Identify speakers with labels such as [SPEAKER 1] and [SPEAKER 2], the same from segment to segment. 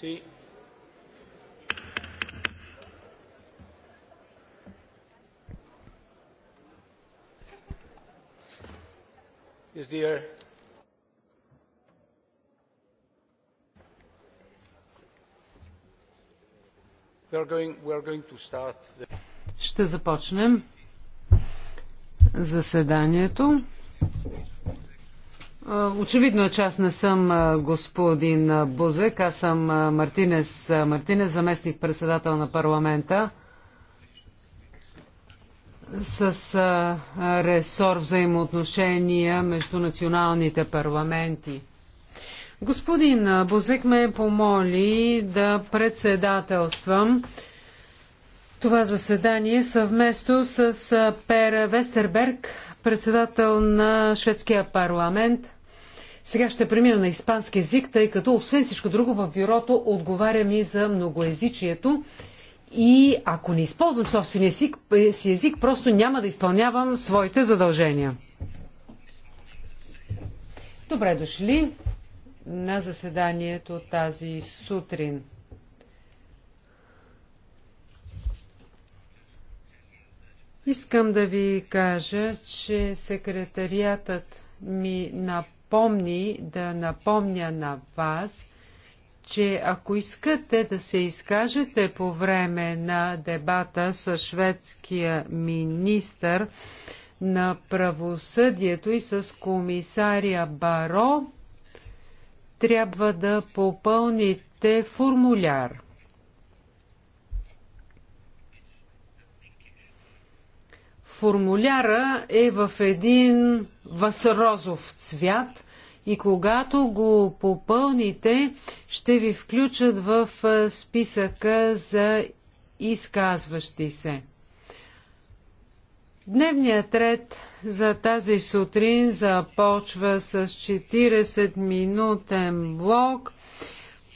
[SPEAKER 1] Sí. Is there We are going, we are going to start the...
[SPEAKER 2] Ще започнем заседанието. Очевидно е, че аз не съм господин Бузек, аз съм Мартинес, Мартинес заместник председател на парламента с ресор взаимоотношения между националните парламенти. Господин Бузек ме помоли да председателствам това заседание съвместно с Пер Вестерберг, председател на шведския парламент – сега ще премина на испански език, тъй като освен всичко друго в бюрото отговарям и за многоязичието. И ако не използвам собствения си, си език, просто няма да изпълнявам своите задължения. Добре дошли на заседанието тази сутрин. Искам да ви кажа, че секретариатът ми на напомни, да напомня на вас, че ако искате да се изкажете по време на дебата с шведския министр на правосъдието и с комисария Баро, трябва да попълните формуляр. Формуляра е в един възрозов цвят и когато го попълните, ще ви включат в списъка за изказващи се. Дневният ред за тази сутрин започва с 40-минутен блок,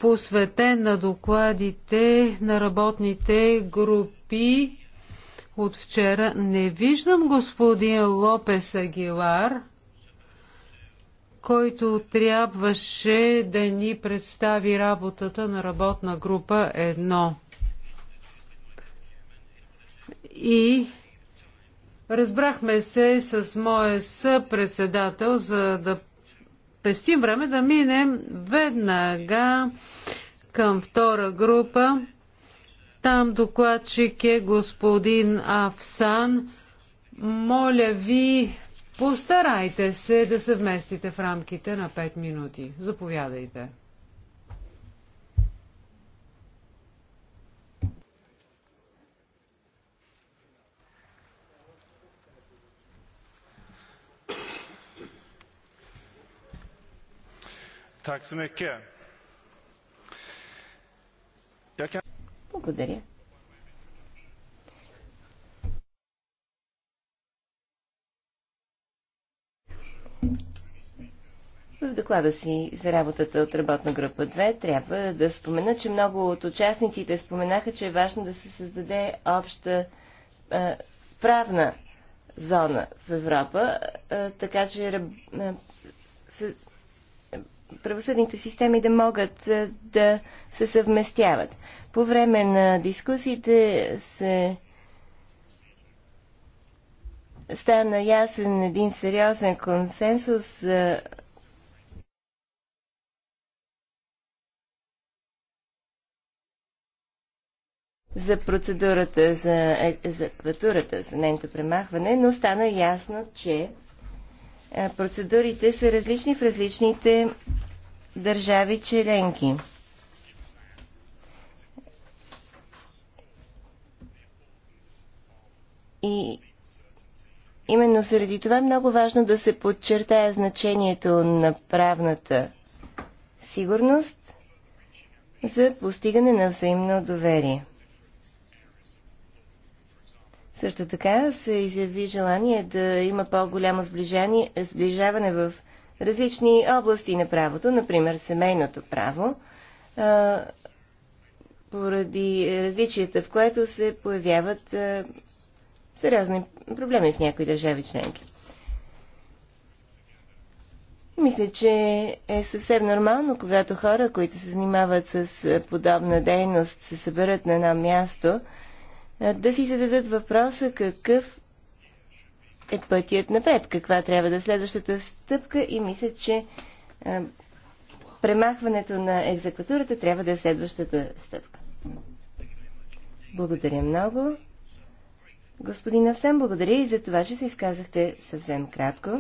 [SPEAKER 2] посветен на докладите на работните групи от вчера. Не виждам господин Лопес Агилар, който трябваше да ни представи работата на работна група 1. И разбрахме се с моя съпредседател, за да пестим време да минем веднага към втора група там докладчик е господин Афсан. Моля ви, постарайте се да се вместите в рамките на 5 минути. Заповядайте.
[SPEAKER 1] Tack så mycket. Благодаря. В доклада си за работата от работна група 2 трябва да спомена, че много от участниците споменаха, че е важно да се създаде обща а, правна зона в Европа, а, така че а, се правосъдните системи да могат е, да се съвместяват. По време на дискусиите се стана ясен един сериозен консенсус за е, за процедурата за, е, за кватурата, за нейното премахване, но стана ясно, че е, процедурите са различни в различните държави членки. И именно заради това е много важно да се подчертая значението на правната сигурност за постигане на взаимно доверие. Също така се изяви желание да има по-голямо сближаване в различни области на правото, например семейното право, поради различията, в което се появяват сериозни проблеми в някои държави членки. Мисля, че е съвсем нормално, когато хора, които се занимават с подобна дейност, се съберат на едно място – да си зададат въпроса какъв е пътят напред, каква трябва да е следващата стъпка и мисля, че а, премахването на екзекутурата трябва да е следващата стъпка. Благодаря много. Господин Авсен, благодаря и за това, че се изказахте съвсем кратко.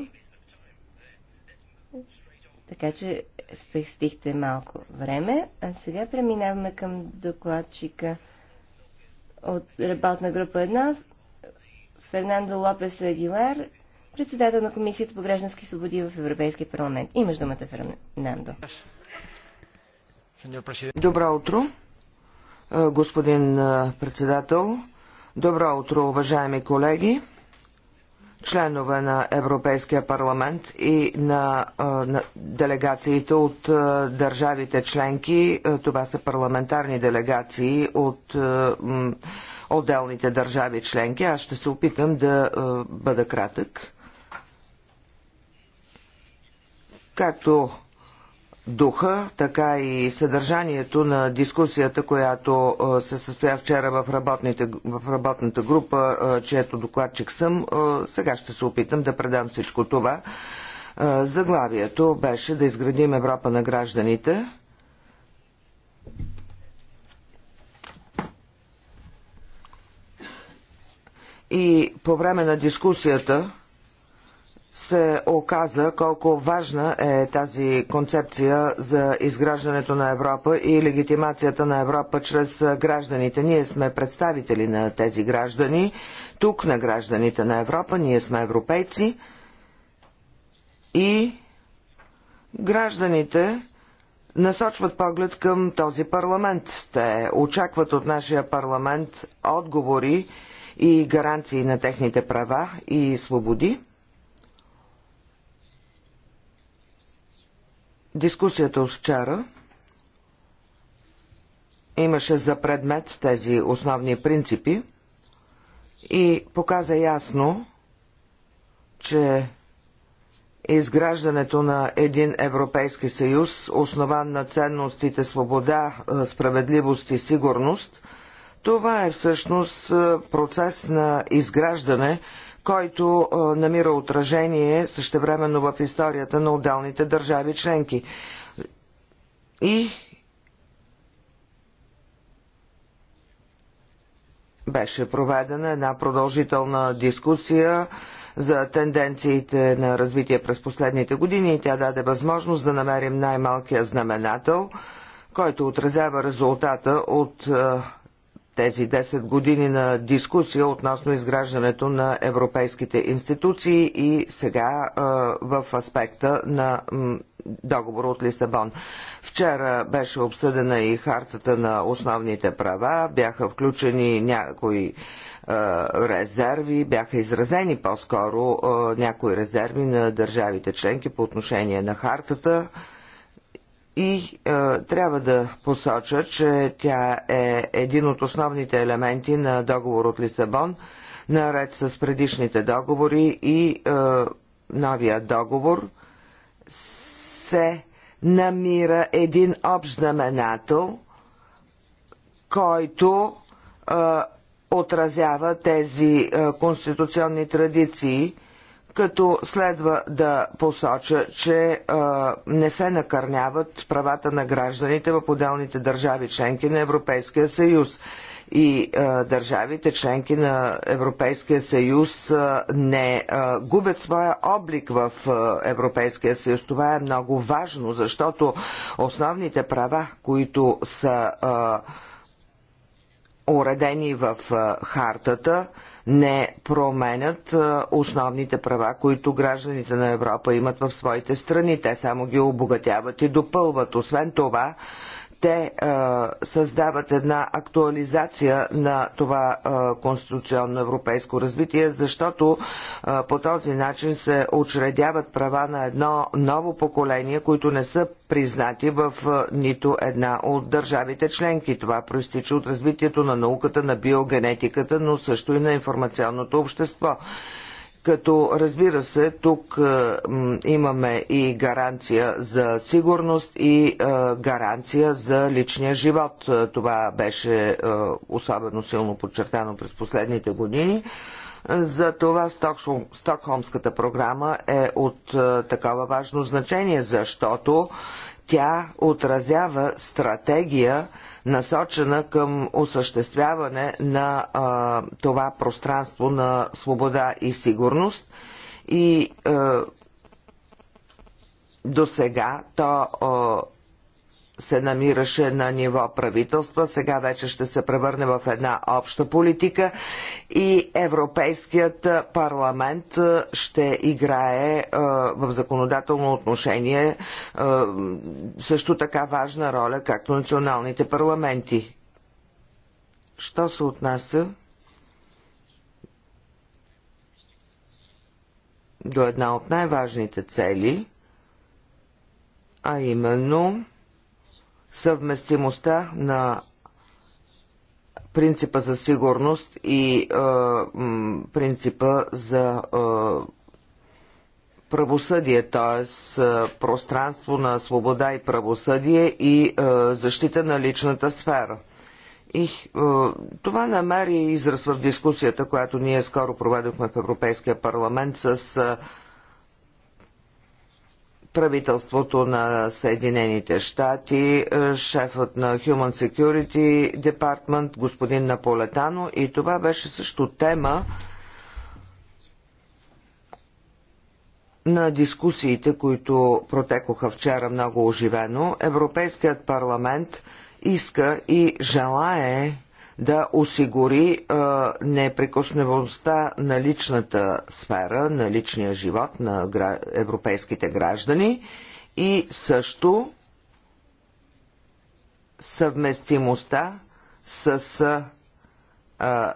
[SPEAKER 1] Така че спестихте малко време. А сега преминаваме към докладчика от работна група 1 Фернандо Лопес Агилар, председател на Комисията по граждански свободи в Европейския парламент. Имаш думата, Фернандо. Добро утро,
[SPEAKER 3] господин председател. Добро утро, уважаеми колеги членове на Европейския парламент и на, на делегациите от държавите членки. Това са парламентарни делегации от отделните държави членки. Аз ще се опитам да бъда кратък. Както духа, така и съдържанието на дискусията, която се състоя вчера в, работните, в работната група, чието докладчик съм. Сега ще се опитам да предам всичко това. Заглавието беше да изградим Европа на гражданите. И по време на дискусията се оказа колко важна е тази концепция за изграждането на Европа и легитимацията на Европа чрез гражданите. Ние сме представители на тези граждани, тук на гражданите на Европа, ние сме европейци и гражданите насочват поглед към този парламент. Те очакват от нашия парламент отговори и гаранции на техните права и свободи. Дискусията от вчера имаше за предмет тези основни принципи и показа ясно, че изграждането на един Европейски съюз, основан на ценностите свобода, е, справедливост и сигурност, това е всъщност е, процес на изграждане – който намира отражение същевременно в историята на отделните държави членки. И беше проведена една продължителна дискусия за тенденциите на развитие през последните години и тя даде възможност да намерим най-малкия знаменател, който отразява резултата от тези 10 години на дискусия относно изграждането на европейските институции и сега в аспекта на договор от Лисабон. Вчера беше обсъдена и хартата на основните права, бяха включени някои резерви, бяха изразени по-скоро някои резерви на държавите членки по отношение на хартата. И е, трябва да посоча, че тя е един от основните елементи на договор от Лисабон, наред с предишните договори и е, новия договор се намира един общ знаменател, който е, отразява тези е, конституционни традиции като следва да посоча, че а, не се накърняват правата на гражданите в отделните държави членки на Европейския съюз и а, държавите членки на Европейския съюз а, не а, губят своя облик в Европейския съюз. Това е много важно, защото основните права, които са уредени в хартата, не променят основните права, които гражданите на Европа имат в своите страни. Те само ги обогатяват и допълват. Освен това, те а, създават една актуализация на това а, конституционно европейско развитие, защото а, по този начин се учредяват права на едно ново поколение, които не са признати в нито една от държавите членки. Това проистича от развитието на науката, на биогенетиката, но също и на информационното общество като разбира се, тук е, имаме и гаранция за сигурност и е, гаранция за личния живот. Е, това беше особено силно подчертано през последните години. За това Стокхолмската програма е от такава важно значение, защото тя отразява стратегия, насочена към осъществяване на а, това пространство на свобода и сигурност. И а, до сега то а, се намираше на ниво правителство, сега вече ще се превърне в една обща политика и Европейският парламент е, ще играе е, в законодателно отношение е, също така важна роля, както националните парламенти. Що се отнася до една от най-важните цели, а именно съвместимостта на принципа за сигурност и е, принципа за е, правосъдие, т.е. пространство на свобода и правосъдие и е, защита на личната сфера. И е, това намери израз в дискусията, която ние скоро проведохме в Европейския парламент с е, правителството на Съединените щати, е, шефът на Human Security Department, господин Наполетано. И това беше също тема на дискусиите, които протекоха вчера много оживено. Европейският парламент иска и желае да осигури а, неприкосновеността на личната сфера, на личния живот на гра... европейските граждани и също съвместимостта с а,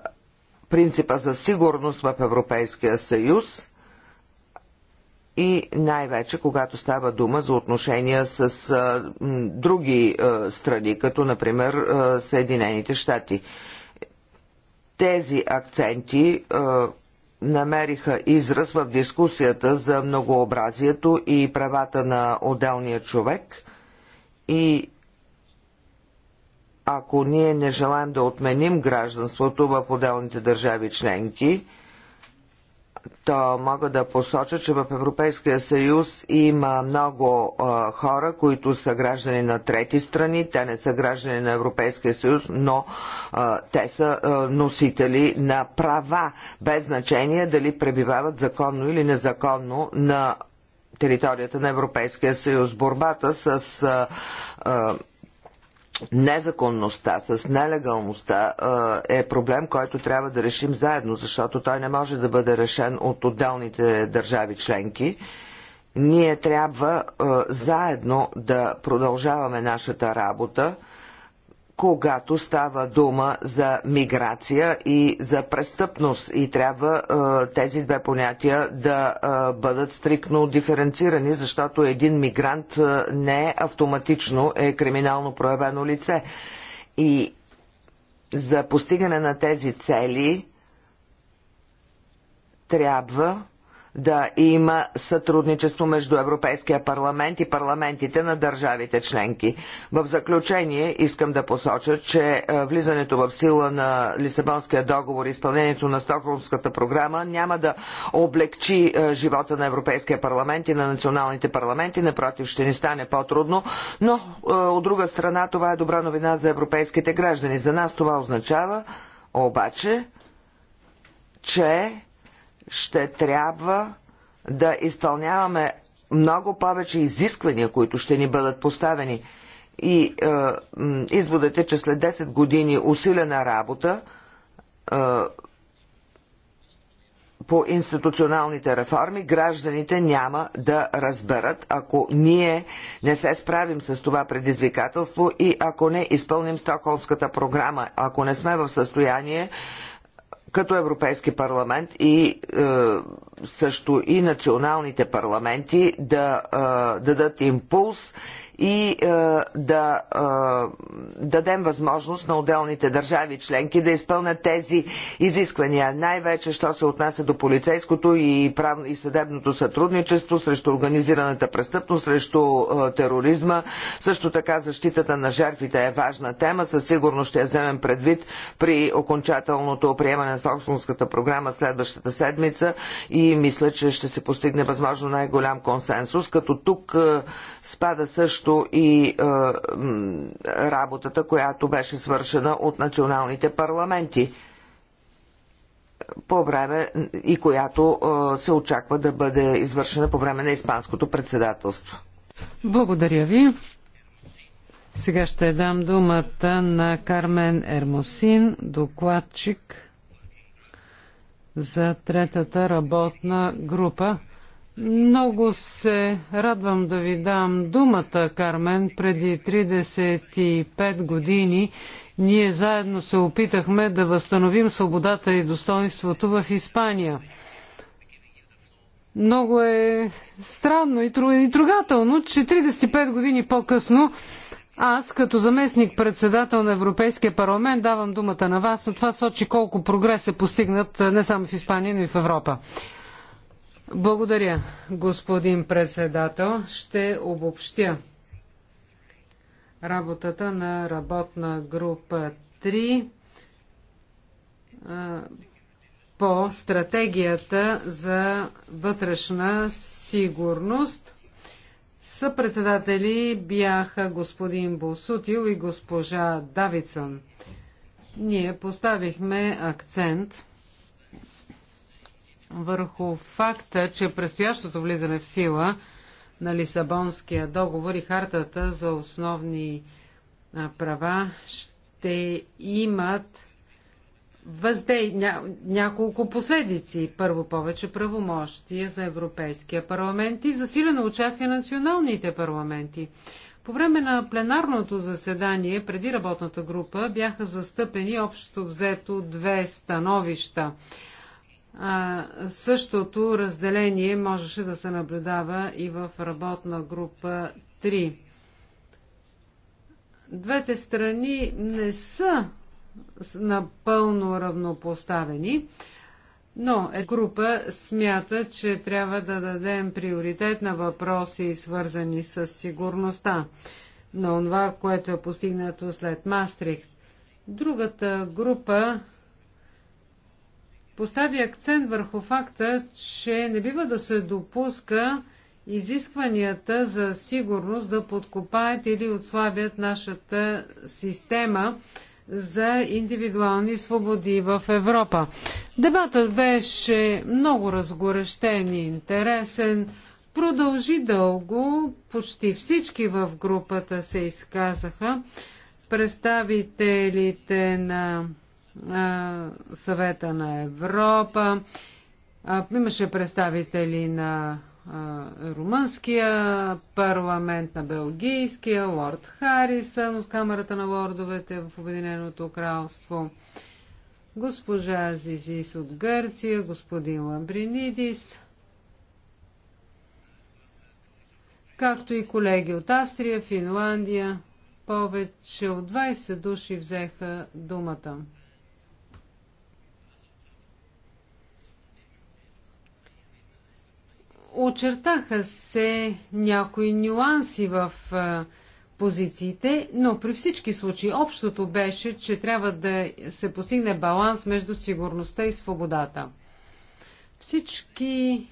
[SPEAKER 3] принципа за сигурност в Европейския съюз и най-вече когато става дума за отношения с а, м, други а, страни, като например а, Съединените щати. Тези акценти а, намериха израз в дискусията за многообразието и правата на отделния човек и ако ние не желаем да отменим гражданството в отделните държави членки, то мога да посоча, че в Европейския съюз има много а, хора, които са граждани на трети страни. Те не са граждани на Европейския съюз, но а, те са а, носители на права, без значение дали пребивават законно или незаконно на територията на Европейския съюз. Борбата с незаконността, с нелегалността е проблем, който трябва да решим заедно, защото той не може да бъде решен от отделните държави членки. Ние трябва заедно да продължаваме нашата работа когато става дума за миграция и за престъпност. И трябва е, тези две понятия да е, бъдат стрикно диференцирани, защото един мигрант е, не е автоматично е криминално проявено лице. И за постигане на тези цели трябва да има сътрудничество между Европейския парламент и парламентите на държавите членки. В заключение искам да посоча, че е, влизането в сила на Лисабонския договор и изпълнението на Стокхолмската програма няма да облегчи е, живота на Европейския парламент и на националните парламенти. Напротив, ще ни стане по-трудно, но е, от друга страна това е добра новина за европейските граждани. За нас това означава обаче, че ще трябва да изпълняваме много повече изисквания, които ще ни бъдат поставени. И е, изводът е, че след 10 години усилена работа е, по институционалните реформи гражданите няма да разберат, ако ние не се справим с това предизвикателство и ако не изпълним Стокхолмската програма, ако не сме в състояние е, като Европейски парламент и е, също и националните парламенти да дадат импулс и да дадем възможност на отделните държави членки да изпълнят тези изисквания. Най-вече, що се отнася до полицейското и, и съдебното сътрудничество срещу организираната престъпност, срещу тероризма. Също така защитата на жертвите е важна тема. Със сигурност ще я вземем предвид при окончателното приемане на собственската програма следващата седмица и мисля, че ще се постигне възможно най-голям консенсус, като тук е, спада също и е, работата, която беше свършена от националните парламенти по време и която е, се очаква да бъде извършена по време на Испанското председателство.
[SPEAKER 2] Благодаря ви. Сега ще дам думата на Кармен Ермосин, докладчик за третата работна група. Много се радвам да ви дам думата, Кармен. Преди 35 години ние заедно се опитахме да възстановим свободата и достоинството в Испания. Много е странно и, трогателно, че 35 години по-късно аз като заместник председател на Европейския парламент давам думата на вас, но това сочи колко прогрес е постигнат не само в Испания, но и в Европа. Благодаря, господин председател. Ще обобщя работата на работна група 3 по стратегията за вътрешна сигурност – Съпредседатели бяха господин Босутил и госпожа Давицън. Ние поставихме акцент върху факта, че предстоящото влизане в сила на Лисабонския договор и хартата за основни права ще имат въздей... ня... няколко последици. Първо повече правомощия за Европейския парламент и засилено участие на националните парламенти. По време на пленарното заседание преди работната група бяха застъпени общо взето две становища. А, същото разделение можеше да се наблюдава и в работна група 3. Двете страни не са напълно равнопоставени. Но е група смята, че трябва да дадем приоритет на въпроси, свързани с сигурността, на това, което е постигнато след Мастрихт. Другата група постави акцент върху факта, че не бива да се допуска изискванията за сигурност да подкопаят или отслабят нашата система за индивидуални свободи в Европа. Дебатът беше много разгорещен и интересен. Продължи дълго, почти всички в групата се изказаха. Представителите на а, съвета на Европа, а, имаше представители на румънския парламент, на белгийския, лорд Харисън от Камерата на лордовете в Обединеното кралство, госпожа Зизис от Гърция, господин Ламбринидис, както и колеги от Австрия, Финландия. Повече от 20 души взеха думата. Очертаха се някои нюанси в позициите, но при всички случаи общото беше, че трябва да се постигне баланс между сигурността и свободата. Всички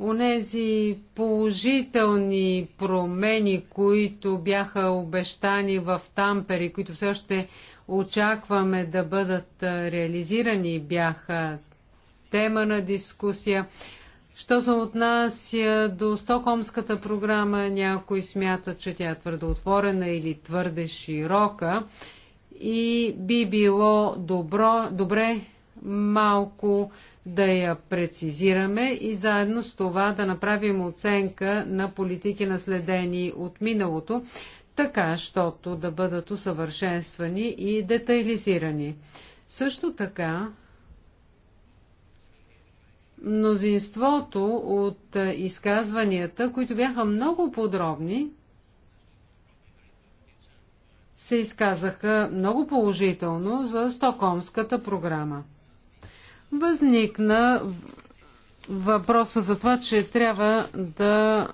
[SPEAKER 2] онези положителни промени, които бяха обещани в Тампери, които все още очакваме да бъдат реализирани, бяха тема на дискусия. Що се отнася до Стокомската програма, някои смятат, че тя е твърде отворена или твърде широка и би било добро, добре малко да я прецизираме и заедно с това да направим оценка на политики наследени от миналото, така, щото да бъдат усъвършенствани и детайлизирани. Също така мнозинството от изказванията, които бяха много подробни, се изказаха много положително за Стокомската програма. Възникна въпроса за това, че трябва да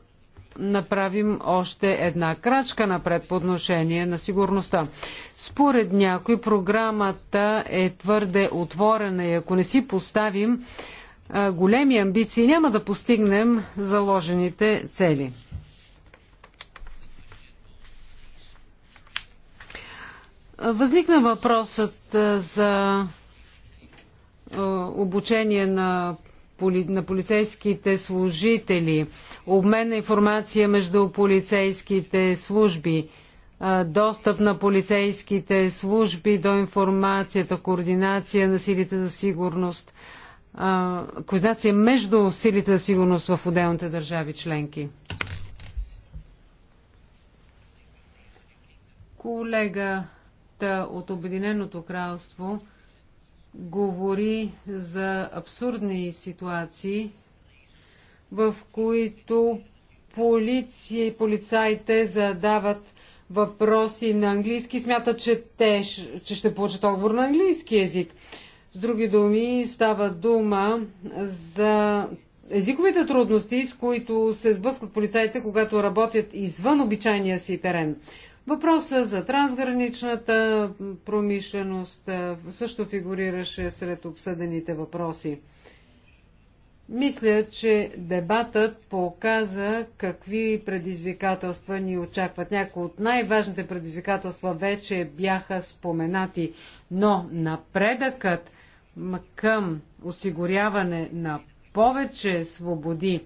[SPEAKER 2] направим още една крачка напред по отношение на сигурността. Според някой програмата е твърде отворена и ако не си поставим големи амбиции няма да постигнем заложените цели. Възникна въпросът за обучение на, поли, на полицейските служители, обмен на информация между полицейските служби, достъп на полицейските служби до информацията, координация на силите за сигурност координация между силите за сигурност в отделните държави членки. Колегата от Обединеното кралство говори за абсурдни ситуации, в които полиция и полицаите задават въпроси на английски, смятат, че те че ще получат отговор на английски язик. С други думи, става дума за езиковите трудности, с които се сблъскват полицаите, когато работят извън обичайния си терен. Въпроса за трансграничната промишленост също фигурираше сред обсъдените въпроси. Мисля, че дебатът показа какви предизвикателства ни очакват. Някои от най-важните предизвикателства вече бяха споменати, но напредъкът към осигуряване на повече свободи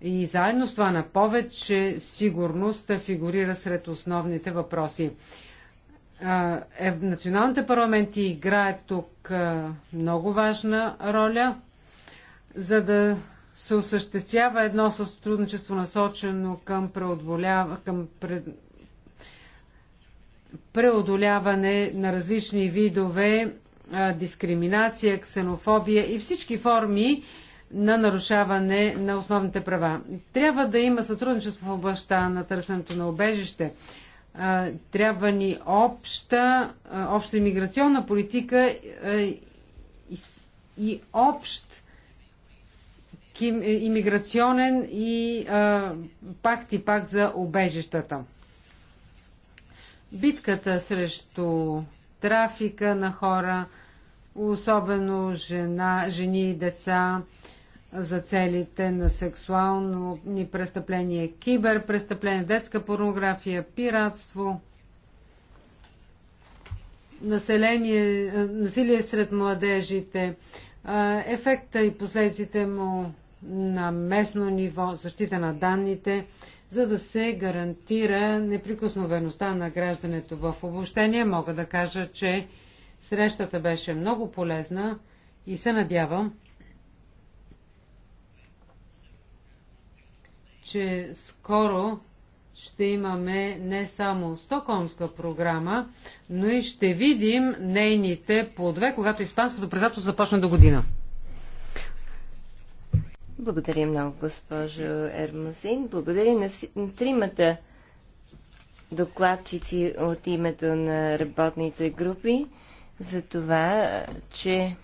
[SPEAKER 2] и заедно с това на повече сигурност фигурира сред основните въпроси. Е, националните парламенти играят тук много важна роля, за да се осъществява едно сътрудничество насочено към, към пред, преодоляване на различни видове дискриминация, ксенофобия и всички форми на нарушаване на основните права. Трябва да има сътрудничество в областта на търсенето на обежище. Трябва ни обща, обща иммиграционна политика и общ е, иммиграционен и пакт и пакт за обежищата. Битката срещу трафика на хора – особено жена, жени и деца за целите на сексуално ни престъпление, киберпрестъпление, детска порнография, пиратство, население, насилие сред младежите, ефекта и последиците му на местно ниво, защита на данните, за да се гарантира неприкосновеността на граждането. В обобщение мога да кажа, че Срещата беше много полезна и се надявам, че скоро ще имаме не само стокомска програма, но и ще видим нейните плодове, когато Испанското председателство започне до година.
[SPEAKER 1] Благодаря много, госпожо Ермазин. Благодаря на, на тримата докладчици от името на работните групи за това, че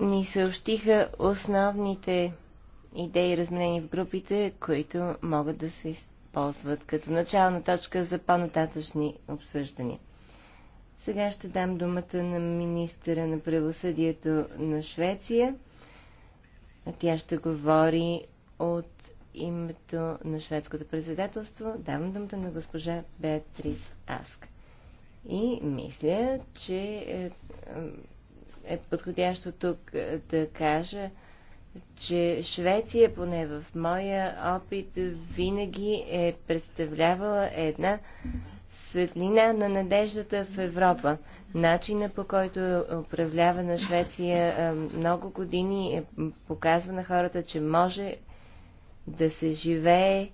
[SPEAKER 1] ни съобщиха основните идеи, разменени в групите, които могат да се използват като начална точка за по-нататъчни обсъждания. Сега ще дам думата на министъра на правосъдието на Швеция. Тя ще говори от името на шведското председателство. Давам думата на госпожа Беатрис Аск. И мисля, че е, е, е подходящо тук е, да кажа, че Швеция, поне в моя опит, винаги е представлявала една светлина на надеждата в Европа. Начина по който е управлява на Швеция много години е, показва на хората, че може да се живее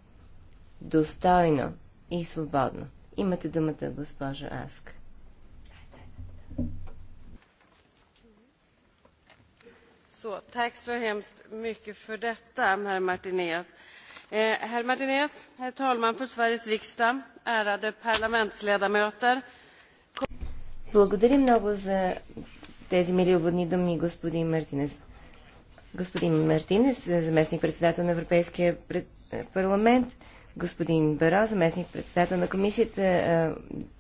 [SPEAKER 1] достойно и свободно. Имате думата, госпожа Аск. Så, tack så hemskt mycket för detta, herr Martinez.
[SPEAKER 2] Eh, herr Martinez, herr talman för Sveriges riksdag, ärade parlamentsledamöter.
[SPEAKER 1] Благодаря много за тези мили уводни думи, господин Мартинес. Господин Мартинес, заместник председател на Европейския парламент, господин Баро, заместник председател на комисията,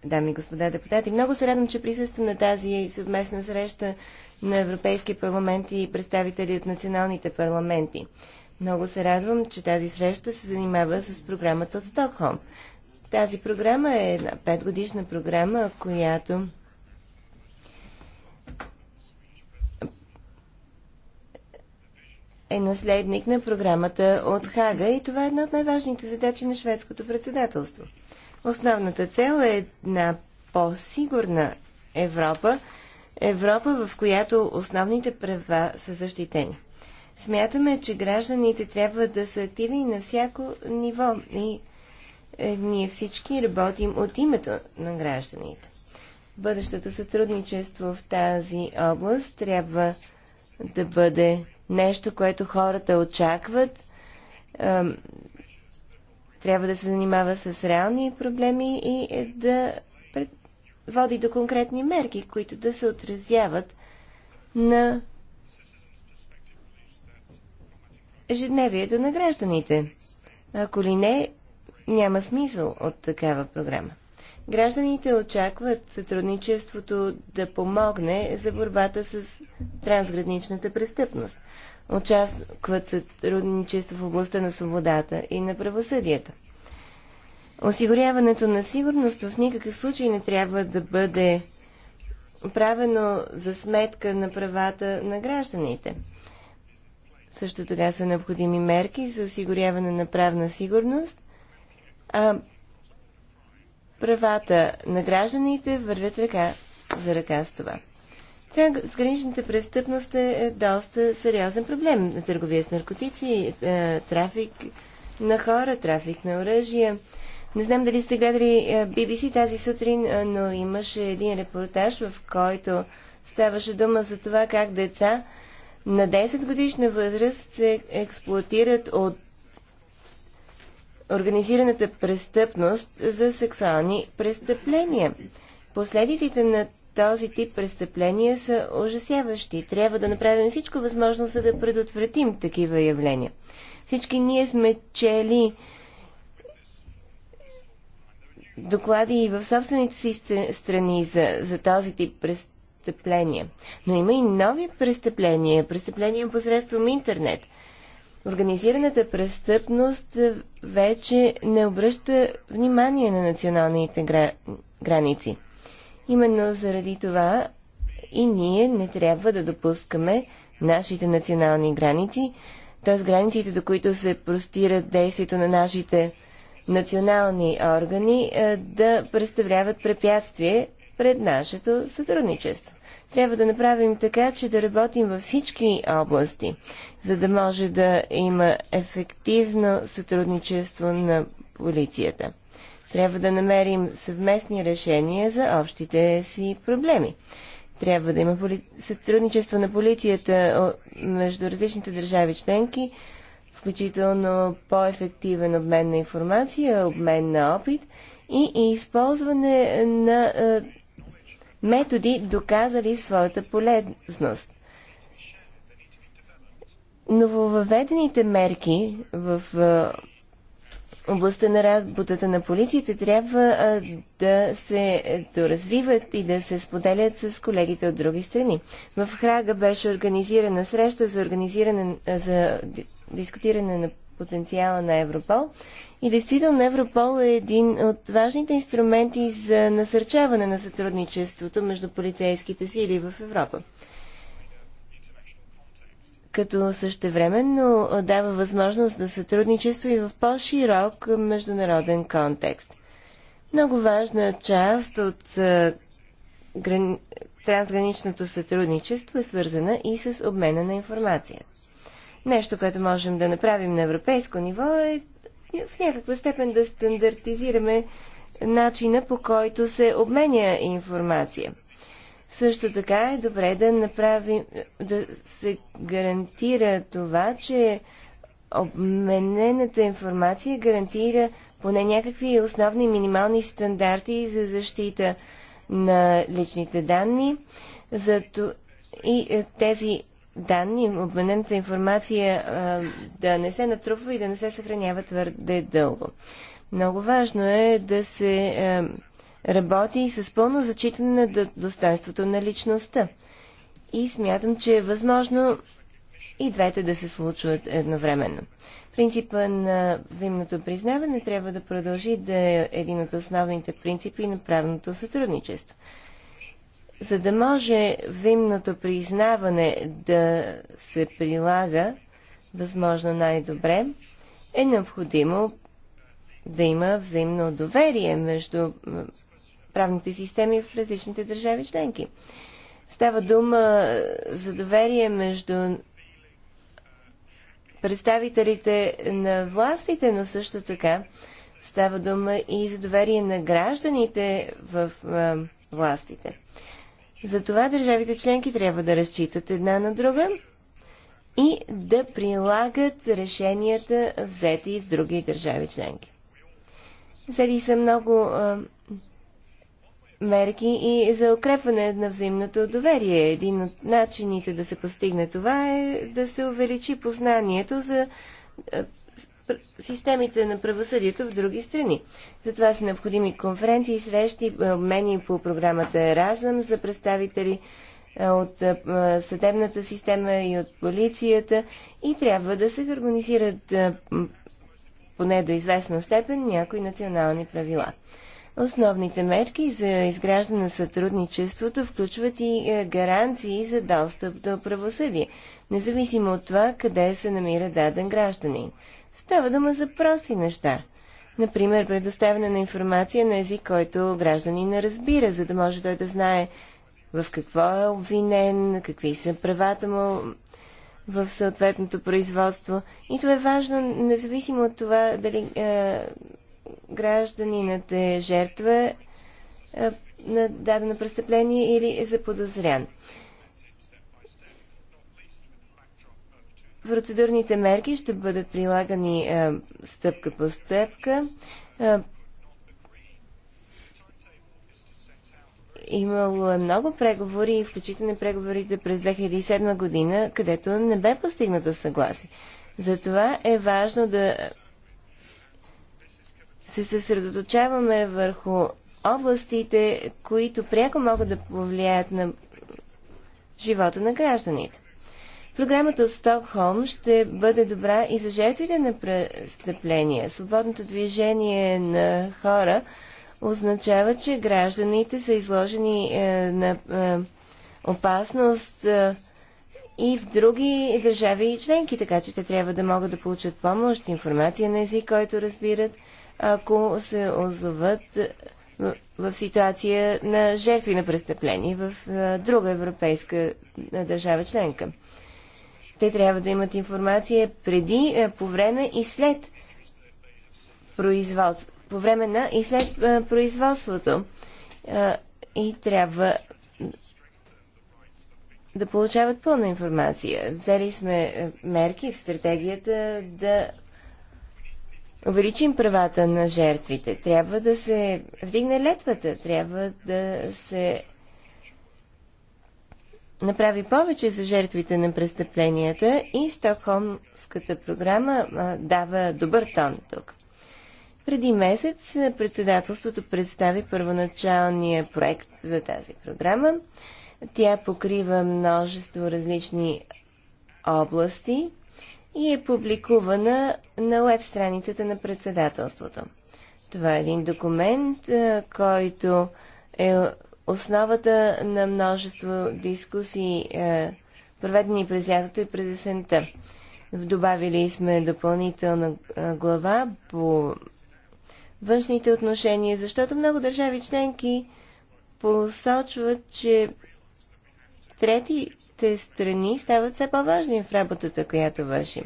[SPEAKER 1] дами и господа депутати. Много се радвам, че присъствам на тази съвместна среща на Европейския парламент и представители от националните парламенти. Много се радвам, че тази среща се занимава с програмата от Стокхолм. Тази програма е една петгодишна програма, която е наследник на програмата от Хага и това е една от най-важните задачи на шведското председателство. Основната цел е една по-сигурна Европа, Европа, в която основните права са защитени. Смятаме, че гражданите трябва да са активни на всяко ниво и е, ние всички работим от името на гражданите. Бъдещото сътрудничество в тази област трябва да бъде нещо, което хората очакват. Трябва да се занимава с реални проблеми и е, да води до конкретни мерки, които да се отразяват на ежедневието на гражданите. Ако ли не, няма смисъл от такава програма. Гражданите очакват сътрудничеството да помогне за борбата с трансграничната престъпност. Очакват сътрудничество в областта на свободата и на правосъдието. Осигуряването на сигурност в никакъв случай не трябва да бъде правено за сметка на правата на гражданите. Също така са необходими мерки за осигуряване на правна сигурност, а правата на гражданите вървят ръка за ръка с това. Сграничната престъпност е, е доста сериозен проблем. Търговия с наркотици, е, трафик на хора, трафик на оръжия. Не знам дали сте гледали BBC е, тази сутрин, но имаше един репортаж, в който ставаше дума за това как деца на 10 годишна възраст се експлуатират от организираната престъпност за сексуални престъпления. Последиците на този тип престъпления са ужасяващи. Трябва да направим всичко възможно, за да предотвратим такива явления. Всички ние сме чели доклади и в собствените си страни за, за този тип престъпления. Но има и нови престъпления, престъпления посредством интернет – Организираната престъпност е, вече не обръща внимание на националните граници. Именно заради това и ние не трябва да допускаме нашите национални граници, т.е. границите, до които се простират действието на нашите национални органи, е, да представляват препятствие пред нашето сътрудничество. Трябва да направим така, че да работим във всички области, за да може да има ефективно сътрудничество на полицията. Трябва да намерим съвместни решения за общите си проблеми. Трябва да има поли... сътрудничество на полицията между различните държави членки, включително по-ефективен обмен на информация, обмен на опит и използване на е, методи, доказали своята полезност. Нововъведените мерки в областта на работата на полициите трябва да се доразвиват и да се споделят с колегите от други страни. В Храга беше организирана среща за, организиране, за дискутиране на потенциала на Европол. И действително Европол е един от важните инструменти за насърчаване на сътрудничеството между полицейските сили в Европа. Като същевременно дава възможност за да сътрудничество и в по-широк международен контекст. Много важна част от трансграничното сътрудничество е свързана и с обмена на информация. Нещо, което можем да направим на европейско ниво е в някаква степен да стандартизираме начина по който се обменя информация. Също така е добре да направим, да се гарантира това, че обменената информация гарантира поне някакви основни минимални стандарти за защита на личните данни. За и е, тези данни, обменената информация да не се натрупва и да не се съхранява твърде дълго. Много важно е да се работи с пълно зачитане на достоинството на личността. И смятам, че е възможно и двете да се случват едновременно. Принципа на взаимното признаване трябва да продължи да е един от основните принципи на правното сътрудничество. За да може взаимното признаване да се прилага възможно най-добре, е необходимо да има взаимно доверие между правните системи в различните държави членки. Става дума е, за доверие между представителите на властите, но също така става дума и за доверие на гражданите в е, властите. Затова държавите членки трябва да разчитат една на друга и да прилагат решенията взети в други държави членки. Взели са много а, мерки и за укрепване на взаимното доверие. Един от начините да се постигне това е да се увеличи познанието за системите на правосъдието в други страни. Затова са необходими конференции, срещи, е, обмени по програмата Разъм за представители е, от е, съдебната система и от полицията и трябва да се хармонизират поне до известна степен някои национални правила. Основните мерки за изграждане на сътрудничеството включват и гаранции за достъп до правосъдие, независимо от това къде се намира даден гражданин. Става дума за прости неща. Например, предоставяне на информация на език, който граждани не разбира, за да може той да знае в какво е обвинен, какви са правата му в съответното производство. И това е важно, независимо от това дали е, гражданинът е жертва е, на дадено престъпление или е заподозрян. Процедурните мерки ще бъдат прилагани е, стъпка по стъпка. Е, имало е много преговори, включително преговорите през 2007 година, където не бе постигнато съгласие. Затова е важно да се съсредоточаваме върху областите, които пряко могат да повлияят на живота на гражданите. Програмата от Стокхолм ще бъде добра и за жертвите на престъпления. Свободното движение на хора означава, че гражданите са изложени е, на е, опасност е, и в други държави и членки, така че те трябва да могат да получат помощ, информация на език, който разбират, ако се озоват е, в, ситуация на жертви на престъпление в е, друга европейска е, държава членка. Те трябва да имат информация преди, е, по време и след производство. По време на и след е, производството. Е, и трябва да получават пълна информация. Взели сме мерки в стратегията да увеличим правата на жертвите. Трябва да се вдигне летвата, трябва да се направи повече за жертвите на престъпленията и Стокхолмската програма дава добър тон тук. Преди месец председателството представи първоначалния проект за тази програма. Тя покрива множество различни области и е публикувана на веб страницата на председателството. Това е един документ, който е основата на множество дискусии, е, проведени през лятото и през есента. Добавили сме допълнителна е, глава по външните отношения, защото много държави членки посочват, че третите страни стават все по-важни в работата, която вършим.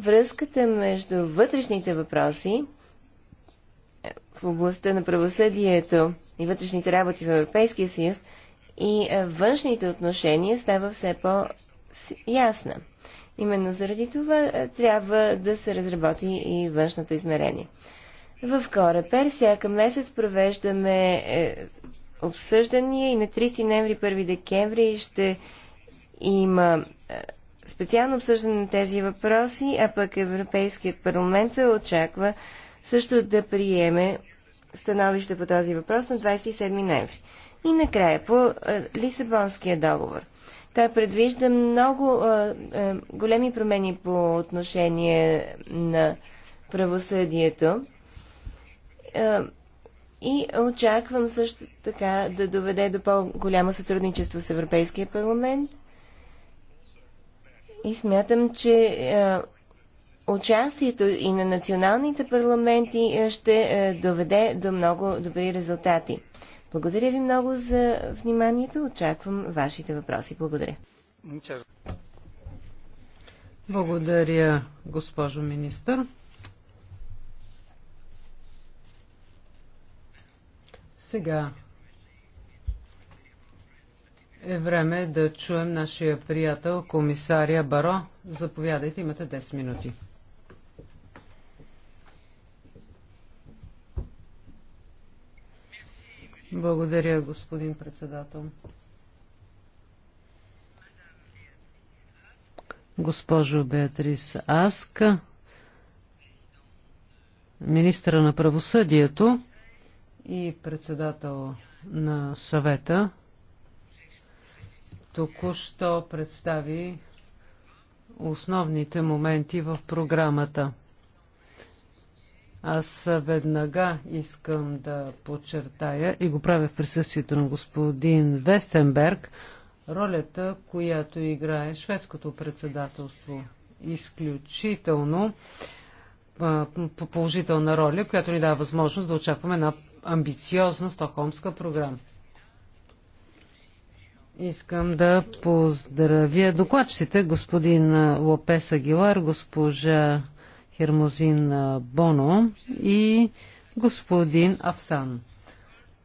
[SPEAKER 1] Връзката между вътрешните въпроси в областта на правосъдието и вътрешните работи в Европейския съюз и външните отношения става все по-ясна. Именно заради това трябва да се разработи и външното измерение. В Корепер всяка месец провеждаме е, обсъждания и на 30 ноември, 1 декември ще има е, специално обсъждане на тези въпроси, а пък Европейският парламент се очаква също да приеме становище по този въпрос на 27 ноември. И накрая, по е, Лисабонския договор. Той предвижда много е, е, големи промени по отношение на правосъдието. и очаквам също така да доведе до по-голямо сътрудничество с Европейския парламент. И смятам, че участието и на националните парламенти е, ще е, доведе до много добри резултати. Благодаря ви много за вниманието. Очаквам вашите въпроси. Благодаря.
[SPEAKER 2] Благодаря, госпожо министър. Сега е време да чуем нашия приятел, комисария Баро. Заповядайте, имате 10 минути. Благодаря, господин председател. Госпожо Беатрис Аска, министра на правосъдието и председател на съвета, току-що представи основните моменти в програмата – аз веднага искам да подчертая и го правя в присъствието на господин Вестенберг, ролята, която играе шведското председателство. Изключително а, положителна роля, която ни дава възможност да очакваме една амбициозна стокхолмска програма. Искам да поздравя докладчите, господин Лопес Агилар, госпожа Хермозин Боно и господин Афсан.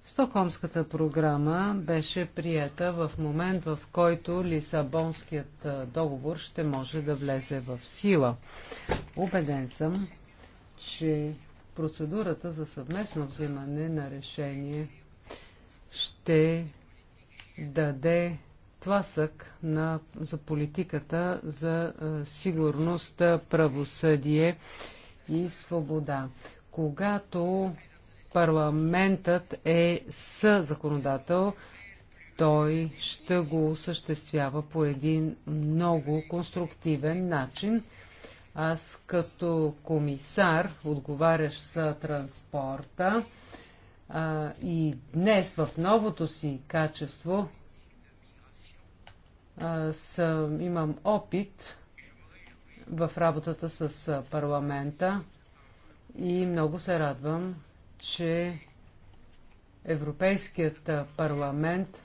[SPEAKER 2] Стокхолмската програма беше приета в момент, в който Лисабонският договор ще може да влезе в сила. Обеден съм, че процедурата за съвместно взимане на решение ще даде тласък на, за политиката за сигурност, правосъдие и свобода. Когато парламентът е съзаконодател, той ще го осъществява по един много конструктивен начин. Аз като комисар, отговарящ за транспорта, а, и днес в новото си качество съм, имам опит в работата с парламента и много се радвам, че Европейският парламент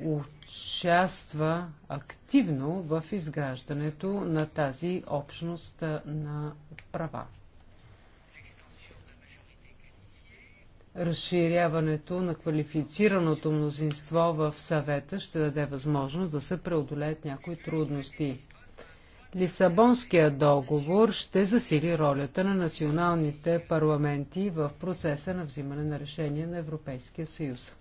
[SPEAKER 2] участва активно в изграждането на тази общност на права. разширяването на квалифицираното мнозинство в съвета ще даде възможност да се преодолеят някои трудности. Лисабонският договор ще засили ролята на националните парламенти в процеса на взимане на решения на Европейския съюз.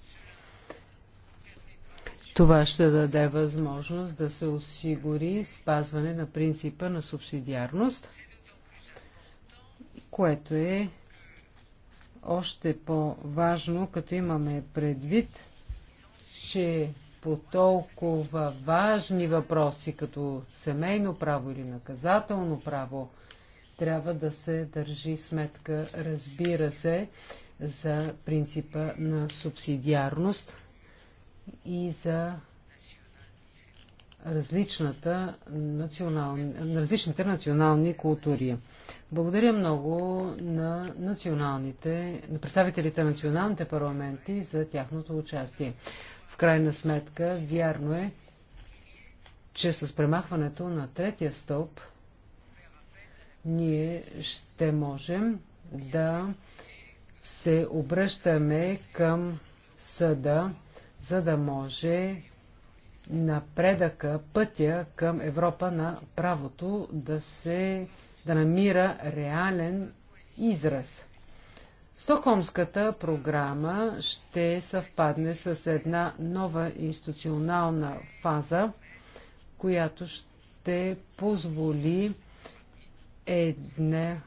[SPEAKER 2] Това ще даде възможност да се осигури спазване на принципа на субсидиарност, което е още по-важно, като имаме предвид, че по толкова важни въпроси, като семейно право или наказателно право, трябва да се държи сметка, разбира се, за принципа на субсидиарност и за различната национални, различните национални култури. Благодаря много на, националните, на представителите на националните парламенти за тяхното участие. В крайна сметка, вярно е, че с премахването на третия стълб ние ще можем да се обръщаме към съда, за да може напредъка, пътя към Европа на правото да се да намира реален израз. Стокхолмската програма ще съвпадне с една нова институционална фаза, която ще позволи едне,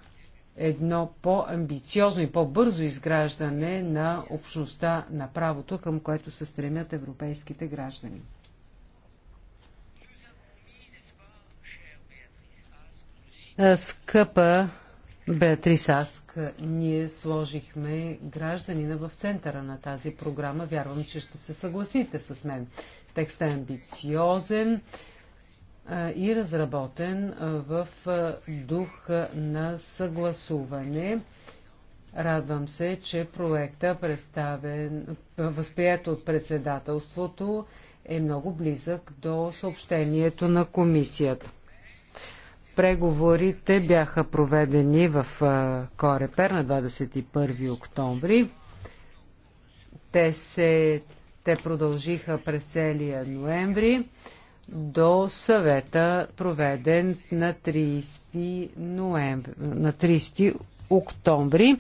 [SPEAKER 2] едно по-амбициозно и по-бързо изграждане на общността на правото, към което се стремят европейските граждани. Е, скъпа Беатрис Аск, ние сложихме гражданина в центъра на тази програма. Вярвам, че ще се съгласите с мен. Текстът е амбициозен е, и разработен е, в дух на съгласуване. Радвам се, че проекта, представен, възприят от председателството, е много близък до съобщението на комисията. Преговорите бяха проведени в Корепер на 21 октомври. Те, се, те продължиха през целия ноември до съвета, проведен на 30, ноември, на 30 октомври.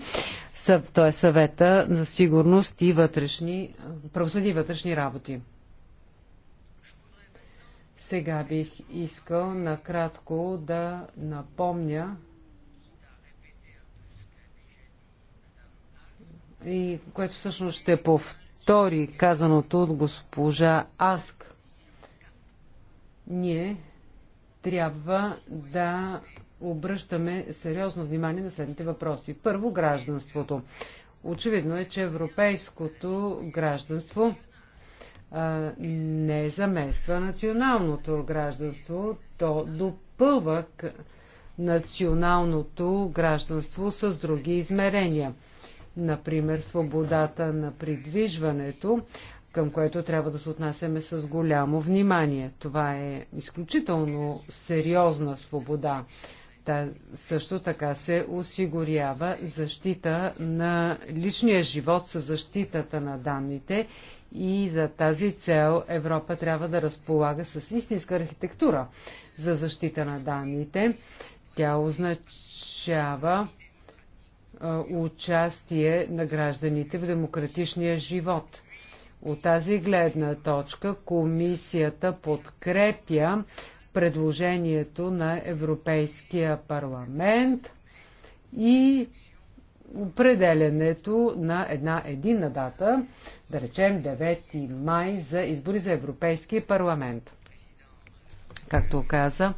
[SPEAKER 2] Съ, той е съвета за сигурност и вътрешни, правосъди и вътрешни работи. Сега бих искал накратко да напомня и което всъщност ще повтори казаното от госпожа Аск. Ние трябва да обръщаме сериозно внимание на следните въпроси. Първо, гражданството. Очевидно е, че европейското гражданство не замества националното гражданство, то допълва националното гражданство с други измерения. Например, свободата на придвижването, към което трябва да се отнасяме с голямо внимание. Това е изключително сериозна свобода. Та, също така се осигурява защита на личния живот с защитата на данните и за тази цел Европа трябва да разполага с истинска архитектура за защита на данните. Тя означава участие на гражданите в демократичния живот. От тази гледна точка комисията подкрепя предложението на Европейския парламент и определенето на една единна дата, да речем 9 май за избори за Европейски парламент. Както каза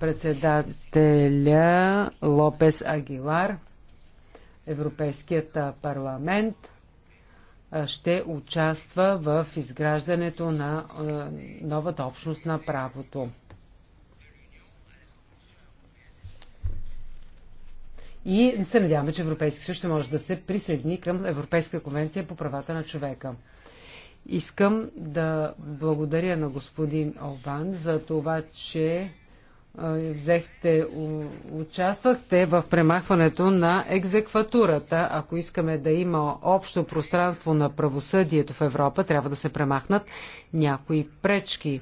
[SPEAKER 2] председателя Лопес Агилар, Европейският парламент ще участва в изграждането на новата общност на правото. И се надяваме, че Европейски съюз ще може да се присъедини към Европейска конвенция по правата на човека. Искам да благодаря на господин Ован за това, че взехте, участвахте в премахването на екзекватурата. Ако искаме да има общо пространство на правосъдието в Европа, трябва да се премахнат някои пречки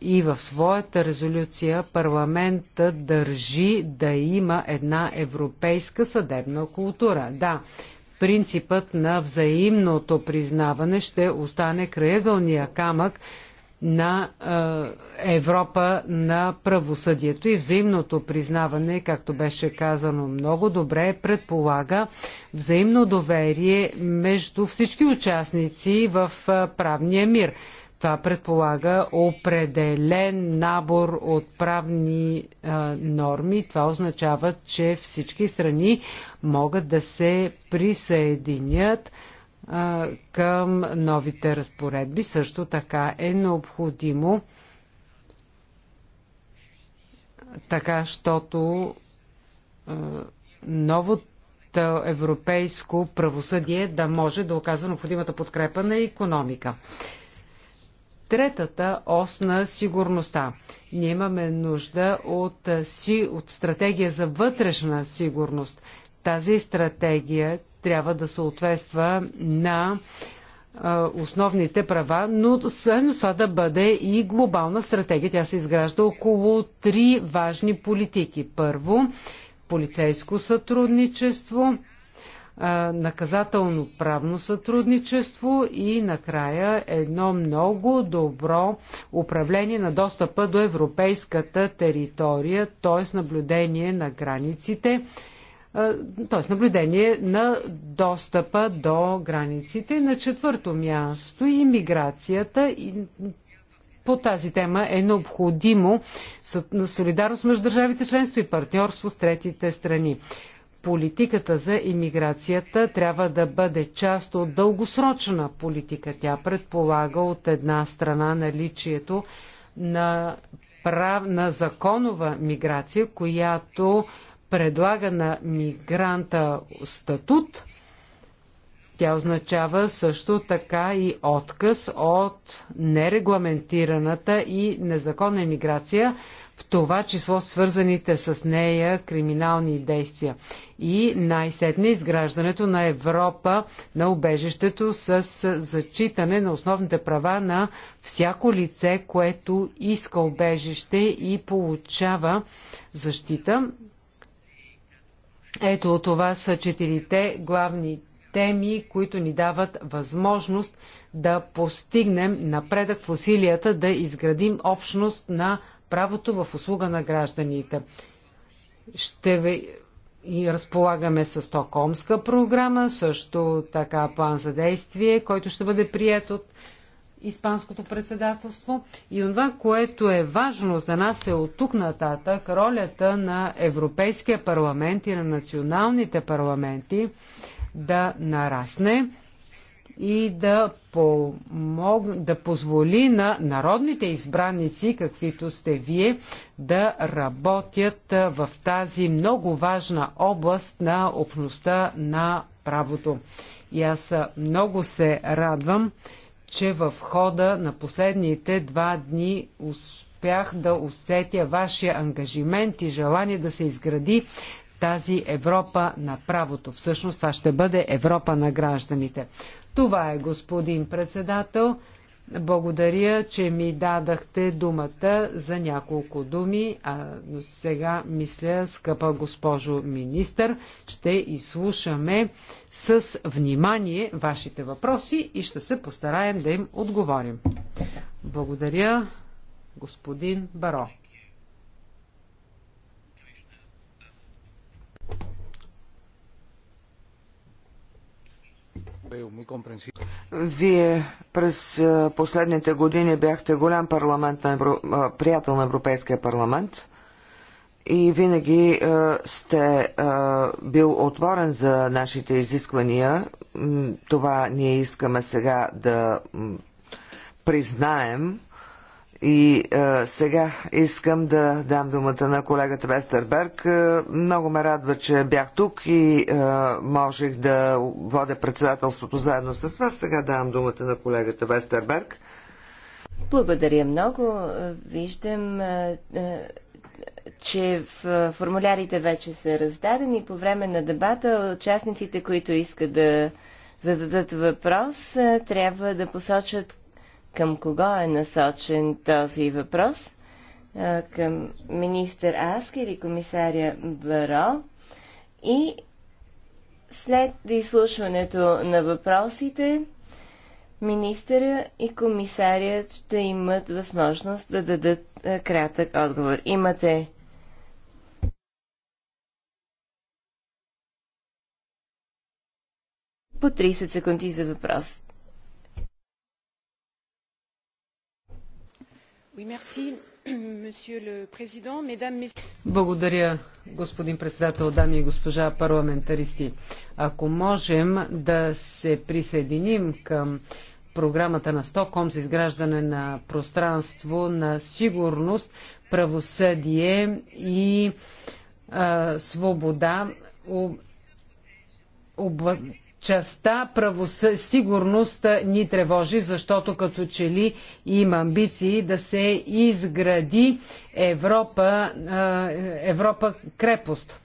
[SPEAKER 2] и в своята резолюция парламента държи да има една европейска съдебна култура. Да, принципът на взаимното признаване ще остане краегълния камък на е, Европа на правосъдието и взаимното признаване, както беше казано много добре, предполага взаимно доверие между всички участници в е, правния мир. Това предполага определен набор от правни а, норми. Това означава, че всички страни могат да се присъединят а, към новите разпоредби. Също така е необходимо така, щото а, новото европейско правосъдие да може да оказва необходимата подкрепа на економика третата ос на сигурността. Ние имаме нужда от, си, от стратегия за вътрешна сигурност. Тази стратегия трябва да съответства на основните права, но съедно с това да бъде и глобална стратегия. Тя се изгражда около три важни политики. Първо, полицейско сътрудничество, наказателно-правно сътрудничество и накрая едно много добро управление на достъпа до европейската територия, т.е. наблюдение на границите, т.е. наблюдение на достъпа до границите. На четвърто място и и По тази тема е необходимо солидарност между държавите членство и партньорство с третите страни политиката за имиграцията трябва да бъде част от дългосрочна политика. Тя предполага от една страна наличието на, прав... на законова миграция, която предлага на мигранта статут. Тя означава също така и отказ от нерегламентираната и незаконна миграция, в това число свързаните с нея криминални действия. И най-сетне изграждането на Европа на убежището с зачитане на основните права на всяко лице, което иска убежище и получава защита. Ето това са четирите главни теми, които ни дават възможност да постигнем напредък в усилията да изградим общност на правото в услуга на гражданите. Ще ви и разполагаме с Стокомска програма, също така план за действие, който ще бъде прият от Испанското председателство. И това, което е важно за нас е от тук нататък ролята на Европейския парламент и на националните парламенти да нарасне и да, помог, да позволи на народните избраници, каквито сте вие, да работят в тази много важна област на общността на правото. И аз много се радвам, че в хода на последните два дни успях да усетя вашия ангажимент и желание да се изгради тази Европа на правото. Всъщност това ще бъде Европа на гражданите. Това е, господин председател. Благодаря, че ми дадахте думата за няколко думи, а сега мисля, скъпа госпожо министър, ще изслушаме с внимание вашите въпроси и ще се постараем да им отговорим. Благодаря, господин Баро.
[SPEAKER 3] Вие през последните години бяхте голям парламент на Евро... приятел на Европейския парламент и винаги сте бил отворен за нашите изисквания. Това ние искаме сега да признаем и а, е, сега искам да дам думата на колегата Вестерберг. Е, много ме радва, че бях тук и а, е, можех да водя председателството заедно с вас. Сега давам думата на колегата Вестерберг.
[SPEAKER 1] Благодаря много. Виждам, че в формулярите вече са раздадени. По време на дебата участниците, които искат да зададат въпрос, трябва да посочат към кого е насочен този въпрос? Към министър Аск или комисаря Баро? И след изслушването на въпросите, министъра и комисарият ще имат възможност да дадат кратък отговор. Имате по 30 секунди за въпрос.
[SPEAKER 2] Благодаря, господин председател, дами и госпожа парламентаристи. Ако можем да се присъединим към програмата на Стокхолм за изграждане на пространство на сигурност, правосъдие и а, свобода, об, об, частта правосъ... сигурност ни тревожи, защото като че ли има амбиции да се изгради Европа, Европа крепост.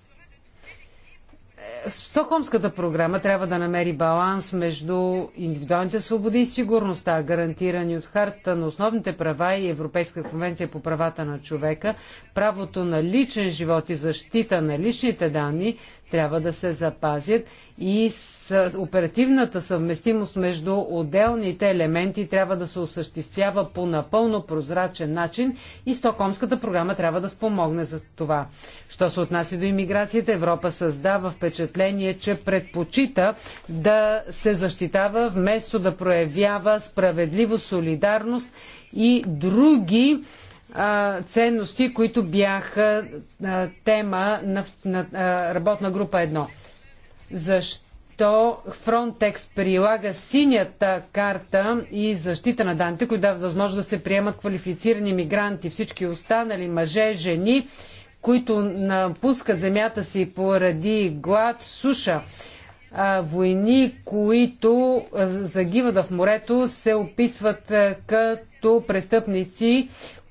[SPEAKER 2] Е, Стокхолмската програма трябва да намери баланс между индивидуалните свободи и сигурността, гарантирани от харта на основните права и Европейска конвенция по правата на човека, правото на личен живот и защита на личните данни трябва да се запазят и с оперативната съвместимост между отделните елементи трябва да се осъществява по напълно прозрачен начин и Стокомската програма трябва да спомогне за това. Що се отнася до иммиграцията, Европа създава впечатление, че предпочита да се защитава вместо да проявява справедливост, солидарност и други ценности, които бяха тема на, на работна група 1. Защо Frontex прилага синята карта и защита на данните, които дават възможност да се приемат квалифицирани мигранти, всички останали мъже, жени, които напускат земята си поради глад, суша, войни, които загиват в морето, се описват като престъпници,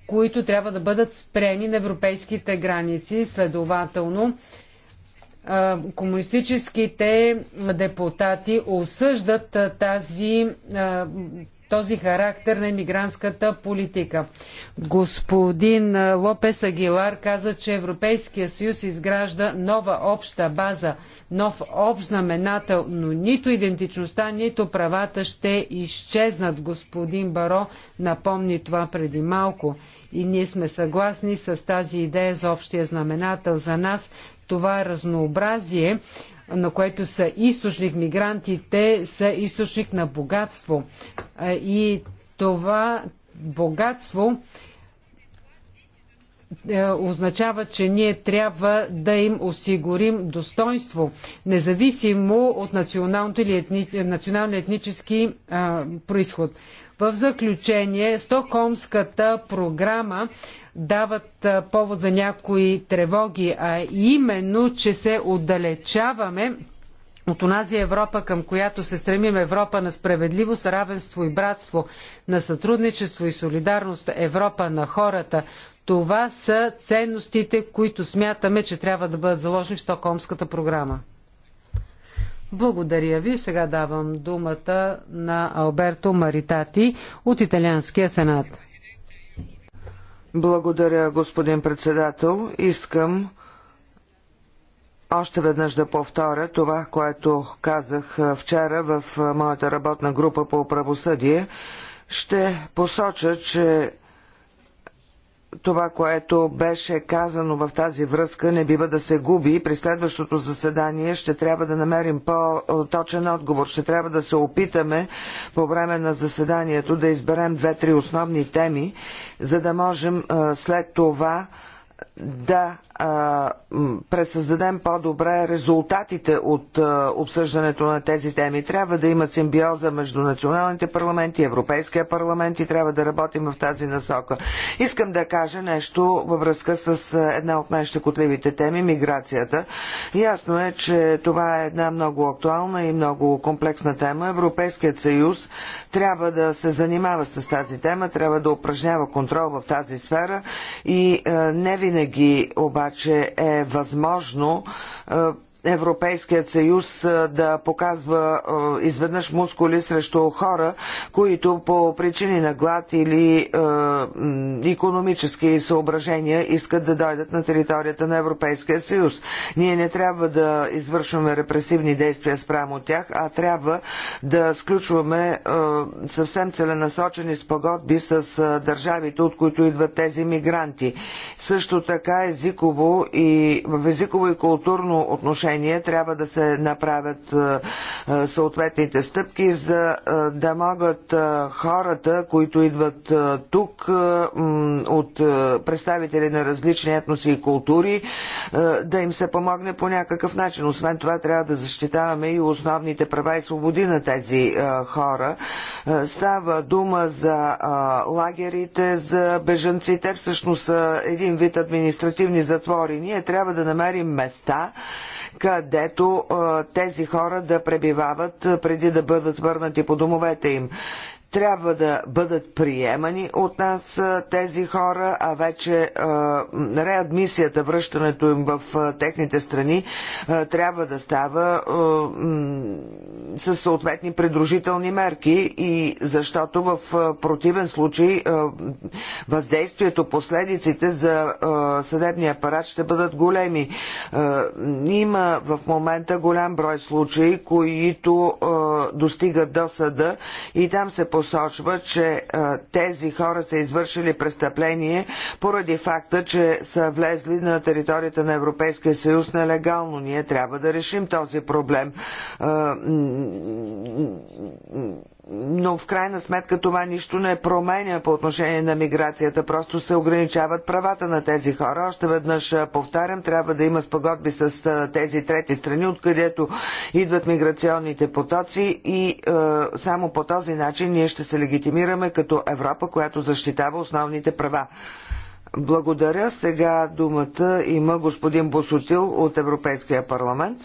[SPEAKER 2] които трябва да бъдат спрени на европейските граници. Следователно, комунистическите депутати осъждат тази този характер на иммигрантската политика. Господин Лопес Агилар каза, че Европейския съюз изгражда нова обща база, нов общ знаменател, но нито идентичността, нито правата ще изчезнат. Господин Баро напомни това преди малко. И ние сме съгласни с тази идея за общия знаменател. За нас това разнообразие на което са източник мигрантите, са източник на богатство. И това богатство е, означава, че ние трябва да им осигурим достоинство, независимо от националното или етни... национално-етнически происход. В заключение, Стокхолмската програма дават повод за някои тревоги, а именно, че се отдалечаваме от онази Европа, към която се стремим Европа на справедливост, равенство и братство, на сътрудничество и солидарност, Европа на хората. Това са ценностите, които смятаме, че трябва да бъдат заложени в Стокхолмската програма. Благодаря ви. Сега давам думата на Алберто Маритати от Италианския сенат.
[SPEAKER 3] Благодаря, господин председател. Искам още веднъж да повторя това, което казах вчера в моята работна група по правосъдие. Ще посоча, че това, което беше казано в тази връзка, не бива да се губи. При следващото заседание ще трябва да намерим по-точен отговор. Ще трябва да се опитаме по време на заседанието да изберем две-три основни теми, за да можем след това да а, пресъздадем по-добре резултатите от а, обсъждането на тези теми. Трябва да има симбиоза между националните парламенти, Европейския парламент и трябва да работим в тази насока. Искам да кажа нещо във връзка с една от най-щекотливите теми – миграцията. Ясно е, че това е една много актуална и много комплексна тема. Европейският съюз трябва да се занимава с тази тема, трябва да упражнява контрол в тази сфера и а, не винаги обаче че е възможно е, Европейският съюз да показва изведнъж мускули срещу хора, които по причини на глад или економически съображения искат да дойдат на територията на Европейския съюз. Ние не трябва да извършваме репресивни действия спрямо тях, а трябва да сключваме съвсем целенасочени спогодби с държавите, от които идват тези мигранти. Също така езиково и в езиково и културно отношение решение, трябва да се направят е, е, съответните стъпки, за е, да могат хората, които идват тук от представители на различни етноси и култури, да им се помогне по някакъв начин. Освен това трябва да защитаваме и основните права и свободи на тези хора. Става дума за лагерите, за бежанците, всъщност един вид административни затвори. Ние трябва да намерим места, където тези хора да пребивават преди да бъдат върнати по домовете им трябва да бъдат приемани от нас тези хора, а вече реадмисията, връщането им в техните страни трябва да става със съответни придружителни мерки и защото в противен случай въздействието, последиците за съдебния апарат ще бъдат големи. Има в момента голям брой случаи, които достигат до съда и там се посочва, че тези хора са извършили престъпление поради факта, че са влезли на територията на Европейския съюз нелегално. Ние трябва да решим този проблем но в крайна сметка това нищо не променя по отношение на миграцията, просто се ограничават правата на тези хора. Още веднъж повтарям, трябва да има спогодби с тези трети страни, откъдето идват миграционните потоци и е, само по този начин ние ще се легитимираме като Европа, която защитава основните права. Благодаря. Сега думата има господин Босотил от Европейския парламент.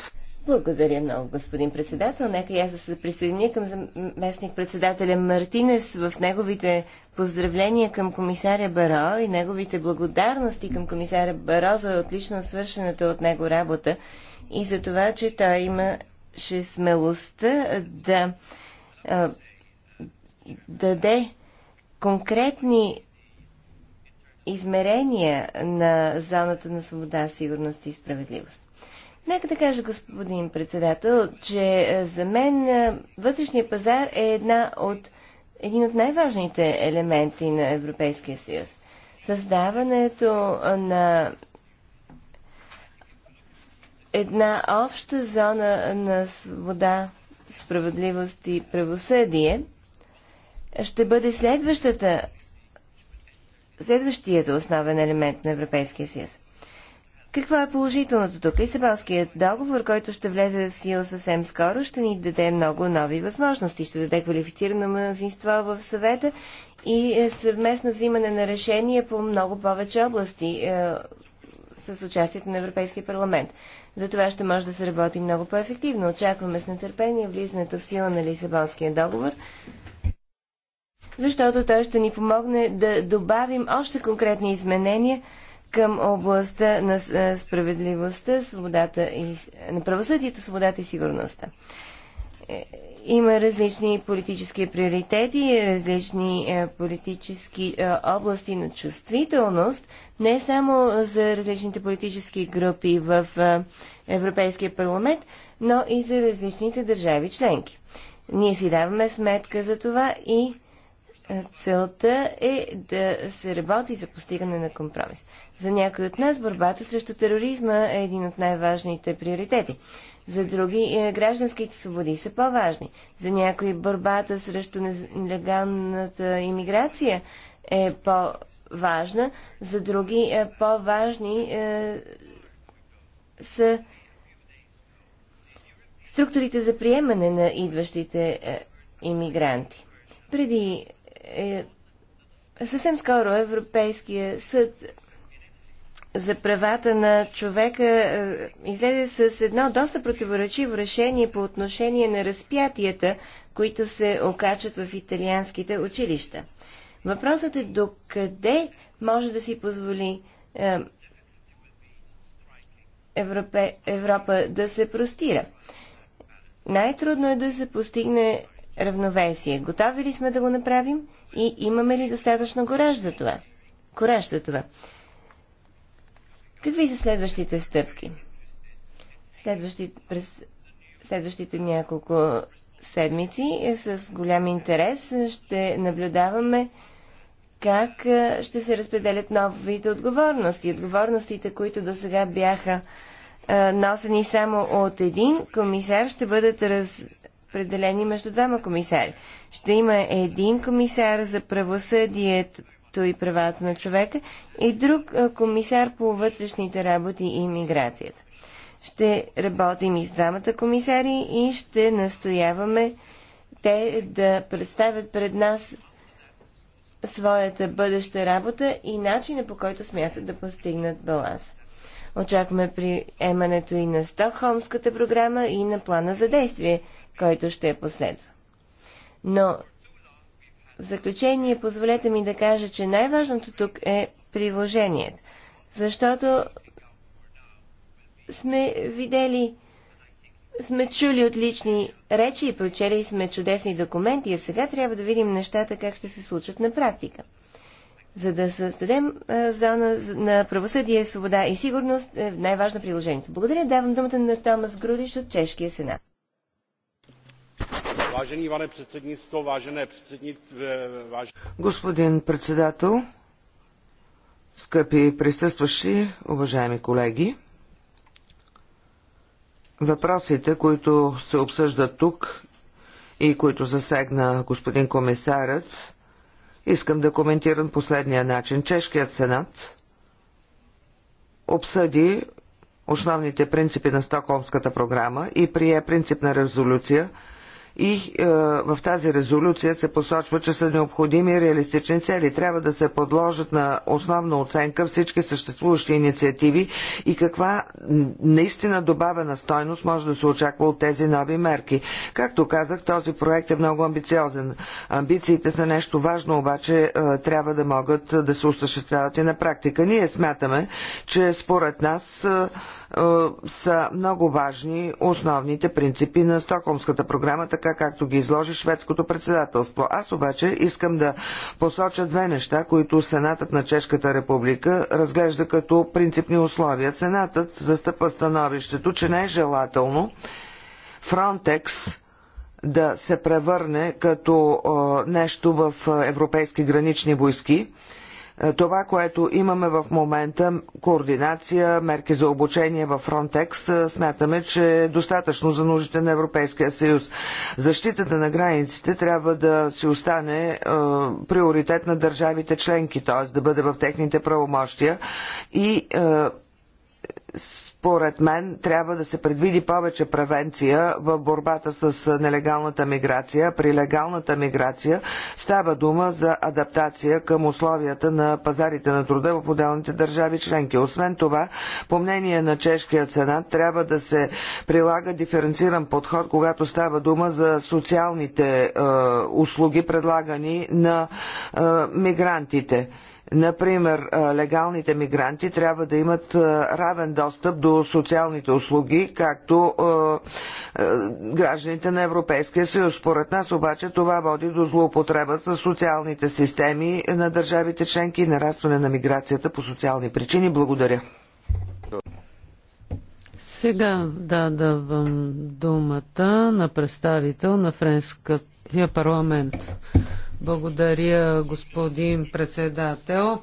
[SPEAKER 1] Благодаря много, господин председател. Нека и аз да се присъединя към заместник председателя Мартинес в неговите поздравления към комисаря Баро и неговите благодарности към комисаря Баро за отлично свършената от него работа и за това, че той имаше смелостта да а, даде конкретни измерения на зоната на свобода, сигурност и справедливост. Нека да кажа, господин председател, че е, за мен е, вътрешния пазар е една от, един от най-важните елементи на Европейския съюз. Създаването е, на една обща зона на свобода, справедливост и правосъдие ще бъде следващата, следващият основен елемент на Европейския съюз. Какво е положителното тук? Лисабонският договор, който ще влезе в сила съвсем скоро, ще ни даде много нови възможности. Ще даде квалифицирано мнозинство в съвета и е, съвместно взимане на решения по много повече области е, с участието на Европейския парламент. За това ще може да се работи много по-ефективно. Очакваме с нетърпение влизането в сила на Лисабонския договор, защото той ще ни помогне да добавим още конкретни изменения – към областта на е, справедливостта, свободата и, е, на правосъдието, свободата и сигурността. Е, има различни политически приоритети, различни политически области на чувствителност, не само за различните политически групи в Европейския парламент, но и за различните държави членки. Ние си даваме сметка за това и целта е да се работи за постигане на компромис. За някои от нас борбата срещу тероризма е един от най-важните приоритети. За други е, гражданските свободи са по-важни. За някои борбата срещу нелегалната иммиграция е по-важна. За други е, по-важни е, са структурите за приемане на идващите е, иммигранти. Преди е, съвсем скоро Европейския съд за правата на човека е, излезе с едно доста противоречиво решение по отношение на разпятията, които се окачат в италианските училища. Въпросът е до къде може да си позволи е, Европе, Европа да се простира. Най-трудно е да се постигне равновесие. Готови ли сме да го направим и имаме ли достатъчно гораж за това? Кораж за това. Какви са следващите стъпки? Следващи, през следващите няколко седмици с голям интерес ще наблюдаваме как ще се разпределят новите отговорности. Отговорностите, които до сега бяха носени само от един комисар, ще бъдат разпределени между двама комисари. Ще има един комисар за правосъдието както и правата на човека, и друг комисар по вътрешните работи и миграцията. Ще работим и с двамата комисари и ще настояваме те да представят пред нас своята бъдеща работа и начина по който смятат да постигнат баланса. Очакваме приемането и на Стокхолмската програма и на плана за действие, който ще е последва. Но в заключение, позволете ми да кажа, че най-важното тук е приложението, защото сме видели, сме чули отлични речи и прочели сме чудесни документи, а сега трябва да видим нещата как ще се случат на практика. За да създадем зона на правосъдие, свобода и сигурност е най-важно приложението. Благодаря, давам думата на Томас Грудиш от Чешкия сенат. Eh,
[SPEAKER 3] господин председател, скъпи присъстващи, уважаеми колеги, въпросите, които се обсъждат тук и които засегна господин комисарът, искам да коментирам последния начин. Чешкият сенат обсъди основните принципи на Стокхолмската програма и прие принципна резолюция – и е, в тази резолюция се посочва, че са необходими реалистични цели. Трябва да се подложат на основна оценка всички съществуващи инициативи и каква наистина добавена стойност може да се очаква от тези нови мерки. Както казах, този проект е много амбициозен. Амбициите са нещо важно, обаче е, трябва да могат да се осъществяват и на практика. Ние смятаме, че според нас е, е, са много важни основните принципи на Стокхолмската програма, така както ги изложи шведското председателство. Аз обаче искам да посоча две неща, които Сенатът на Чешката република разглежда като принципни условия. Сенатът застъпа становището, че не е желателно Фронтекс да се превърне като е, нещо в е, европейски гранични войски, е, това, което имаме в момента, координация, мерки за обучение във Фронтекс, е, смятаме, че е достатъчно за нуждите на Европейския съюз. Защитата на границите трябва да си остане е, приоритет на държавите членки, т.е. да бъде в техните правомощия и е, според мен трябва да се предвиди повече превенция в борбата с нелегалната миграция. При легалната миграция става дума за адаптация към условията на пазарите на труда в отделните държави членки. Освен това, по мнение на чешкия сенат, трябва да се прилага диференциран подход, когато става дума за социалните е, услуги, предлагани на е, мигрантите. Например, легалните мигранти трябва да имат равен достъп до социалните услуги, както гражданите на Европейския съюз. Според нас обаче това води до злоупотреба с социалните системи на държавите членки и нарастване на миграцията по социални причини. Благодаря.
[SPEAKER 2] Сега да давам думата на представител на Френския парламент. Благодаря, господин председател.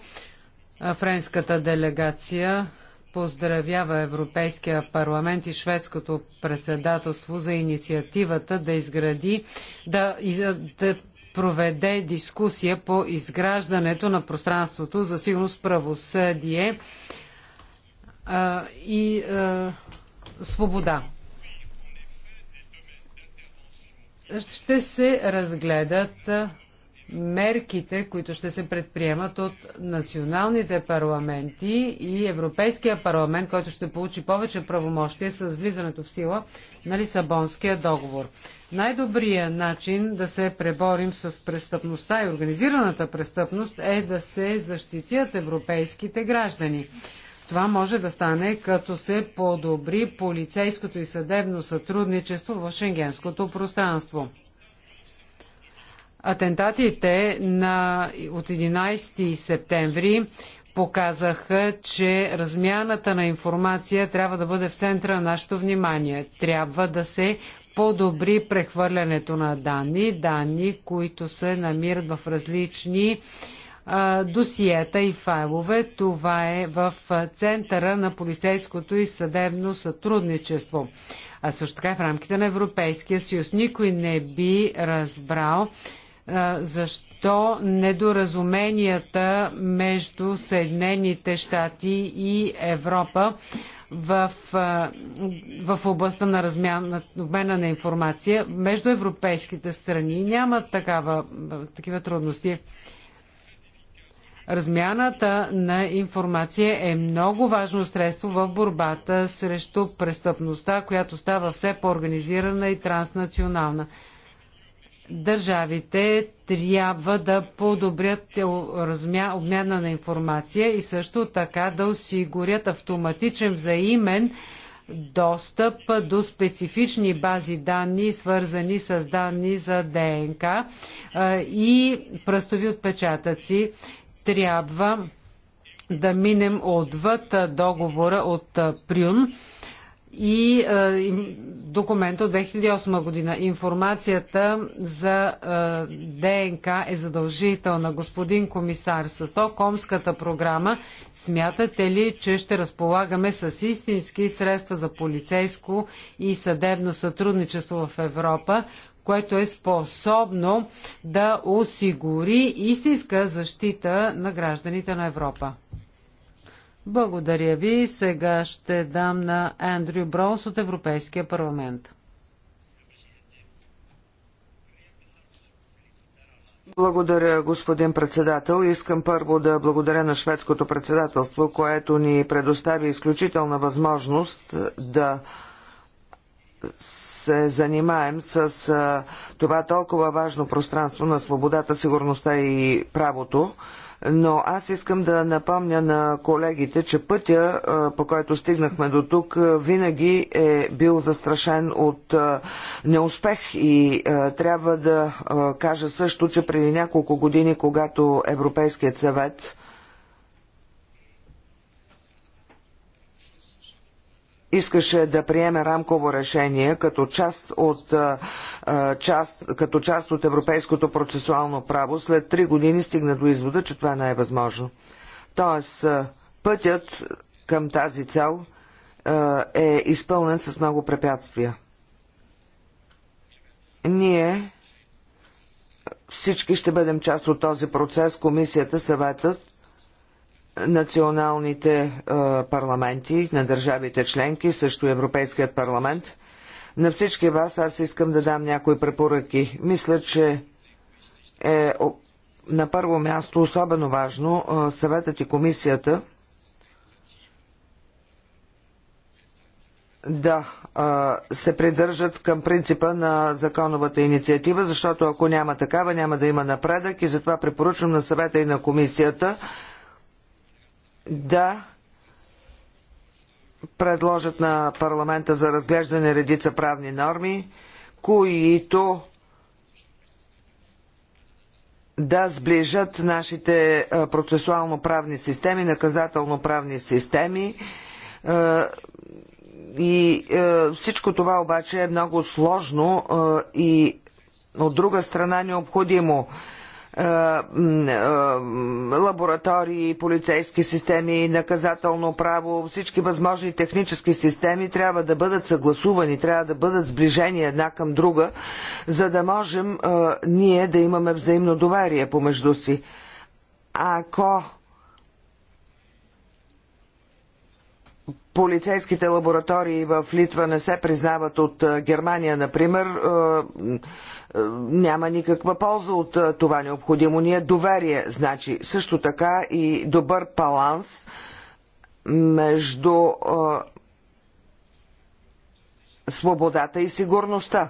[SPEAKER 2] Френската делегация поздравява Европейския парламент и шведското председателство за инициативата да изгради, да, да проведе дискусия по изграждането на пространството за сигурност, правосъдие а, и а, свобода. Ще се разгледат мерките, които ще се предприемат от националните парламенти и Европейския парламент, който ще получи повече правомощия с влизането в сила на Лисабонския договор. Най-добрият начин да се преборим с престъпността и организираната престъпност е да се защитят европейските граждани. Това може да стане, като се подобри полицейското и съдебно сътрудничество в шенгенското пространство. Атентатите на, от 11 септември показаха, че размяната на информация трябва да бъде в центъра на нашето внимание. Трябва да се подобри прехвърлянето на данни, данни, които се намират в различни а, досиета и файлове. Това е в центъра на полицейското и съдебно сътрудничество. А също така в рамките на Европейския съюз никой не би разбрал, защо недоразуменията между Съединените щати и Европа в, в областта на обмена на информация между европейските страни няма такава, такива трудности. Размяната на информация е много важно средство в борбата срещу престъпността, която става все по-организирана и транснационална държавите трябва да подобрят обмяна на информация и също така да осигурят автоматичен взаимен достъп до специфични бази данни, свързани с данни за ДНК и пръстови отпечатъци. Трябва да минем отвъд договора от Прюн и е, документа от 2008 година. Информацията за е, ДНК е задължителна. Господин комисар, с Стокомската програма смятате ли, че ще разполагаме с истински средства за полицейско и съдебно сътрудничество в Европа, което е способно да осигури истинска защита на гражданите на Европа? Благодаря ви. Сега ще дам на Андрю Броуз от Европейския парламент.
[SPEAKER 3] Благодаря, господин председател. Искам първо да благодаря на шведското председателство, което ни предостави изключителна възможност да се занимаем с това толкова важно пространство на свободата, сигурността и правото но аз искам да напомня на колегите, че пътя, по който стигнахме до тук, винаги е бил застрашен от неуспех и трябва да кажа също, че преди няколко години, когато Европейският съвет искаше да приеме рамково решение като част от, част, като част от европейското процесуално право, след три години стигна до извода, че това не е възможно. Тоест, пътят към тази цел е изпълнен с много препятствия. Ние всички ще бъдем част от този процес, комисията, съветът националните е, парламенти на държавите членки, също и Европейският парламент. На всички вас аз искам да дам някои препоръки. Мисля, че е на първо място особено важно е, съветът и комисията да е, се придържат към принципа на законовата инициатива, защото ако няма такава, няма да има напредък и затова препоръчвам на съвета и на комисията да предложат на парламента за разглеждане редица правни норми, които да сближат нашите процесуално-правни системи, наказателно-правни системи. И всичко това обаче е много сложно и от друга страна необходимо лаборатории, полицейски системи, наказателно право, всички възможни технически системи трябва да бъдат съгласувани, трябва да бъдат сближени една към друга, за да можем ние да имаме взаимно доверие помежду си. Ако полицейските лаборатории в Литва не се признават от Германия, например, е, няма никаква полза от е, това. Необходимо ни е доверие. Значи също така и добър баланс между е, свободата и сигурността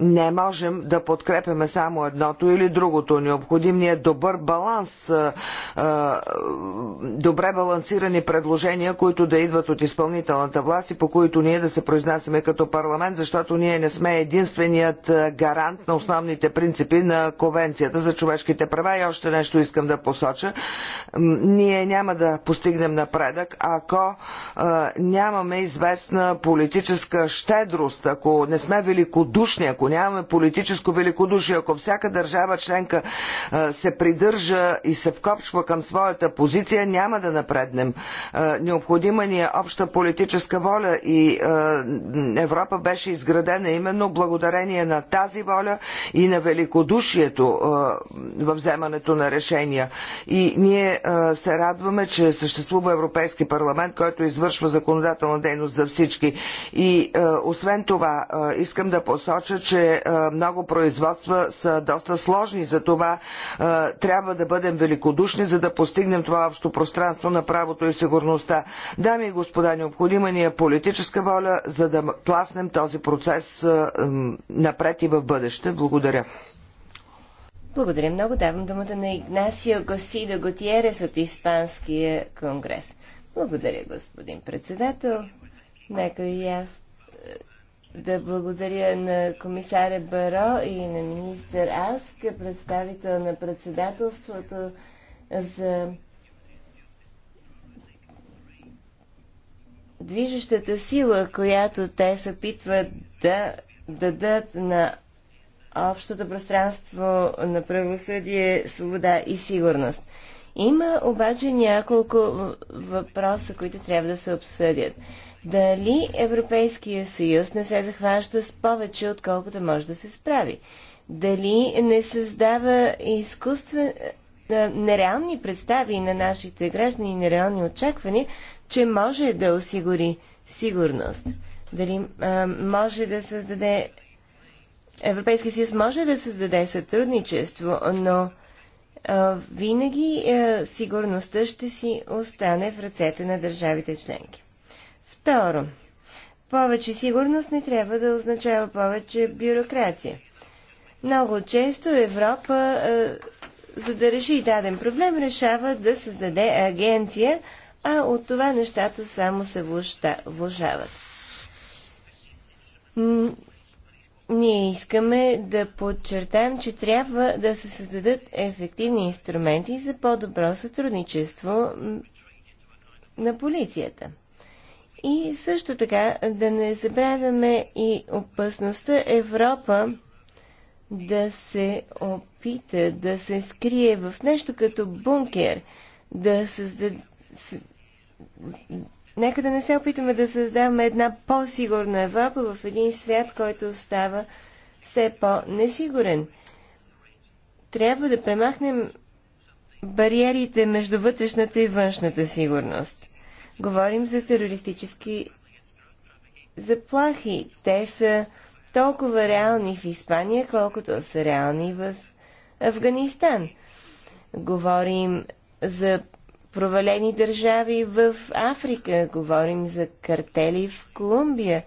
[SPEAKER 3] не можем да подкрепяме само едното или другото. Необходим ни е добър баланс, е, е, добре балансирани предложения, които да идват от изпълнителната власт и по които ние да се произнасяме като парламент, защото ние не сме единственият е, гарант на основните принципи на Конвенцията за човешките права. И още нещо искам да посоча. Ние няма да постигнем напредък, ако нямаме известна политическа щедрост, ако не сме великодушни, ако нямаме политическо великодушие, ако всяка държава членка се придържа и се вкопчва към своята позиция, няма да напреднем. Необходима ни е обща политическа воля и Европа беше изградена именно благодарение на тази воля и на великодушието във вземането на решения. И ние се радваме, че съществува Европейски парламент, който извършва законодателна дейност за всички. И освен това, искам да посоча, че че много производства са доста сложни, за това трябва да бъдем великодушни, за да постигнем това общо пространство на правото и сигурността. Дами и господа, необходима ни е политическа воля, за да тласнем този процес напред и в бъдеще. Благодаря.
[SPEAKER 1] Благодаря много. Давам думата на Игнасио Госидо Готиерес от Испанския конгрес. Благодаря, господин председател. Нека и аз да благодаря на комисаря Баро и на министър Аск, представител на председателството за движещата сила, която те се опитват да дадат на общото пространство на правосъдие, свобода и сигурност. Има обаче няколко въпроса, които трябва да се обсъдят. Дали Европейския съюз не се захваща с повече, отколкото може да се справи? Дали не създава изкуствен, е, е, нереални представи на нашите граждани, нереални очаквания, че може да осигури сигурност? Дали а, е, може да създаде. Европейския съюз може да създаде сътрудничество, но а, винаги а, сигурността ще си остане в ръцете на държавите членки. Второ, повече сигурност не трябва да означава повече бюрокрация. Много често Европа, е, за да реши даден проблем, решава да създаде агенция, а от това нещата само се влушават. Ние искаме да подчертаем, че трябва да се създадат ефективни инструменти за по-добро сътрудничество на полицията. И също така да не забравяме и опасността Европа да се опита да се скрие в нещо като бункер, да създаде. Нека да не се опитаме да създаваме една по-сигурна Европа в един свят, който става все по-несигурен. Трябва да премахнем бариерите между вътрешната и външната сигурност. Говорим за терористически заплахи. Те са толкова реални в Испания, колкото са реални в Афганистан. Говорим за провалени държави в Африка, говорим за картели в Колумбия.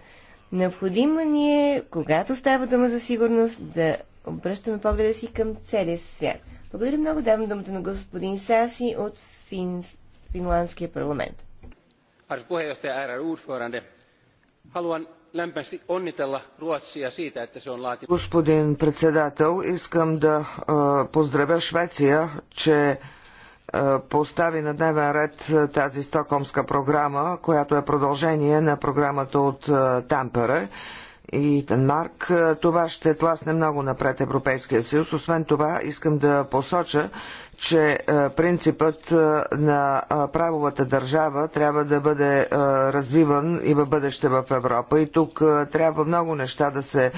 [SPEAKER 1] Необходимо ни е, когато става дума за сигурност, да обръщаме погледа си към целия свят. Благодаря много. Давам думата на господин Саси от Фин... Финландския парламент arvoisa puheenjohtaja haluan lämpimästi onnitella Ruotsia siitä, että se on laatinut...
[SPEAKER 3] Господин председател, искам да поздравя Швеция, че постави на дневен ред тази стокомска програма, която е продължение на програмата от Тампере и Тенмарк. Това ще тласне много напред Европейския съюз. Освен това, искам да посоча, че е, принципът е, на е, правовата държава трябва да бъде развиван и в бъдеще в Европа. И тук трябва много неща да се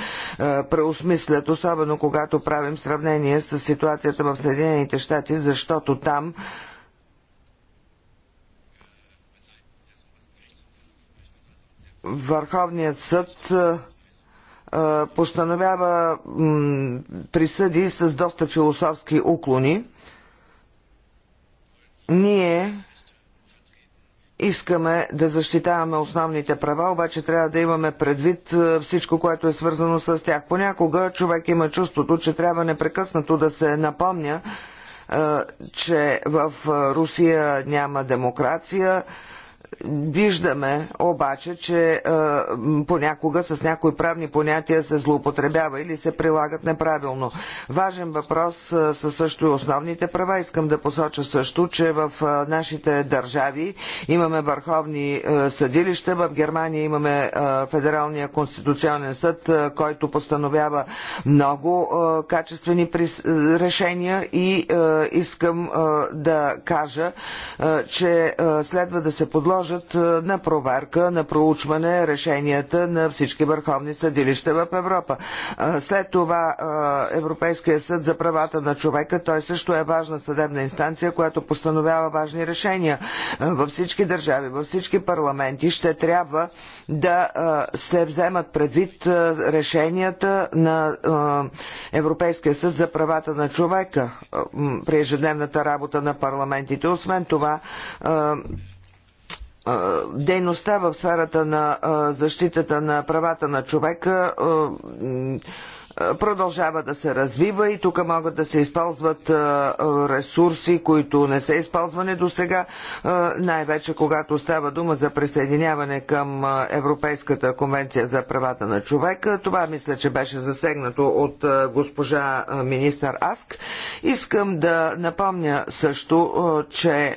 [SPEAKER 3] преосмислят, особено когато правим сравнение с ситуацията в Съединените щати, защото там Върховният съд постановява присъди с доста философски уклони. Ние искаме да защитаваме основните права, обаче трябва да имаме предвид е, всичко, което е свързано с тях. Понякога човек има чувството, че трябва непрекъснато да се напомня, е, че в е, Русия няма демокрация, Виждаме обаче, че е, понякога с някои правни понятия се злоупотребява или се прилагат неправилно. Важен въпрос е, са също и основните права. Искам да посоча също, че в е, нашите държави имаме върховни е, съдилища. В Германия имаме е, Федералния конституционен съд, е, който постановява много е, качествени прис... Е, решения и е, искам е, да кажа, е, че е, следва да се подложи подложат е, на проверка, на проучване решенията на всички върховни съдилища в Европа. Е, след това е, Европейския съд за правата на човека, той също е важна съдебна инстанция, която постановява важни решения във всички държави, във всички парламенти. Ще трябва да се вземат предвид решенията на Европейския съд за правата на човека при ежедневната работа на парламентите. Освен това, дейността в сферата на защитата на правата на човека е, продължава да се развива и тук могат да се използват е, ресурси, които не са използвани до сега, е, най-вече когато става дума за присъединяване към Европейската конвенция за правата на човека. Това мисля, че беше засегнато от госпожа министър Аск. Искам да напомня също, че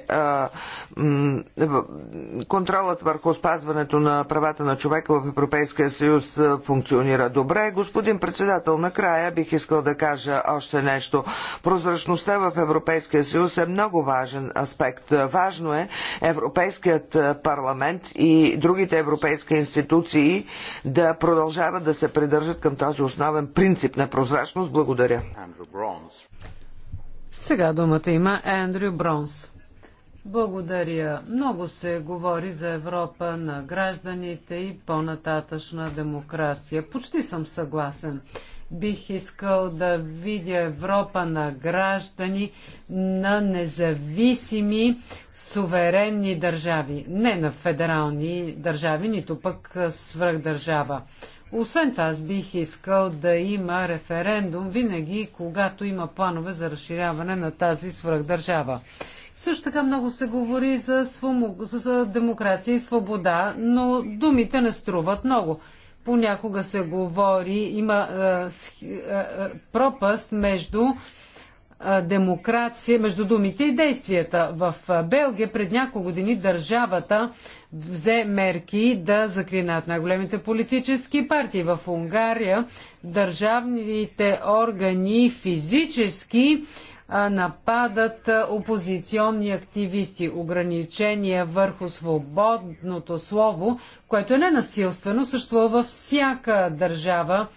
[SPEAKER 3] контролът върху спазването на правата на човека в Европейския съюз функционира добре. Господин председател, председател. Накрая бих искал да кажа още нещо. Прозрачността в Европейския съюз е много важен аспект. Важно е Европейският парламент и другите европейски институции да продължават да се придържат към този основен принцип на прозрачност. Благодаря.
[SPEAKER 2] Сега думата има Ендрю Бронс. Благодаря. Много се говори за Европа на гражданите и по-нататъчна демокрация. Почти съм съгласен. Бих искал да видя Европа на граждани, на независими, суверенни държави. Не на федерални държави, нито пък свръхдържава. Освен това, аз бих искал да има референдум винаги, когато има планове за разширяване на тази свръхдържава. Също така много се говори за, свому... за демокрация и свобода, но думите не струват много понякога се говори, има е, е, е пропаст между е, демокрация, между думите и действията. В Белгия пред няколко години държавата взе мерки да закринат най-големите политически партии. В Унгария държавните органи физически нападат опозиционни активисти, ограничения върху свободното слово, което е ненасилствено, съществува във всяка държава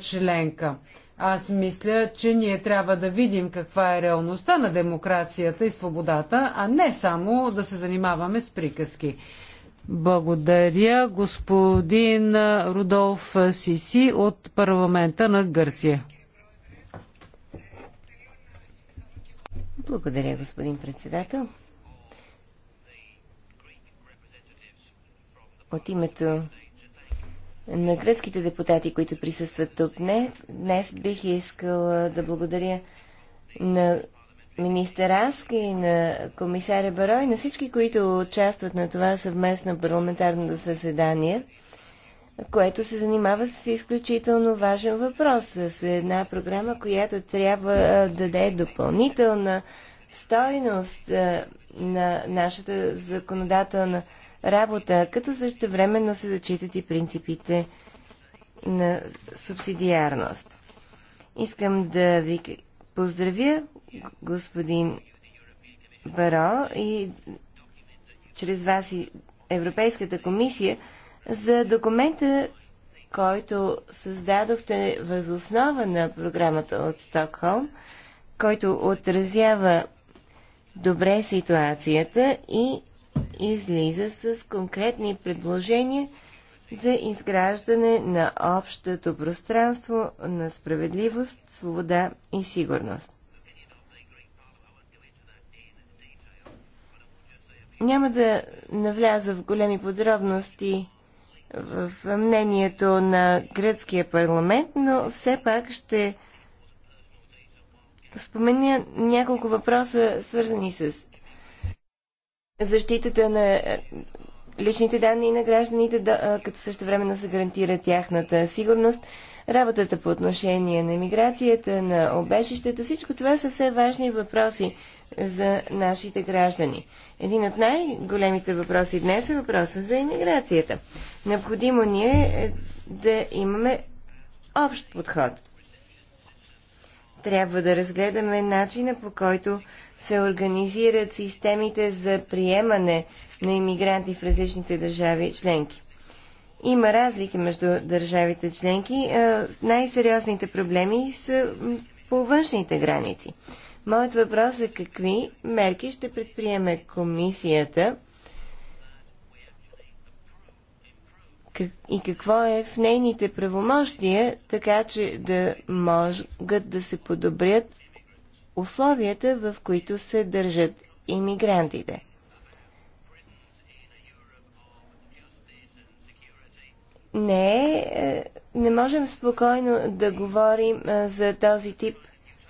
[SPEAKER 2] членка. Аз мисля, че ние трябва да видим каква е реалността на демокрацията и свободата, а не само да се занимаваме с приказки. Благодаря господин Рудолф Сиси от парламента на Гърция.
[SPEAKER 1] Благодаря, господин председател. От името на гръцките депутати, които присъстват тук днес, днес бих искал да благодаря на министър Аска и на комисаря Барой, на всички, които участват на това съвместно парламентарно заседание което се занимава с изключително важен въпрос, с една програма, която трябва да даде допълнителна стойност на нашата законодателна работа, като времено се зачитат и принципите на субсидиарност. Искам да ви поздравя, господин Баро, и чрез вас и Европейската комисия – за документа, който създадохте възоснова на програмата от Стокхолм, който отразява добре ситуацията и излиза с конкретни предложения за изграждане на общото пространство на справедливост, свобода и сигурност. Няма да навляза в големи подробности в мнението на гръцкия парламент, но все пак ще спомена няколко въпроса, свързани с защитата на личните данни на гражданите, да, като същевременно се гарантира тяхната сигурност, работата по отношение на миграцията, на обежището. Всичко това са все важни въпроси за нашите граждани. Един от най-големите въпроси днес е въпроса за иммиграцията. Необходимо ни е, е да имаме общ подход – трябва да разгледаме начина по който се организират системите за приемане на иммигранти в различните държави членки. Има разлики между държавите членки. Е, най-сериозните проблеми са по външните граници. Моят въпрос е какви мерки ще предприеме комисията – и какво е в нейните правомощия, така че да могат да се подобрят условията, в които се държат иммигрантите. Не, е, е, не можем спокойно да говорим е, за този тип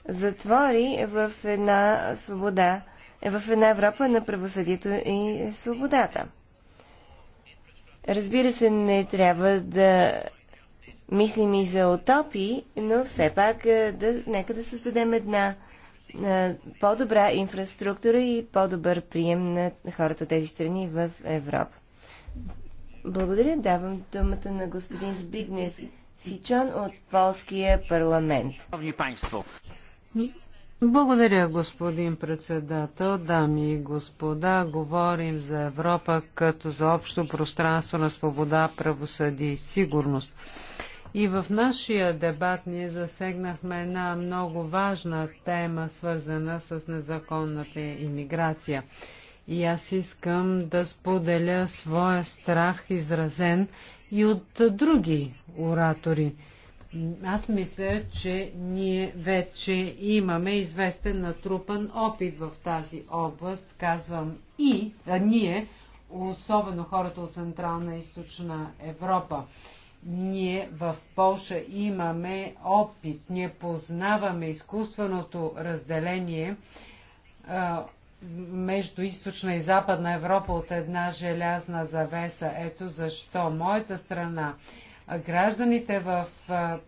[SPEAKER 1] затвори в една свобода, в една Европа на правосъдието и свободата. Разбира се, не трябва да мислим и за утопии, но все пак да, нека да създадем една по-добра инфраструктура и по-добър прием на хората от тези страни в Европа. Благодаря. Давам думата на господин Збигнев Сичон от Полския парламент.
[SPEAKER 2] Благодаря, господин председател. Дами и господа, говорим за Европа като за общо пространство на свобода, правосъдие и сигурност. И в нашия дебат ние засегнахме една много важна тема, свързана с незаконната иммиграция. И аз искам да споделя своя страх, изразен и от други оратори. Аз мисля, че ние вече имаме известен натрупан опит в тази област. Казвам и, а ние, особено хората от Централна и Източна Европа. Ние в Польша имаме опит, ние познаваме изкуственото разделение а, между източна и западна Европа от една желязна завеса. Ето защо моята страна Гражданите в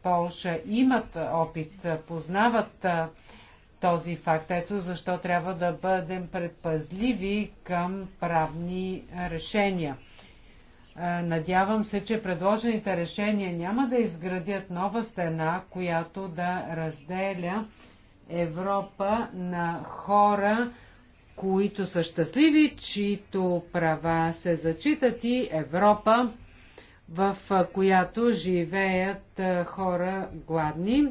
[SPEAKER 2] Полша имат опит, познават този факт. Ето защо трябва да бъдем предпазливи към правни решения. Надявам се, че предложените решения няма да изградят нова стена, която да разделя Европа на хора, които са щастливи, чието права се зачитат и Европа, в която живеят хора гладни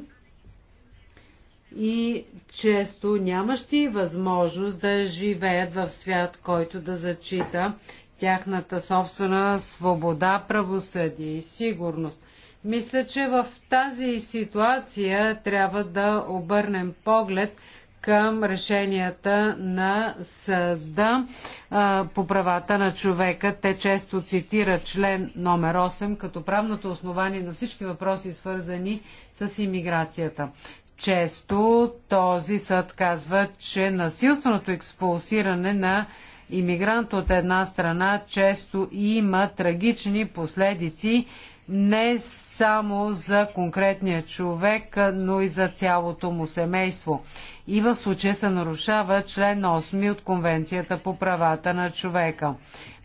[SPEAKER 2] и често нямащи възможност да живеят в свят, който да зачита тяхната собствена свобода, правосъдие и сигурност. Мисля, че в тази ситуация трябва да обърнем поглед – към решенията на съда а, по правата на човека. Те често цитират член номер 8 като правното основание на всички въпроси, свързани с иммиграцията. Често този съд казва, че насилственото експулсиране на иммигрант от една страна често има трагични последици не само за конкретния човек, но и за цялото му семейство. И в случая се нарушава член 8 от Конвенцията по правата на човека.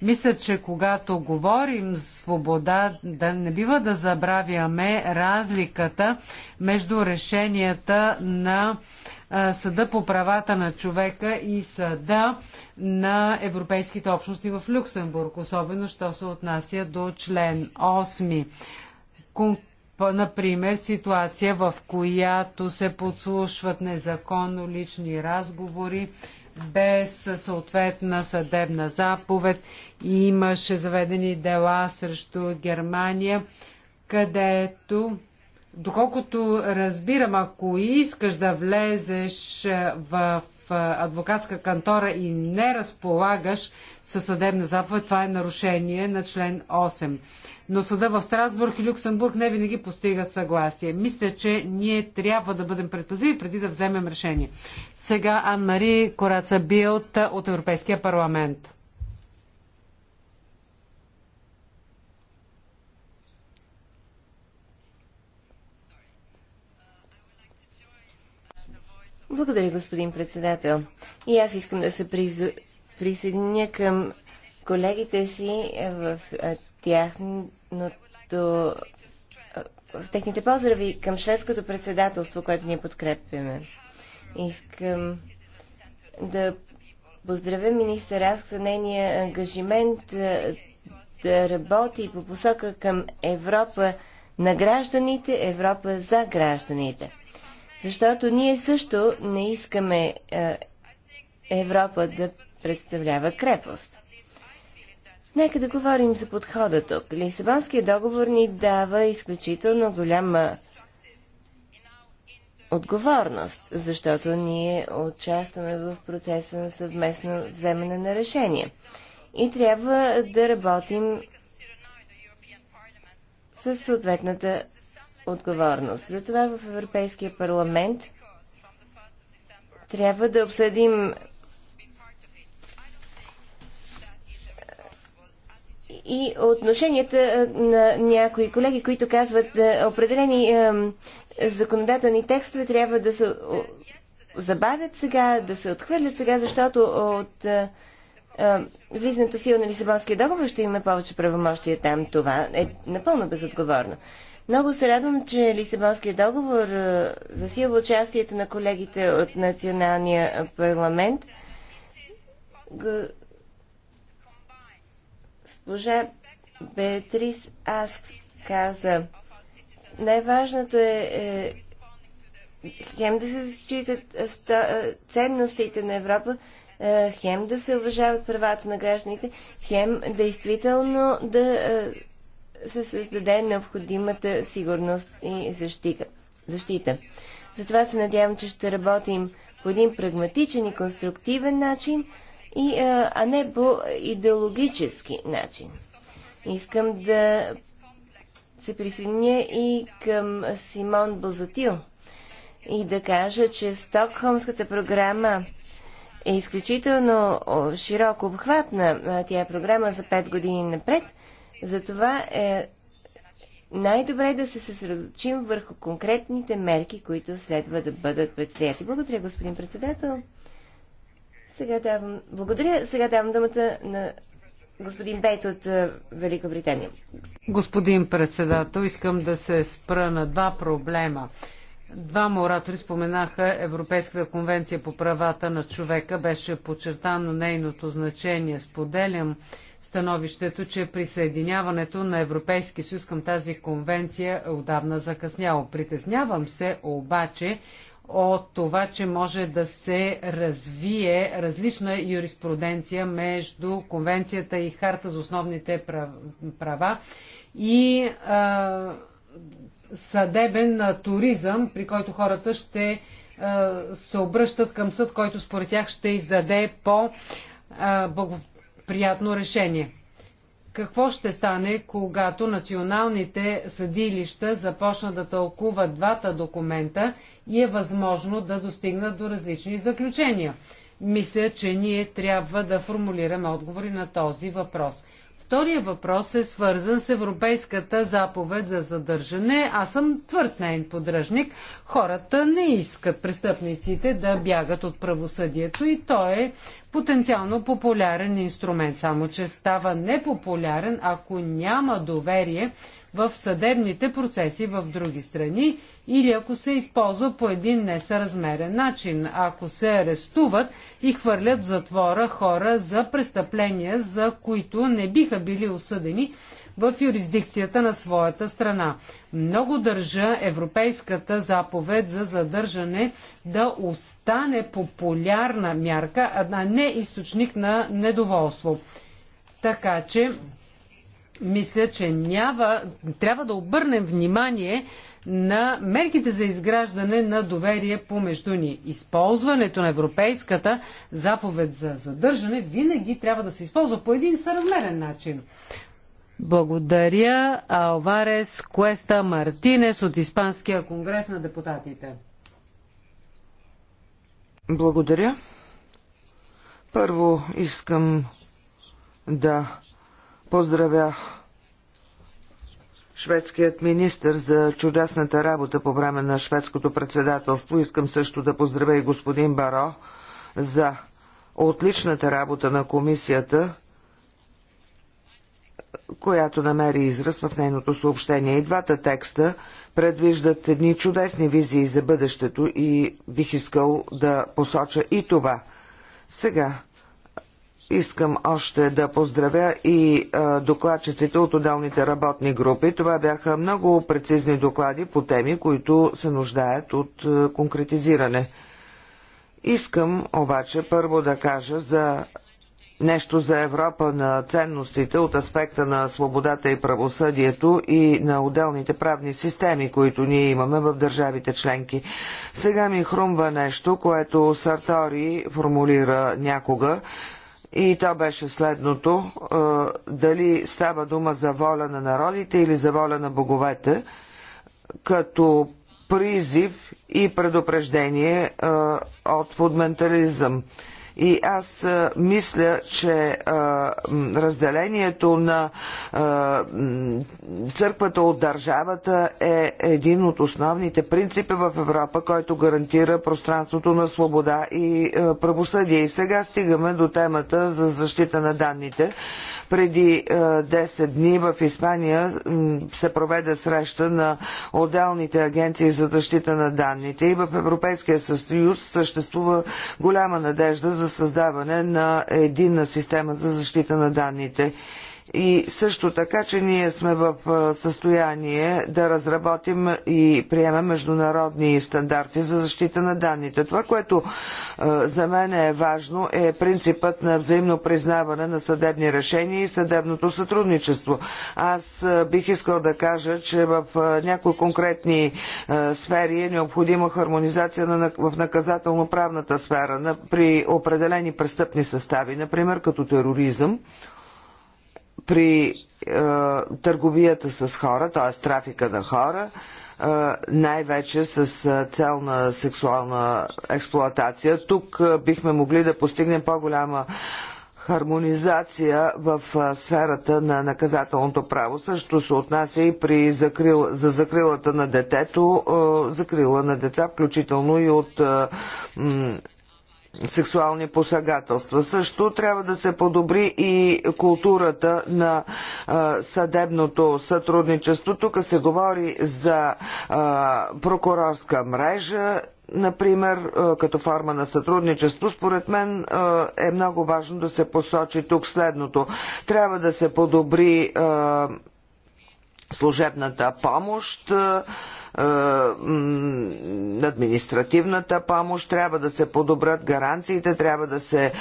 [SPEAKER 2] Мисля, че когато говорим свобода, да не бива да забравяме разликата между решенията на Съда по правата на човека и Съда на европейските общности в Люксембург, особено що се отнася до член 8. Например, ситуация, в която се подслушват незаконно лични разговори без съответна съдебна заповед. Имаше заведени дела срещу Германия, където Доколкото разбирам, ако искаш да влезеш в адвокатска кантора и не разполагаш със съдебна заповед, това е нарушение на член 8. Но съда в Страсбург и Люксембург не винаги постигат съгласие. Мисля, че ние трябва да бъдем предпазливи преди да вземем решение. Сега Ан-Мари Кораца Билт от Европейския парламент.
[SPEAKER 1] Благодаря, господин председател. И аз искам да се приз... присъединя към колегите си в тяхното в техните поздрави към шведското председателство, което ние подкрепяме. Искам да поздравя министър Аск за нейния ангажимент да работи по посока към Европа на гражданите, Европа за гражданите. Защото ние също не искаме е, Европа да представлява крепост. Нека да говорим за подхода тук. Лисабонският договор ни дава изключително голяма отговорност, защото ние участваме в процеса на съвместно вземане на решение. И трябва да работим със съответната отговорност. Затова в Европейския парламент трябва да обсъдим и отношенията на някои колеги, които казват да определени законодателни текстове трябва да се забавят сега, да се отхвърлят сега, защото от влизането в сила на Лисабонския договор ще имаме повече правомощия там. Това е напълно безотговорно. Много се радвам, че Лисабонския договор засилва участието на колегите от националния парламент. Госпожа Беатрис Аск каза, най-важното е, е хем да се зачитат ценностите на Европа, е, хем да се уважават правата на гражданите, хем действително да е, се създаде необходимата сигурност и защита. защита. Затова се надявам, че ще работим по един прагматичен и конструктивен начин, и, а не по идеологически начин. Искам да се присъединя и към Симон Бозотил и да кажа, че Стокхолмската програма е изключително широко обхватна. Тя е програма за 5 години напред – затова е най-добре да се съсредоточим върху конкретните мерки, които следва да бъдат предприяти. Благодаря, господин председател. Сега давам, благодаря. Сега давам думата на господин Бейт от Великобритания.
[SPEAKER 2] Господин председател, искам да се спра на два проблема. Двама оратори споменаха Европейската конвенция по правата на човека. Беше подчертано нейното значение. Споделям становището, че присъединяването на Европейски съюз към тази конвенция е отдавна закъсняло. Притеснявам се обаче от това, че може да се развие различна юриспруденция между конвенцията и харта за основните права и а, съдебен туризъм, при който хората ще а, се обръщат към съд, който според тях ще издаде по а, приятно решение. Какво ще стане, когато националните съдилища започнат да тълкуват двата документа и е възможно да достигнат до различни заключения? Мисля, че ние трябва да формулираме отговори на този въпрос. Втория въпрос е свързан с Европейската заповед за задържане. Аз съм твърд нейн подръжник. Хората не искат престъпниците да бягат от правосъдието и той е потенциално популярен инструмент. Само, че става непопулярен, ако няма доверие в съдебните процеси в други страни или ако се използва по един несъразмерен начин, ако се арестуват и хвърлят в затвора хора за престъпления, за които не биха били осъдени в юрисдикцията на своята страна. Много държа Европейската заповед за задържане да остане популярна мярка, а не източник на недоволство. Така че мисля, че няма, трябва да обърнем внимание на мерките за изграждане на доверие помежду ни. Използването на европейската заповед за задържане винаги трябва да се използва по един съразмерен начин. Благодаря Алварес Куеста Мартинес от Испанския конгрес на депутатите.
[SPEAKER 3] Благодаря. Първо искам да Поздравя шведският министр за чудесната работа по време на шведското председателство. Искам също да поздравя и господин Баро за отличната работа на комисията, която намери израз в нейното съобщение. И двата текста предвиждат едни чудесни визии за бъдещето и бих искал да посоча и това. Сега Искам още да поздравя и докладчиците от отделните работни групи. Това бяха много прецизни доклади по теми, които се нуждаят от конкретизиране. Искам обаче първо да кажа за нещо за Европа на ценностите от аспекта на свободата и правосъдието и на отделните правни системи, които ние имаме в държавите членки. Сега ми хрумва нещо, което Сартори формулира някога и то беше следното. Дали става дума за воля на народите или за воля на боговете, като призив и предупреждение от фундаментализъм. И аз мисля, че разделението на църквата от държавата е един от основните принципи в Европа, който гарантира пространството на свобода и правосъдие. И сега стигаме до темата за защита на данните. Преди 10 е, дни в Испания се проведе среща на отделните агенции за защита на данните и в Европейския съюз съществува голяма надежда за създаване на единна система за защита на данните и също така, че ние сме в състояние да разработим и приемем международни стандарти за защита на данните. Това, което за мен е важно, е принципът на взаимно признаване на съдебни решения и съдебното сътрудничество. Аз бих искал да кажа, че в някои конкретни сфери е необходима хармонизация в наказателно-правната сфера при определени престъпни състави, например като тероризъм при е, търговията с хора, т.е. трафика на хора, е, най-вече с е, цел на сексуална експлоатация. Тук бихме могли да постигнем по-голяма хармонизация в сферата на наказателното право. Също се отнася и при закрил, за закрилата на детето, закрила на деца, включително и от сексуални посагателства. Също трябва да се подобри и културата на а, съдебното сътрудничество. Тук се говори за а, прокурорска мрежа, например, като форма на сътрудничество, според мен е много важно да се посочи тук следното. Трябва да се подобри служебната помощ, е, административната помощ, трябва да се подобрят гаранциите, трябва да се е,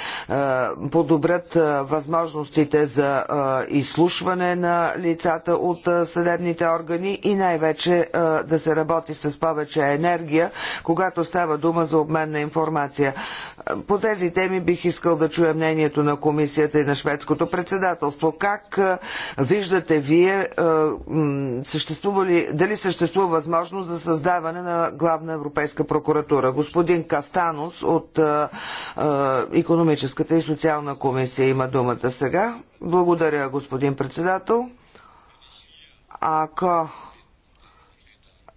[SPEAKER 3] подобрят е, възможностите за изслушване на лицата от съдебните органи и най-вече да се работи с повече енергия, когато става дума за обмен на информация. По тези теми бих искал да чуя мнението на комисията и на шведското председателство. Как виждате вие, съществува дали съществува възможност възможност за създаване на главна европейска прокуратура. Господин Кастанос от економическата и социална комисия има думата сега. Благодаря, господин председател. Ако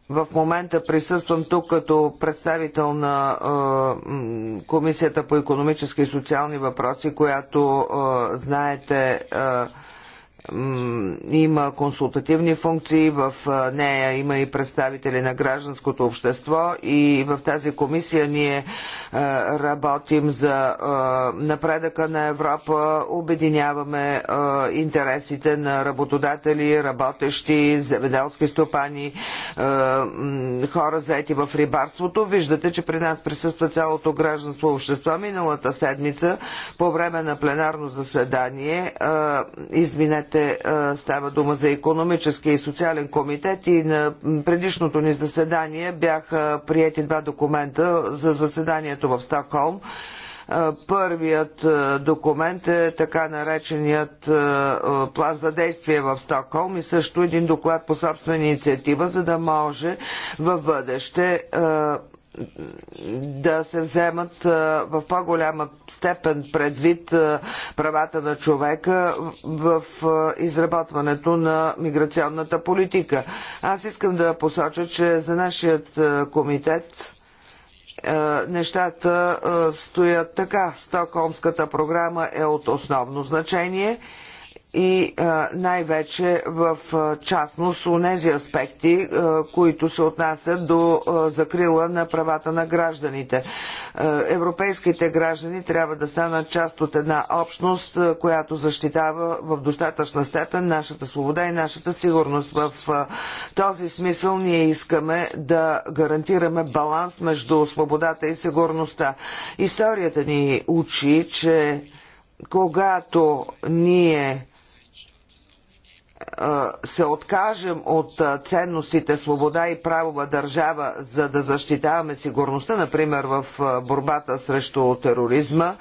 [SPEAKER 3] в момента присъствам тук като представител на е, Комисията по економически и социални въпроси, която, е, знаете, е, има консултативни функции, в нея има и представители на гражданското общество и в тази комисия ние работим за напредъка на Европа, обединяваме интересите на работодатели, работещи, земеделски стопани, хора заети в рибарството. Виждате, че при нас присъства цялото гражданство общество. Миналата седмица по време на пленарно заседание, изминете Знаете, става дума за економически и социален комитет и на предишното ни заседание бяха приети два документа за заседанието в Стокхолм. Е, първият е, документ е така нареченият е, план за действие в Стокхолм и също един доклад по собствена инициатива, за да може в бъдеще да се вземат в по-голяма степен предвид правата на човека в изработването на миграционната политика. Аз искам да посоча, че за нашият комитет нещата стоят така. Стокхолмската програма е от основно значение – и най-вече в частност у нези аспекти, които се отнасят до закрила на правата на гражданите. Европейските граждани трябва да станат част от една общност, която защитава в достатъчна степен нашата свобода и нашата сигурност. В този смисъл ние искаме да гарантираме баланс между свободата и сигурността. Историята ни учи, че когато ние се откажем от ценностите свобода и правова държава, за да защитаваме сигурността, например в борбата срещу тероризма,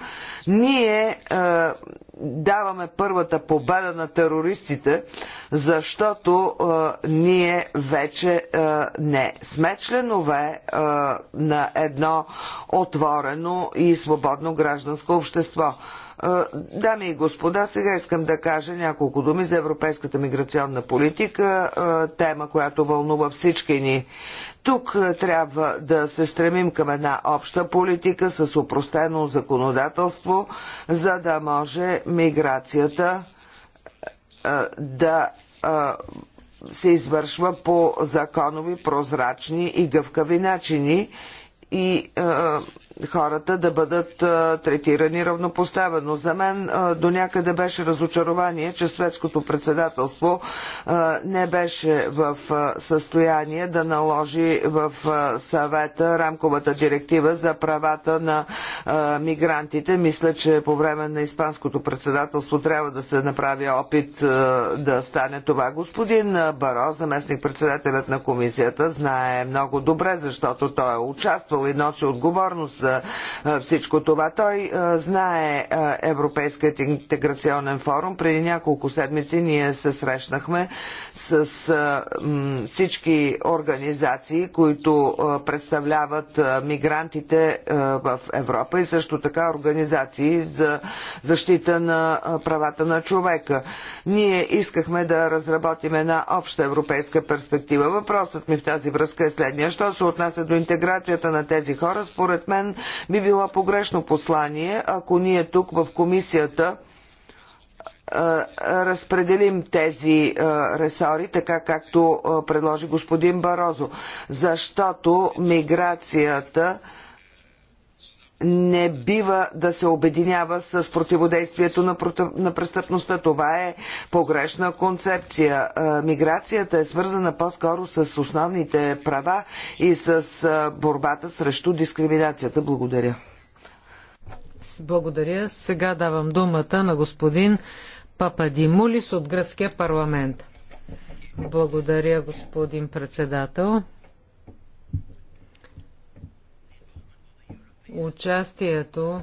[SPEAKER 3] ние даваме първата победа на терористите, защото ние вече не сме членове на едно отворено и свободно гражданско общество. Дами и господа, сега искам да кажа няколко думи за европейската миграционна политика, тема, която вълнува всички ни. Тук трябва да се стремим към една обща политика с упростено законодателство, за да може миграцията да се извършва по законови, прозрачни и гъвкави начини и хората да бъдат третирани равнопоставено. За мен до някъде беше разочарование, че светското председателство не беше в състояние да наложи в съвета рамковата директива за правата на мигрантите. Мисля, че по време на испанското председателство трябва да се направи опит да стане това. Господин Баро, заместник председателят на комисията, знае много добре, защото той е участвал и носи отговорност за за всичко това. Той знае Европейският интеграционен форум. Преди няколко седмици ние се срещнахме с всички организации, които представляват мигрантите в Европа и също така организации за защита на правата на човека. Ние искахме да разработим една обща европейска перспектива. Въпросът ми в тази връзка е следния. Що се отнася до интеграцията на тези хора, според мен би било погрешно послание, ако ние тук в комисията разпределим тези ресори, така както предложи господин Барозо. Защото миграцията не бива да се обединява с противодействието на, на престъпността. Това е погрешна концепция. Миграцията е свързана по-скоро с основните права и с борбата срещу дискриминацията. Благодаря.
[SPEAKER 2] Благодаря. Сега давам думата на господин Пападимулис от Гръцкия парламент. Благодаря, господин председател. участието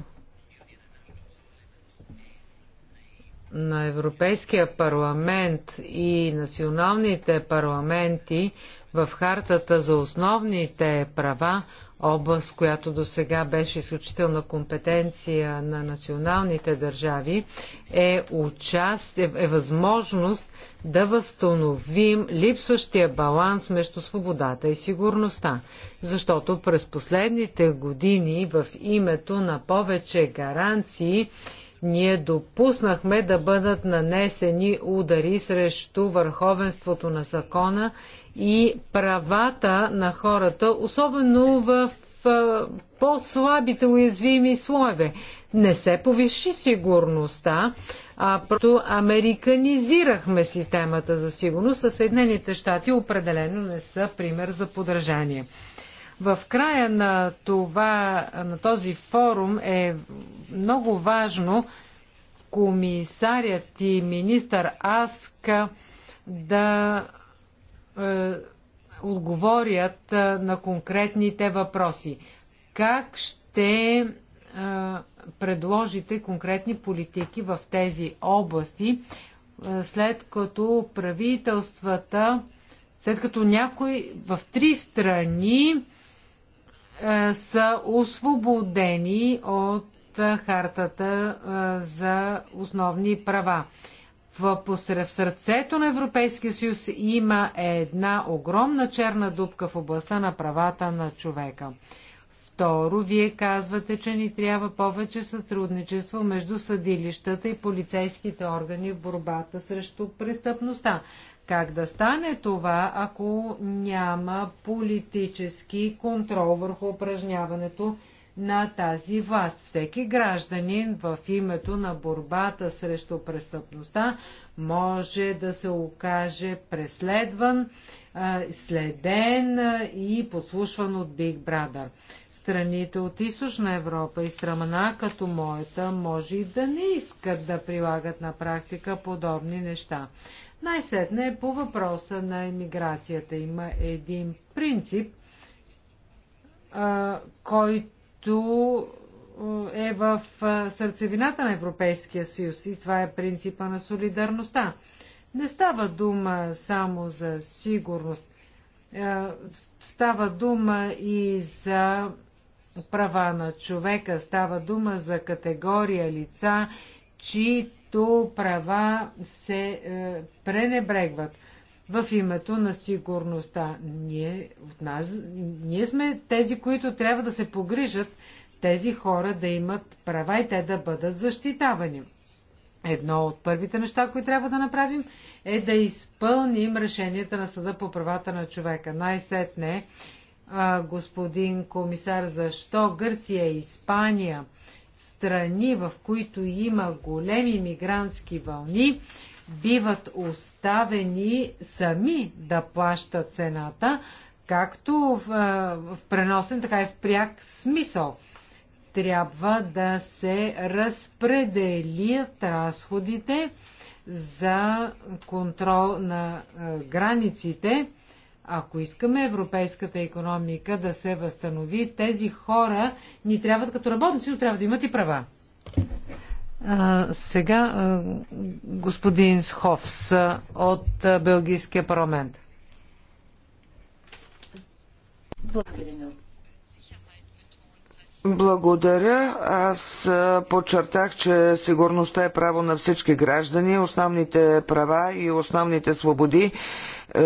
[SPEAKER 2] на Европейския парламент и националните парламенти в Хартата за основните права област, която до сега беше изключителна компетенция на националните държави, е, участ, е, е възможност да възстановим липсващия баланс между свободата и сигурността. Защото през последните години в името на повече гаранции ние допуснахме да бъдат нанесени удари срещу върховенството на закона и правата на хората, особено в по-слабите уязвими слоеве. Не се повиши сигурността, а просто американизирахме системата за сигурност, Съединените щати определено не са пример за подражание. В края на, това, на този форум е много важно комисарят и министър Аска да е, отговорят е, на конкретните въпроси. Как ще е, предложите конкретни политики в тези области, след като правителствата, след като някои в три страни са освободени от хартата за основни права в, сърцето на Европейския съюз има една огромна черна дупка в областта на правата на човека. Второ, вие казвате, че ни трябва повече сътрудничество между съдилищата и полицейските органи в борбата срещу престъпността. Как да стане това, ако няма политически контрол върху упражняването на тази власт. Всеки гражданин в името на борбата срещу престъпността може да се окаже преследван, следен и послушван от Big Brother. Страните от Източна Европа и страна като моята може и да не искат да прилагат на практика подобни неща. Най-сетне е по въпроса на емиграцията. Има един принцип, който което е, е в сърцевината на Европейския съюз и това е принципа на солидарността. Не става дума само за сигурност, е, става дума и за права на човека, става дума за категория лица, чието права се е, пренебрегват в името на сигурността. Ние, от нас, ние сме тези, които трябва да се погрижат тези хора да имат права и те да бъдат защитавани. Едно от първите неща, които трябва да направим, е да изпълним решенията на Съда по правата на човека. Най-сетне, господин комисар, защо Гърция и Испания, страни, в които има големи мигрантски вълни, биват оставени сами да плащат цената, както в, в преносен, така и в пряк смисъл. Трябва да се разпределят разходите за контрол на границите. Ако искаме европейската економика да се възстанови, тези хора ни трябват като работници, но трябва да имат и права сега господин Сховс от Белгийския парламент.
[SPEAKER 1] Благодаря.
[SPEAKER 3] Благодаря. Аз подчертах, че сигурността е право на всички граждани. Основните права и основните свободи е,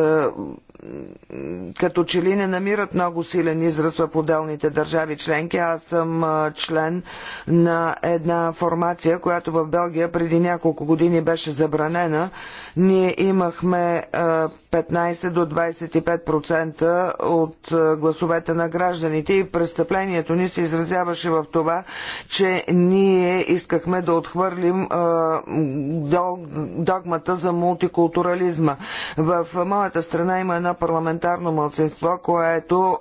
[SPEAKER 3] като че ли не намират много силен израз в отделните държави членки. Аз съм член на една формация, която в Белгия преди няколко години беше забранена. Ние имахме 15 до 25% от гласовете на гражданите и престъплението ни се изразяваше в това, че ние искахме да отхвърлим догмата за мултикултурализма. В моята страна има едно парламентарно мълцинство, което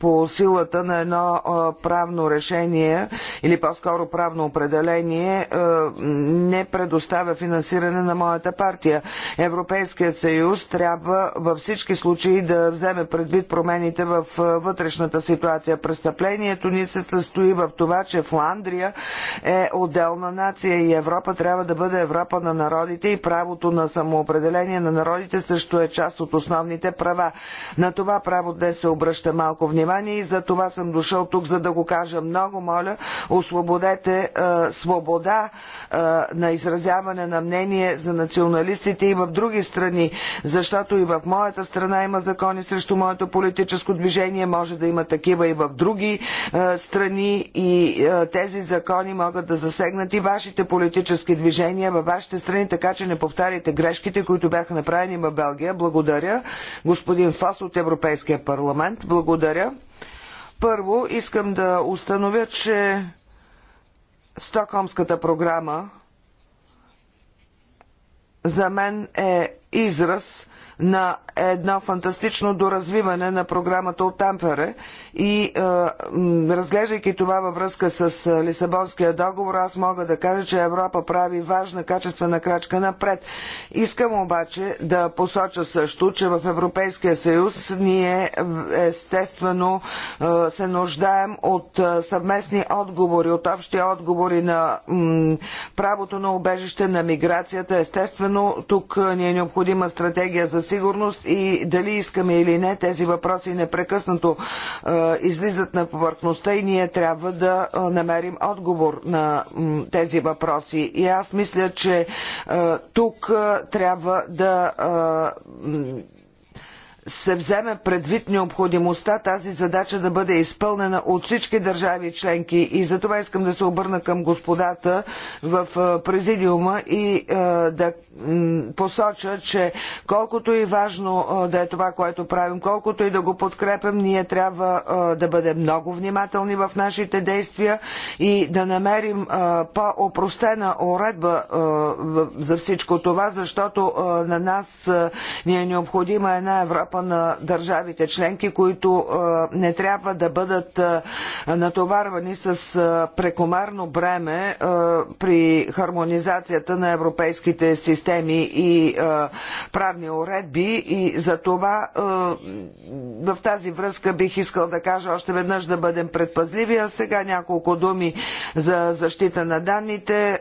[SPEAKER 3] по силата на едно правно решение или по-скоро правно определение не предоставя финансиране на моята партия. Европейският съюз трябва във всички случаи да вземе предвид промените в вътрешната ситуация. Престъплението ни се състои в това, че Фландрия е отделна нация и Европа трябва да бъде Европа на народите и правото на самоопределение на народите също е част от основните права. На това право днес се обръща малко внимание и за това съм дошъл тук, за да го кажа много, моля, освободете а, е, свобода а, е, на изразяване на мнение за националистите и в други страни, защото и в моята страна има закони срещу моето политическо движение, може да има такива и в други а, е, страни и а, тези закони могат да засегнат и вашите политически движения във вашите страни, така че не повтаряйте грешките, които бяха направени в Белгия. Благодаря господин Фас от Европейския парламент. Благодаря. Първо искам да установя, че Стокхолмската програма за мен е израз на едно фантастично доразвиване на програмата от Тампере и е, разглеждайки това във връзка с е, Лисабонския договор, аз мога да кажа, че Европа прави важна качествена крачка напред. Искам обаче да посоча също, че в Европейския съюз ние естествено е, се нуждаем от е, съвместни отговори, от общи отговори на правото на убежище, на миграцията. Естествено, тук е, ни е необходима стратегия за сигурност и дали искаме или не, тези въпроси непрекъснато е, излизат на повърхността и ние трябва да е, намерим отговор на тези въпроси. И аз мисля, че е, тук трябва да се вземе предвид необходимостта тази задача да бъде изпълнена от всички държави членки. И за това искам да се обърна към господата в е, президиума и е, да посоча, че колкото и важно е, да е това, което правим, колкото и да го подкрепям, ние трябва да бъдем много внимателни в нашите действия и да намерим по-опростена уредба за всичко това, защото на нас ни е необходима една Европа, Европа на държавите членки, които не трябва да бъдат натоварвани с прекомарно бреме при хармонизацията на европейските системи и правни уредби и за това в тази връзка бих искал да кажа още веднъж да бъдем предпазливи, а сега няколко думи за защита на данните.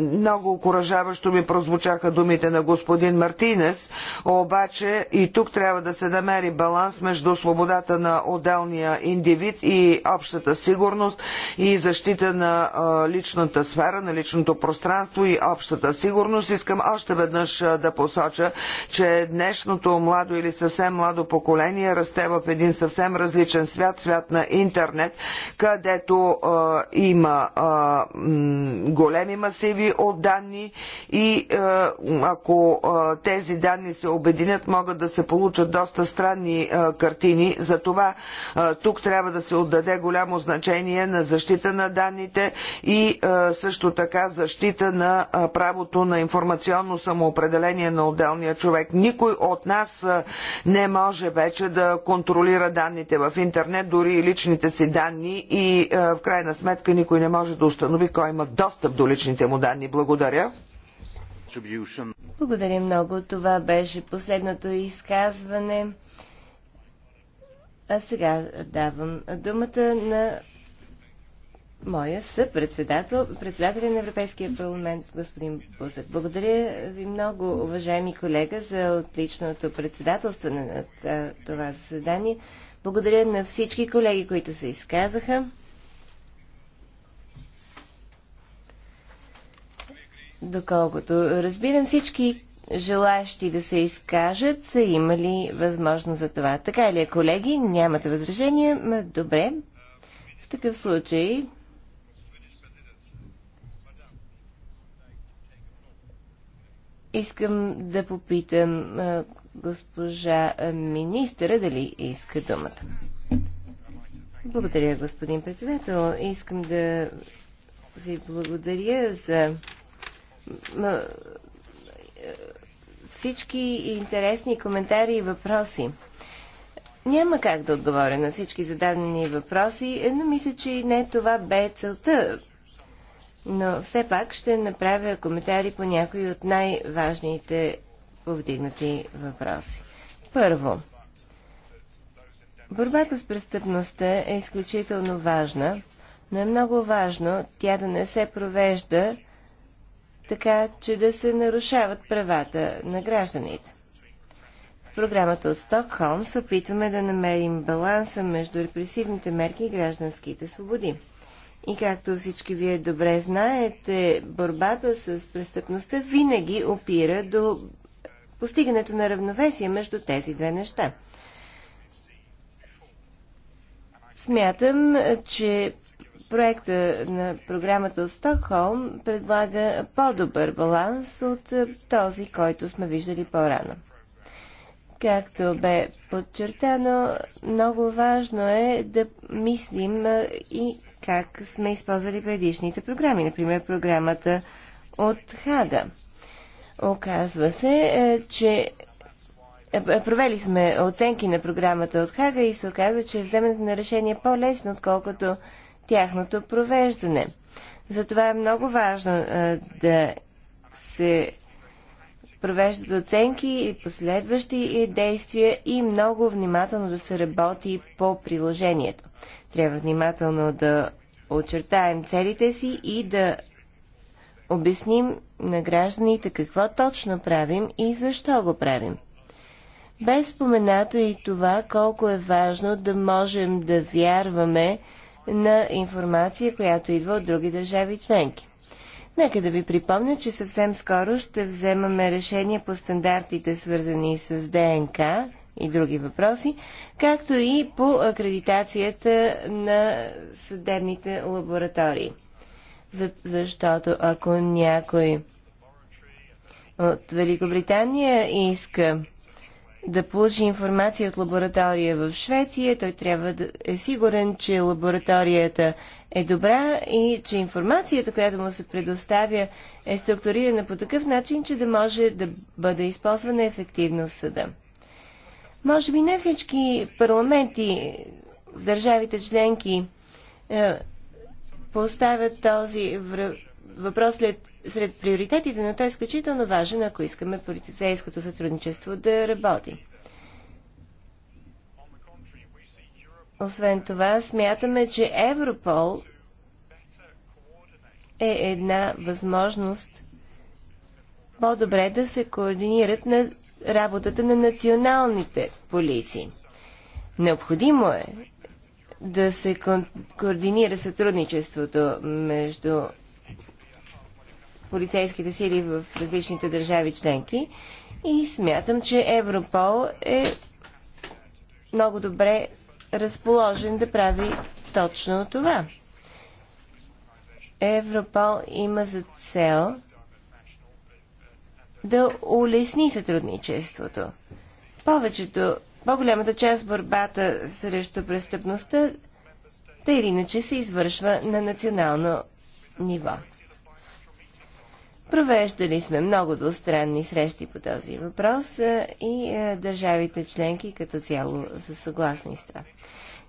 [SPEAKER 3] Много окоръжаващо ми прозвучаха думите на господин Мартинес, обаче и тук трябва трябва да се намери баланс между свободата на отделния индивид и общата сигурност и защита на личната сфера, на личното пространство и общата сигурност. Искам още веднъж да посоча, че днешното младо или съвсем младо поколение расте в един съвсем различен свят, свят на интернет, където а, има е, големи масиви от данни и а, ако тези данни се обединят, могат да се получат получат доста странни картини. Затова тук трябва да се отдаде голямо значение на защита на данните и също така защита на правото на информационно самоопределение на отделния човек. Никой от нас не може вече да контролира данните в интернет, дори и личните си данни и в крайна сметка никой не може да установи кой има достъп до личните му данни. Благодаря.
[SPEAKER 1] Благодаря много. Това беше последното изказване. А сега давам думата на моя съпредседател, председателя на Европейския парламент, господин Бузък. Благодаря ви много, уважаеми колега, за отличното председателство на това заседание. Благодаря на всички колеги, които се изказаха. Доколкото разбирам, всички желащи да се изкажат са имали възможност за това. Така или е, колеги? Нямате възражения? Добре. В такъв случай Искам да попитам госпожа министра дали иска думата. Благодаря, господин председател. Искам да ви благодаря за е, всички интересни коментари и въпроси. Няма как да отговоря на всички зададени въпроси, но мисля, че и не това бе целта. Но все пак ще направя коментари по някои от най-важните повдигнати въпроси. Първо, борбата с престъпността е изключително важна, но е много важно тя да не се провежда така че да се нарушават правата на гражданите. В програмата от Стокхолм се опитваме да намерим баланса между репресивните мерки и гражданските свободи. И както всички вие добре знаете, борбата с престъпността винаги опира до постигането на равновесие между тези две неща. Смятам, че проекта на програмата от Стокхолм предлага по-добър баланс от е, този, който сме виждали по-рано. Както бе подчертано, много важно е да мислим е, и как сме използвали предишните програми, например програмата от Хага. Оказва се, е, че провели сме оценки на програмата от Хага и се оказва, че вземането на решение е по-лесно, отколкото тяхното провеждане. Затова е много важно а, да се провеждат оценки и последващи действия и много внимателно да се работи по приложението. Трябва внимателно да очертаем целите си и да обясним на гражданите какво точно правим и защо го правим. Без споменато и това колко е важно да можем да вярваме на информация, която идва от други държави членки. Нека да ви припомня, че съвсем скоро ще вземаме решение по стандартите, свързани с ДНК и други въпроси, както и по акредитацията на съдебните лаборатории. За, защото ако някой от Великобритания иска да получи информация от лаборатория в Швеция, той трябва да е сигурен, че лабораторията е добра и че информацията, която му се предоставя, е структурирана по такъв начин, че да може да бъде използвана ефективно в съда. Може би не всички парламенти в държавите членки е, поставят този въпрос след сред приоритетите, но той е изключително важен, ако искаме полицейското сътрудничество да работи. Освен това, смятаме, че Европол е една възможност по-добре да се координират на работата на националните полиции. Необходимо е да се координира сътрудничеството между полицейските сили в различните държави членки. И смятам, че Европол е много добре разположен да прави точно това. Европол има за цел да улесни сътрудничеството. Повечето, по-голямата част борбата срещу престъпността, тъй или иначе се извършва на национално ниво. Провеждали сме много двустранни срещи по този въпрос и държавите членки като цяло са съгласни с това.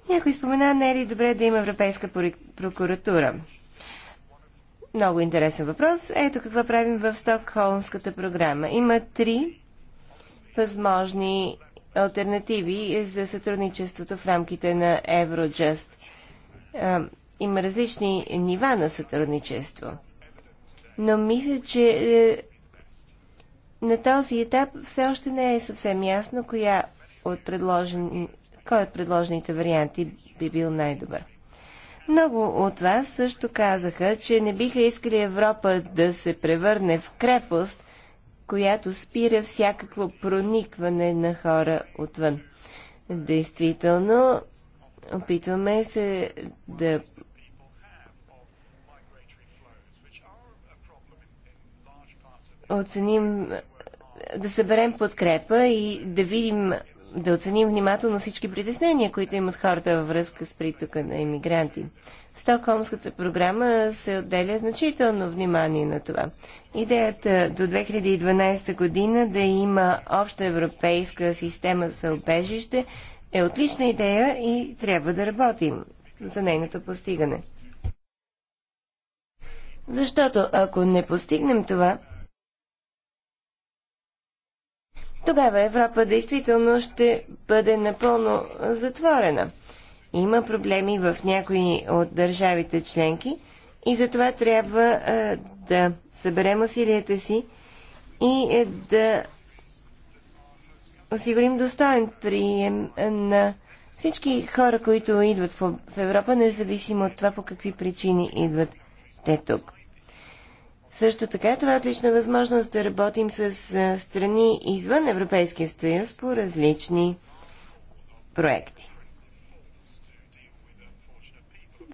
[SPEAKER 1] Някой спомена, не е ли добре да има Европейска прокуратура? Много интересен въпрос. Ето какво правим в Стокхолмската програма. Има три възможни альтернативи за сътрудничеството в рамките на Евроджаст. Има различни нива на сътрудничество – но мисля, че е, на този етап все още не е съвсем ясно коя от предложен... кой от предложените варианти би бил най-добър. Много от вас също казаха, че не биха искали Европа да се превърне в крепост, която спира всякакво проникване на хора отвън. Действително, опитваме се да оценим, да съберем подкрепа и да видим, да оценим внимателно всички притеснения, които имат хората във връзка с притока на иммигранти. Стокхолмската програма се отделя значително внимание на това. Идеята до 2012 година да има обща европейска система за обежище е отлична идея и трябва да работим за нейното постигане. Защото ако не постигнем това, тогава Европа действително ще бъде напълно затворена. Има проблеми в някои от държавите членки и затова трябва да съберем усилията си и е, да осигурим достоен прием на всички хора, които идват в Европа, независимо от това по какви причини идват те тук. Също така това е отлична възможност да работим с страни извън Европейския съюз по различни проекти.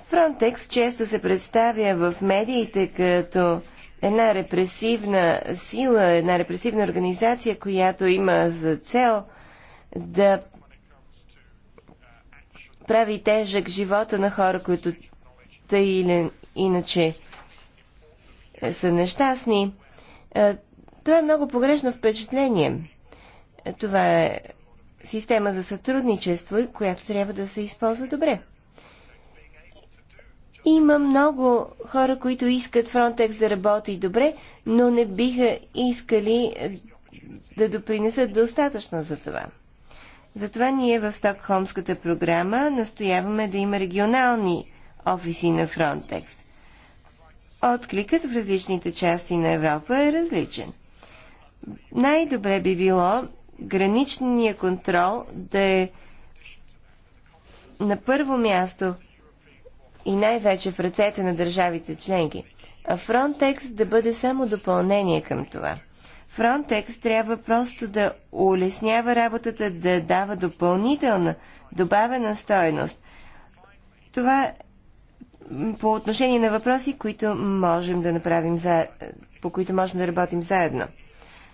[SPEAKER 1] Фронтекс често се представя в медиите като една репресивна сила, една репресивна организация, която има за цел да прави тежък живота на хора, които тъй или иначе са нещастни. Е, това е много погрешно впечатление. Е, това е система за сътрудничество, която трябва да се използва добре. Има много хора, които искат Frontex да работи добре, но не биха искали е, да допринесат достатъчно за това. Затова ние в Стокхолмската програма настояваме да има регионални офиси на Frontex – откликът в различните части на Европа е различен. Най-добре би било граничния контрол да е на първо място и най-вече в ръцете на държавите членки, а Frontex да бъде само допълнение към това. Frontex трябва просто да улеснява работата, да дава допълнителна, добавена стоеност. Това по отношение на въпроси, които можем да направим за... по които можем да работим заедно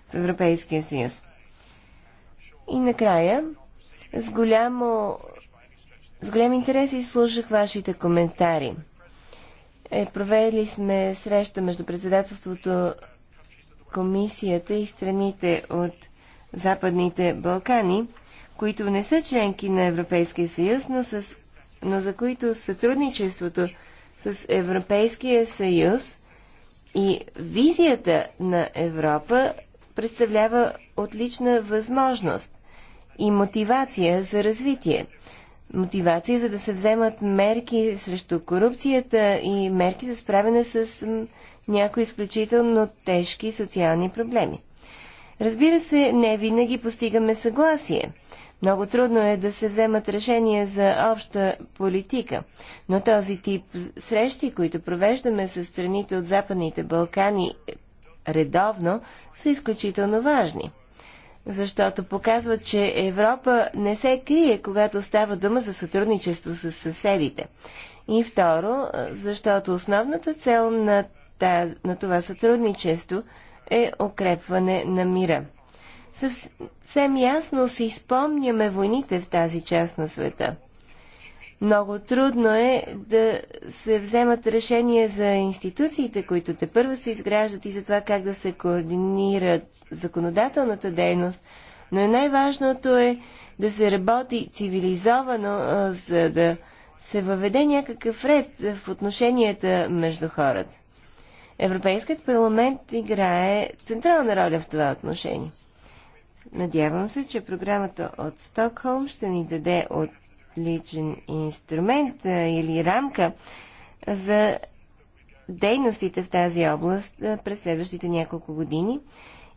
[SPEAKER 1] в Европейския съюз. И накрая, с голямо с голям интерес изслушах вашите коментари. Е, провели сме среща между председателството, комисията и страните от Западните Балкани, които не са членки на Европейския съюз, но, с, но за които сътрудничеството с Европейския съюз и визията на Европа представлява отлична възможност и мотивация за развитие. Мотивация за да се вземат мерки срещу корупцията и мерки за справяне с някои изключително тежки социални проблеми. Разбира се, не винаги постигаме съгласие много трудно е да се вземат решения за обща политика, но този тип срещи, които провеждаме с страните от Западните Балкани редовно, са изключително важни. Защото показват, че Европа не се крие, когато става дума за сътрудничество с съседите. И второ, защото основната цел на, та, на това сътрудничество е укрепване на мира съвсем ясно си спомняме войните в тази част на света. Много трудно е да се вземат решения за институциите, които те първо се изграждат и за това как да се координира законодателната дейност. Но и е най-важното е да се работи цивилизовано, за да се въведе някакъв ред в отношенията между хората. Европейският парламент играе централна роля в това отношение. Надявам се, че програмата от Стокхолм ще ни даде отличен инструмент а, или рамка за дейностите в тази област а, през следващите няколко години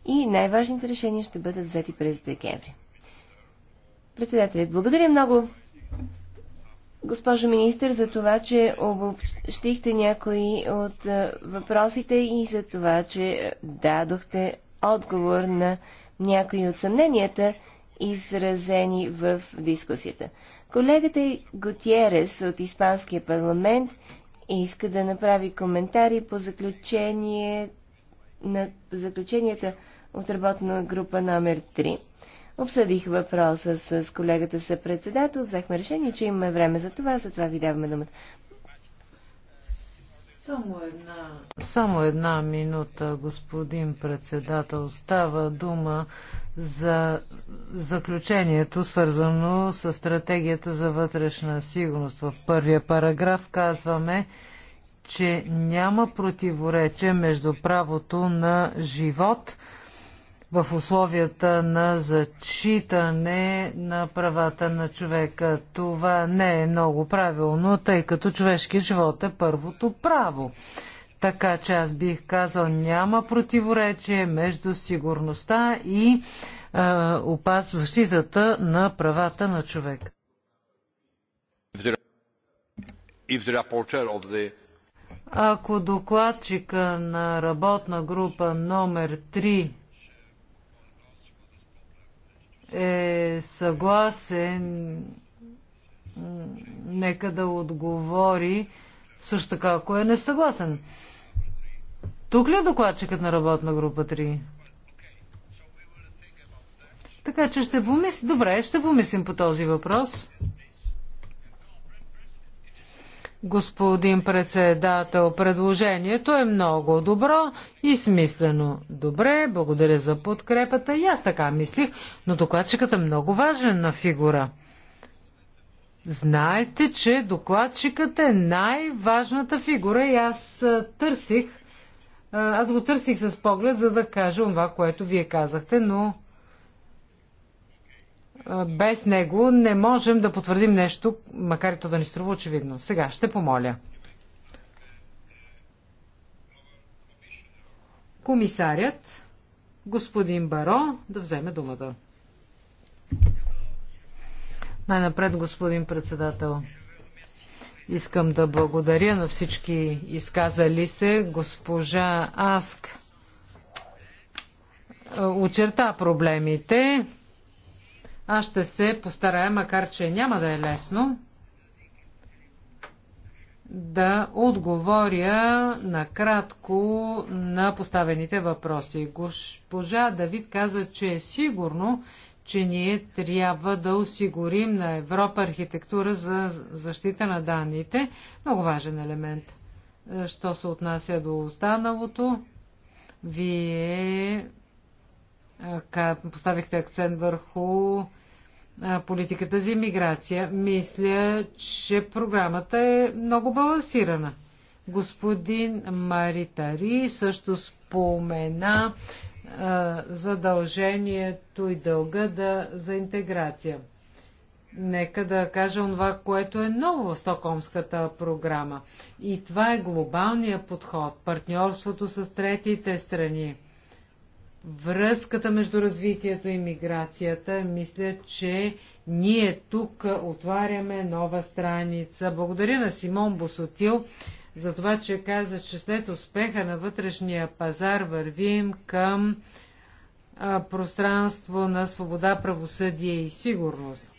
[SPEAKER 1] и най-важните решения ще бъдат взети през декември. Председателят, благодаря много, госпожо министър, за това, че обобщихте някои от въпросите и за това, че дадохте отговор на някои от съмненията, изразени в дискусията. Колегата Готиерес от Испанския парламент иска да направи коментари по заключение на заключенията от работна група номер 3. Обсъдих въпроса с колегата съпредседател, взехме решение, че имаме време за това, затова ви даваме думата.
[SPEAKER 2] Само една, само една минута, господин председател. Става дума за заключението, свързано с стратегията за вътрешна сигурност. В първия параграф казваме, че няма противоречие между правото на живот и в условията на зачитане на правата на човека. Това не е много правилно, тъй като човешкият живот е първото право. Така че аз бих казал, няма противоречие между сигурността и е, опас, защитата на правата на човек. Ако докладчика на работна група номер 3 е съгласен, нека да отговори също така, ако е несъгласен. Тук ли е докладчикът на работна група 3? Така че ще помислим. Добре, ще помислим по този въпрос. Господин председател, предложението е много добро и смислено. Добре, благодаря за подкрепата. И аз така мислих, но докладчикът е много важен на фигура. Знаете, че докладчикът е най-важната фигура и аз търсих, аз го търсих с поглед, за да кажа това, което вие казахте, но без него не можем да потвърдим нещо, макар и то да ни струва очевидно. Сега ще помоля. Комисарят, господин Баро, да вземе думата. Най-напред, господин председател, искам да благодаря на всички изказали се. Госпожа Аск очерта проблемите. Аз ще се постарая, макар че няма да е лесно, да отговоря накратко на поставените въпроси. Госпожа Давид каза, че е сигурно, че ние трябва да осигурим на Европа архитектура за защита на данните. Много важен елемент. Що се отнася до останалото, вие поставихте акцент върху политиката за иммиграция. Мисля, че програмата е много балансирана. Господин Маритари също спомена задължението и дълга да, за интеграция. Нека да кажа това, което е ново в Стокомската програма. И това е глобалния подход, партньорството с третите страни връзката между развитието и миграцията. Мисля, че ние тук отваряме нова страница. Благодаря на Симон Босотил за това, че каза, че след успеха на вътрешния пазар вървим към а, пространство на свобода, правосъдие и сигурност.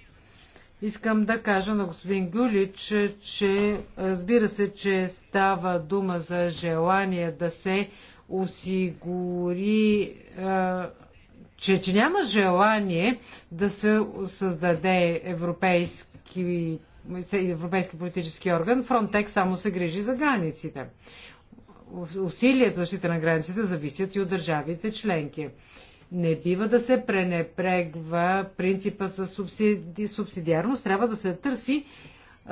[SPEAKER 2] Искам да кажа на господин Гюлич, че разбира се, че става дума за желание да се осигури, че, че няма желание да се създаде европейски, европейски политически орган. Фронтек само се грижи за границите. усилият за защита на границите зависят и от държавите членки. Не бива да се пренепрегва принципът за субсиди... субсидиарност, трябва да се търси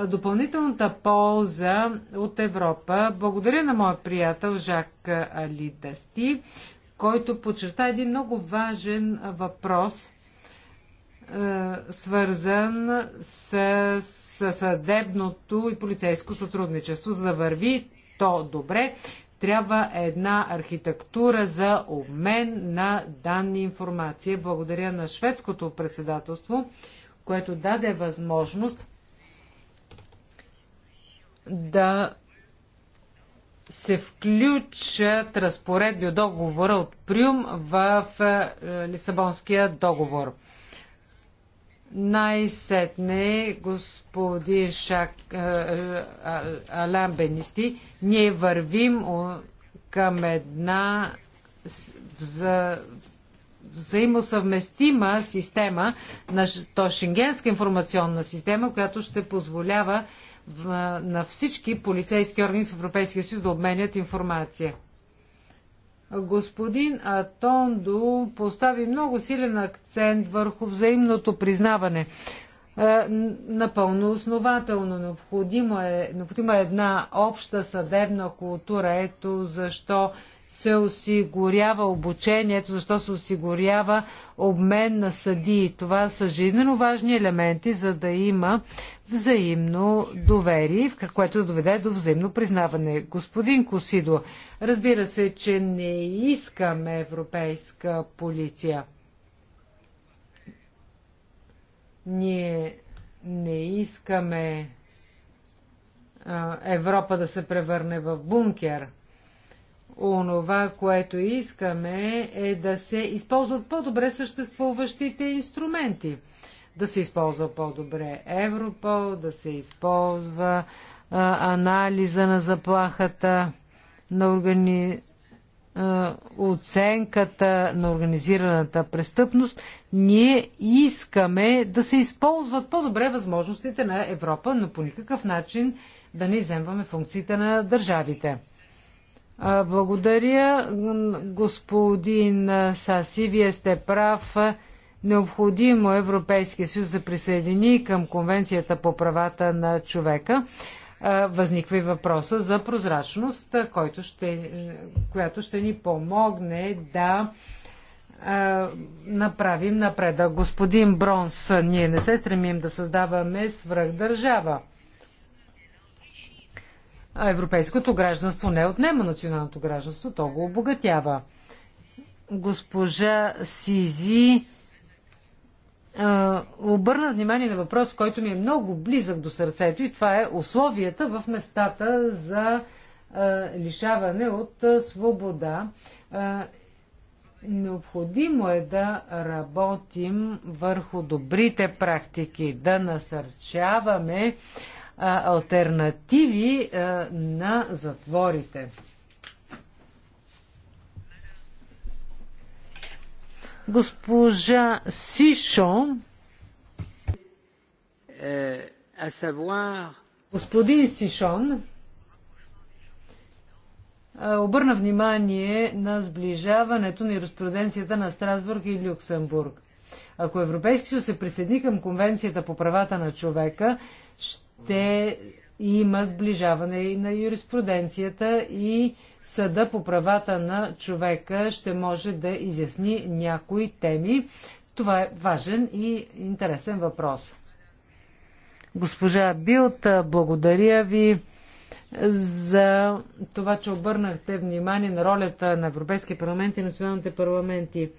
[SPEAKER 2] допълнителната полза от Европа. Благодаря на моя приятел Жак Алидасти, който подчерта един много важен въпрос, свързан с съдебното и полицейско сътрудничество. За да върви то добре, трябва една архитектура за обмен на данни информация. Благодаря на шведското председателство, което даде възможност да се включат разпоредби от договора от Прюм в е, Лисабонския договор. Най-сетне господин Шак, е, е, Алян Бенисти, ние вървим към една вза, взаимосъвместима система, на то шенгенска информационна система, която ще позволява на всички полицейски органи в Европейския съюз да обменят информация. Господин Атондо постави много силен акцент върху взаимното признаване. Е, напълно основателно. Необходимо е, необходимо е една обща съдебна култура. Ето защо се осигурява обучение, ето защо се осигурява обмен на съдии. Това са жизненно важни елементи, за да има взаимно доверие, което да доведе до взаимно признаване. Господин Косидо, разбира се, че не искаме европейска полиция. Ние не искаме Европа да се превърне в бункер. Онова, което искаме е да се използват по-добре съществуващите инструменти – да се използва по-добре Европол, да се използва а, анализа на заплахата, на органи... а, оценката на организираната престъпност. Ние искаме да се използват по-добре възможностите на Европа, но по никакъв начин да не иземваме функциите на държавите. Благодаря, господин Саси. Вие сте прав. Необходимо е Европейския съюз да присъедини към Конвенцията по правата на човека. Възниква и въпроса за прозрачност, който ще, която ще ни помогне да направим напредък. Господин Бронс, ние не се стремим да създаваме свръхдържава. Европейското гражданство не отнема националното гражданство, то го обогатява. Госпожа Сизи обърна внимание на въпрос, който ми е много близък до сърцето и това е условията в местата за лишаване от свобода. Необходимо е да работим върху добрите практики, да насърчаваме альтернативи на затворите. Госпожа Сишо, е, господин Сишон, е, обърна внимание на сближаването на юриспруденцията на Страсбург и Люксембург. Ако Европейски съюз се присъедини към Конвенцията по правата на човека, ще има сближаване и на юриспруденцията и Съда по правата на човека ще може да изясни някои теми. Това е важен и интересен въпрос. Госпожа Билт, благодаря ви за това, че обърнахте внимание на ролята на Европейския парламент и националните парламенти.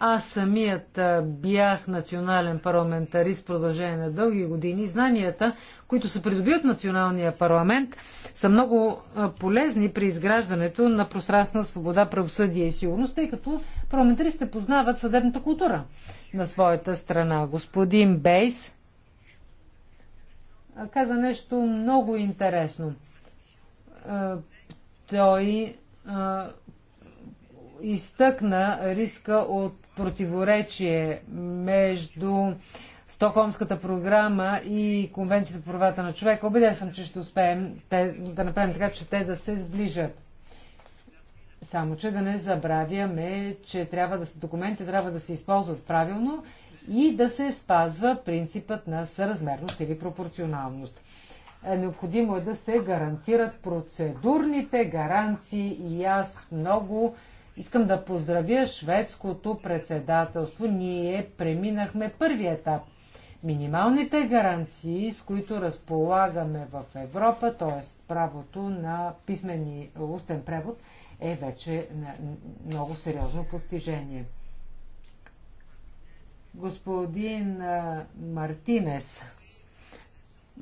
[SPEAKER 2] Аз самият бях национален парламентарист в продължение на дълги години. Знанията, които се придобиват в националния парламент, са много полезни при изграждането на пространствена свобода, правосъдие и сигурност, тъй като парламентаристите познават съдебната култура на своята страна. Господин Бейс каза нещо много интересно. Той изтъкна риска от противоречие между Стокхолмската програма и Конвенцията по правата на човека. Обеден съм, че ще успеем те, да направим така, че те да се сближат. Само, че да не забравяме, че трябва да, документите трябва да се използват правилно и да се спазва принципът на съразмерност или пропорционалност. Е, необходимо е да се гарантират процедурните гаранции и аз много Искам да поздравя шведското председателство. Ние преминахме първи етап. Минималните гаранции, с които разполагаме в Европа, т.е. правото на писмени устен превод, е вече много сериозно постижение. Господин Мартинес,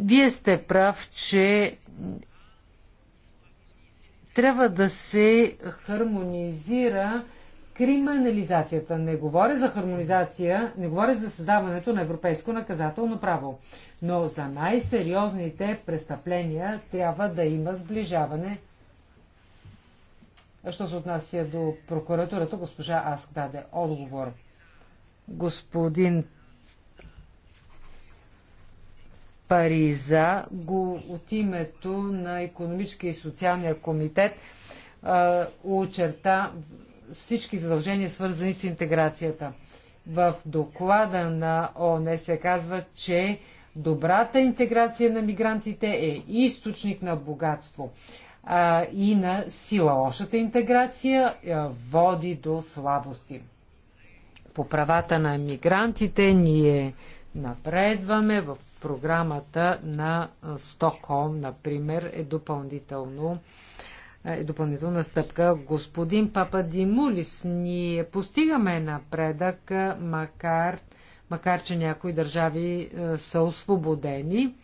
[SPEAKER 2] вие сте прав, че трябва да се хармонизира криминализацията. Не говоря за хармонизация, не говоря за създаването на европейско наказателно право. Но за най-сериозните престъпления трябва да има сближаване. Що се отнася до прокуратурата, госпожа Аск даде отговор. Господин Париза го от името на економическия и социалния комитет а, очерта всички задължения, свързани с интеграцията. В доклада на ООН се казва, че добрата интеграция на мигрантите е източник на богатство а, и на сила. Лошата интеграция а, води до слабости. По правата на мигрантите ние напредваме в програмата на Стокхолм, например, е допълнително е допълнителна стъпка. Господин Папа Димулис, ние постигаме напредък, макар, макар че някои държави е, са освободени.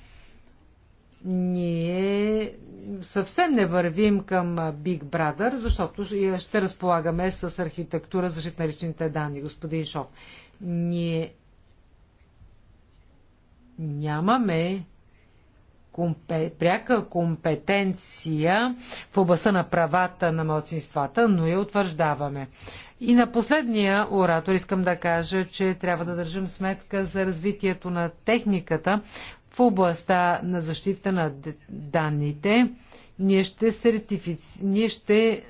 [SPEAKER 2] Ние съвсем не вървим към Big Brother, защото ще разполагаме с архитектура защита на личните данни, господин Шов. Ние нямаме компе, пряка компетенция в областта на правата на младсинствата, но я утвърждаваме. И на последния оратор искам да кажа, че трябва да държим сметка за развитието на техниката в областта на защита на данните. Ние ще, сертифици... Ние ще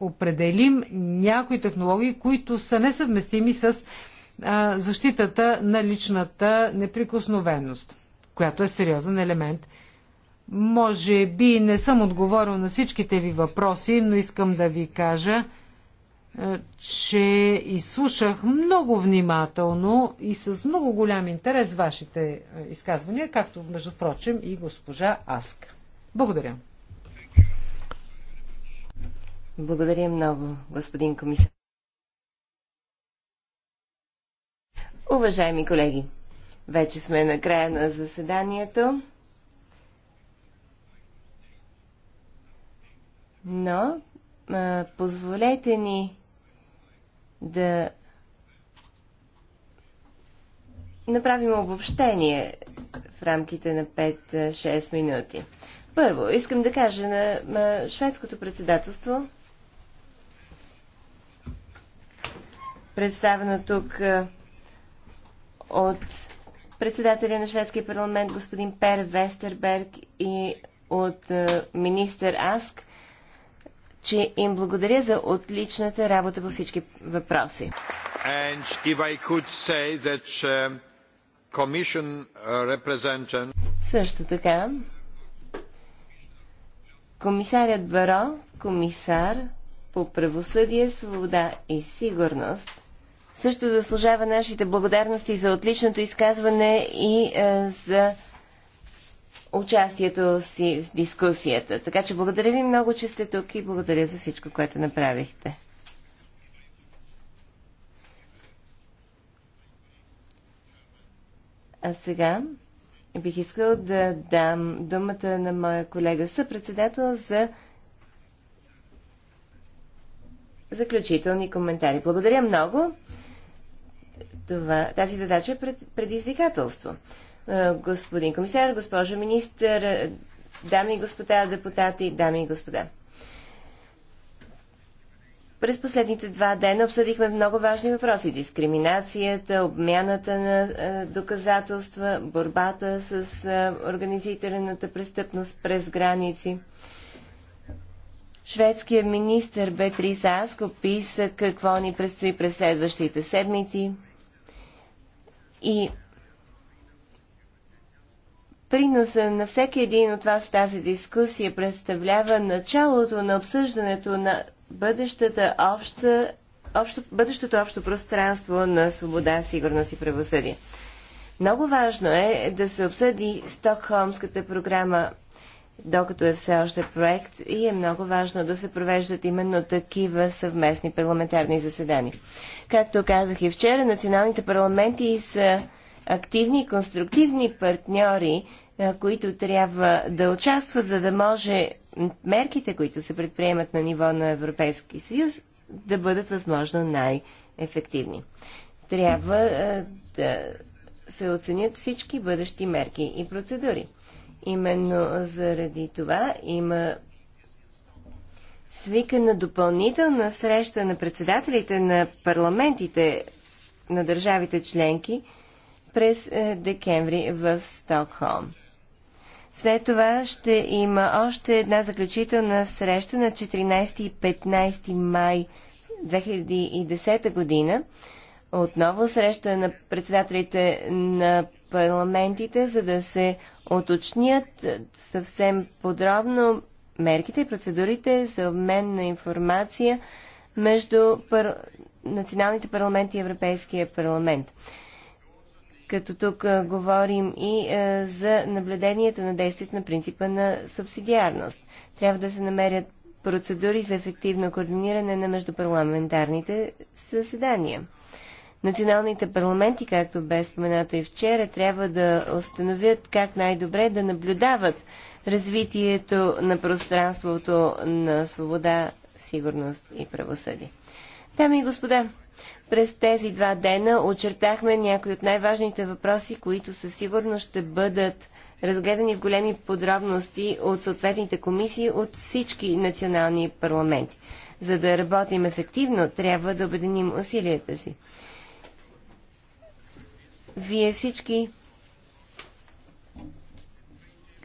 [SPEAKER 2] определим някои технологии, които са несъвместими с защитата на личната неприкосновеност, която е сериозен елемент. Може би не съм отговорил на всичките ви въпроси, но искам да ви кажа, че изслушах много внимателно и с много голям интерес вашите изказвания, както между прочим и госпожа Аск. Благодаря.
[SPEAKER 1] Благодаря много, господин комисар. Уважаеми колеги, вече сме на края на заседанието. Но а, позволете ни да направим обобщение в рамките на 5-6 минути. Първо, искам да кажа на шведското председателство, представено тук от председателя на шведския парламент господин Пер Вестерберг и от е, министър Аск, че им благодаря за отличната работа по всички въпроси. Е, е, Също така, комисарят Баро, комисар по правосъдие, свобода и сигурност – също заслужава нашите благодарности за отличното изказване и е, за участието си в дискусията. Така че благодаря ви много, че сте тук и благодаря за всичко, което направихте. А сега бих искал да дам думата на моя колега съпредседател за заключителни коментари. Благодаря много това, тази задача е пред, предизвикателство. Господин комисар, госпожо министър, дами и господа депутати, дами и господа. През последните два дена обсъдихме много важни въпроси. Дискриминацията, обмяната на доказателства, борбата с организираната престъпност през граници. Шведският министр Бетрис Аск описа какво ни предстои през следващите седмици. И приноса на всеки един от вас в тази дискусия представлява началото на обсъждането на бъдещата обща, общо, бъдещото общо пространство на свобода, сигурност и правосъдие. Много важно е да се обсъди Стокхолмската програма докато е все още проект и е много важно да се провеждат именно такива съвместни парламентарни заседания. Както казах и вчера, националните парламенти са активни и конструктивни партньори, които трябва да участват, за да може мерките, които се предприемат на ниво на Европейски съюз, да бъдат възможно най-ефективни. Трябва да се оценят всички бъдещи мерки и процедури. Именно заради това има свикана допълнителна среща на председателите на парламентите на държавите членки през е, декември в Стокхолм. След това ще има още една заключителна среща на 14 и 15 май 2010 година. Отново среща на председателите на парламентите, за да се уточнят е, съвсем подробно мерките и процедурите за обмен на информация между пар... националните парламенти и Европейския парламент. Като тук е, говорим и е, за наблюдението на действието на принципа на субсидиарност. Трябва да се намерят процедури за ефективно координиране на междупарламентарните съседания. Националните парламенти, както бе споменато и вчера, трябва да установят как най-добре да наблюдават развитието на пространството на свобода, сигурност и правосъдие. Дами и господа, през тези два дена очертахме някои от най-важните въпроси, които със сигурност ще бъдат разгледани в големи подробности от съответните комисии от всички национални парламенти. За да работим ефективно, трябва да обединим усилията си. Вие всички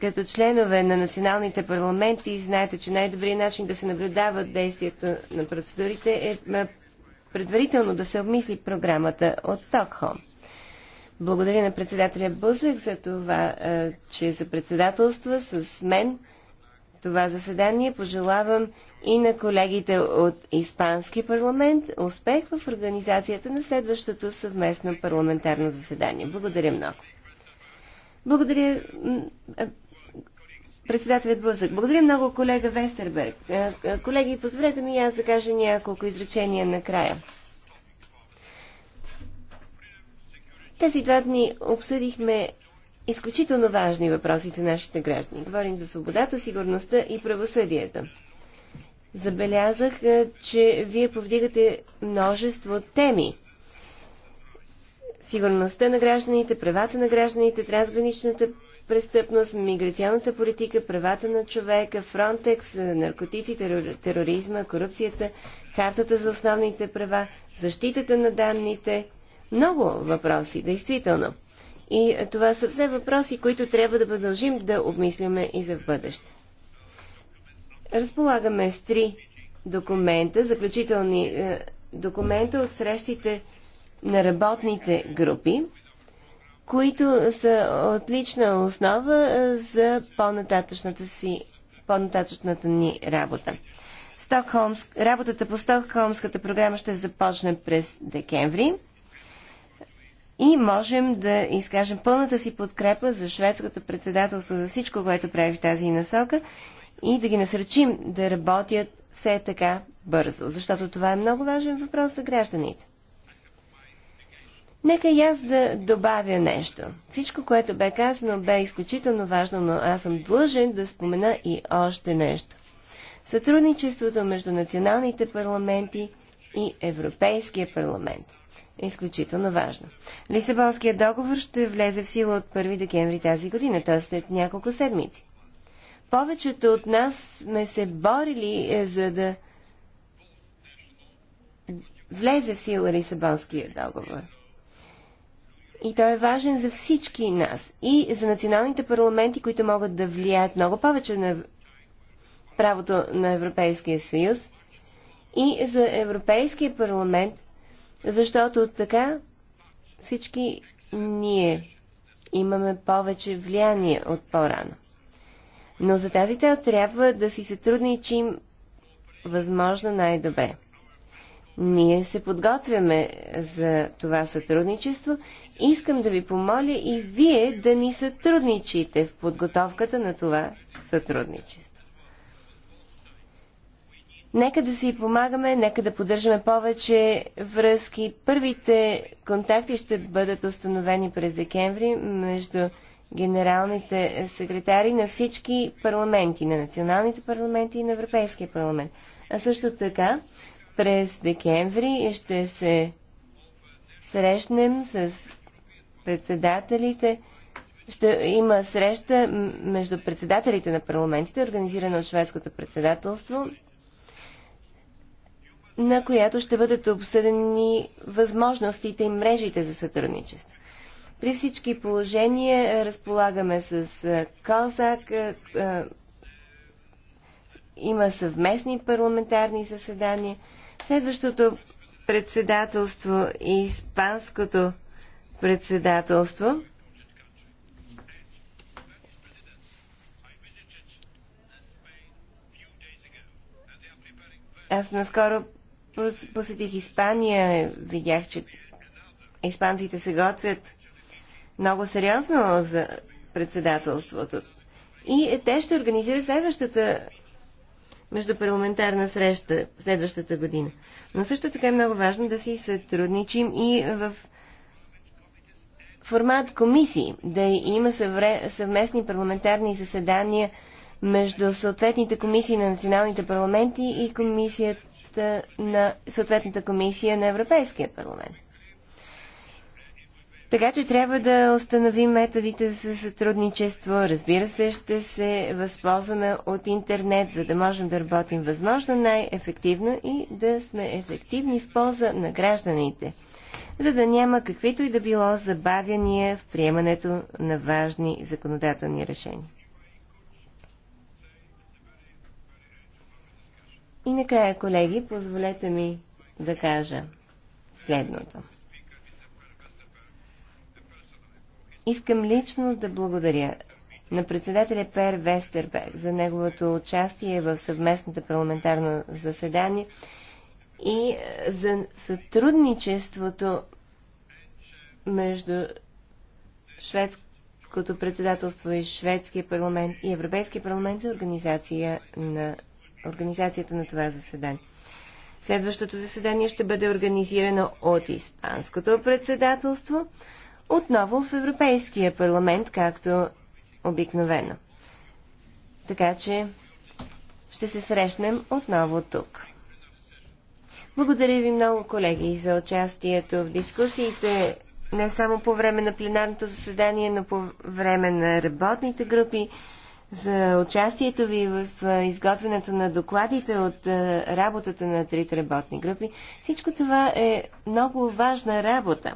[SPEAKER 1] като членове на националните парламенти знаете, че най-добрият начин да се наблюдават действието на процедурите е, е предварително да се обмисли програмата от Стокхолм. Благодаря на председателя Бузък за това, е, че за председателства с мен това заседание. Пожелавам и на колегите от Испански парламент. Успех в организацията на следващото съвместно парламентарно заседание. Благодаря много. Благодаря, председателят Бузък. Благодаря много, колега Вестерберг. Колеги, позволете ми аз да кажа няколко изречения накрая. Тези два дни обсъдихме изключително важни въпроси за нашите граждани. Говорим за свободата, сигурността и правосъдието. Забелязах, е, че вие повдигате множество теми. Сигурността на гражданите, правата на гражданите, трансграничната престъпност, миграционната политика, правата на човека, Фронтекс, наркотици, тероризма, корупцията, хартата за основните права, защитата на данните. Много въпроси, действително. И това са все въпроси, които трябва да продължим да обмисляме и за в бъдеще. Разполагаме с три документа, заключителни е, документа от срещите на работните групи, които са отлична основа е, за по-нататъчната си по-нататъчната ни работа. Стокхолмск... Работата по Стокхолмската програма ще започне през декември и можем да изкажем пълната си подкрепа за шведското председателство за всичко, което прави в тази насока и да ги насръчим да работят все така бързо, защото това е много важен въпрос за гражданите. Нека и аз да добавя нещо. Всичко, което бе казано, бе изключително важно, но аз съм длъжен да спомена и още нещо. Сътрудничеството между националните парламенти и Европейския парламент е изключително важно. Лисабонският договор ще влезе в сила от 1 декември тази година, т.е. след няколко седмици повечето от нас сме се борили е, за да влезе в сила Лисабонския договор. И той е важен за всички нас. И за националните парламенти, които могат да влияят много повече на правото на Европейския съюз. И за Европейския парламент, защото така всички ние имаме повече влияние от по-рано. Но за тази цел трябва да си сътрудничим възможно най-добре. Ние се подготвяме за това сътрудничество. Искам да ви помоля и вие да ни сътрудничите в подготовката на това сътрудничество. Нека да си помагаме, нека да поддържаме повече връзки. Първите контакти ще бъдат установени през декември между генералните секретари на всички парламенти, на националните парламенти и на Европейския парламент. А също така, през декември ще се срещнем с председателите. Ще има среща между председателите на парламентите, организирана от шведското председателство, на която ще бъдат обсъдени възможностите и мрежите за сътрудничество. При всички положения е, разполагаме с е, Козак. Е, има съвместни парламентарни заседания. Следващото председателство и испанското председателство. Аз наскоро посетих Испания, видях, че испанците се готвят много сериозно за председателството. И е, те ще организират следващата междупарламентарна среща следващата година. Но също така е много важно да си сътрудничим и в формат комисии, да има съвместни парламентарни заседания между съответните комисии на националните парламенти и комисията на съответната комисия на Европейския парламент. Така че трябва да установим методите за сътрудничество. Разбира се, ще се възползваме от интернет, за да можем да работим възможно най-ефективно и да сме ефективни в полза на гражданите, за да няма каквито и да било забавяния в приемането на важни законодателни решения. И накрая, колеги, позволете ми да кажа следното. Искам лично да благодаря на председателя Пер Вестербек за неговото участие в съвместната парламентарно заседание и е, за сътрудничеството между шведското председателство и шведския парламент и Европейския парламент за организация на, организацията на това заседание. Следващото заседание ще бъде организирано от Испанското председателство отново в Европейския парламент, както обикновено. Така че ще се срещнем отново тук. Благодаря ви много, колеги, за участието в дискусиите, не само по време на пленарното заседание, но по време на работните групи, за участието ви в изготвянето на докладите от работата на трите работни групи. Всичко това е много важна работа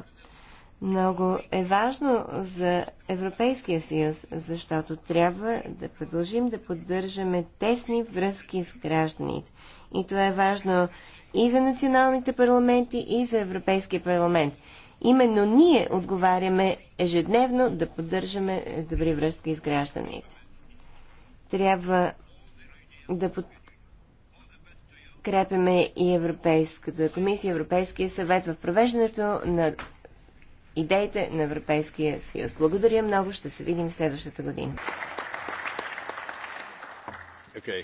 [SPEAKER 1] много е важно за Европейския съюз, защото трябва да продължим да поддържаме тесни връзки с гражданите. И това е важно и за националните парламенти, и за Европейския парламент. Именно ние отговаряме ежедневно да поддържаме добри връзки с гражданите. Трябва да подкрепяме и Европейската комисия, Европейския съвет в провеждането на идеите на Европейския съюз. Благодаря много, ще се видим следващата година. Okay.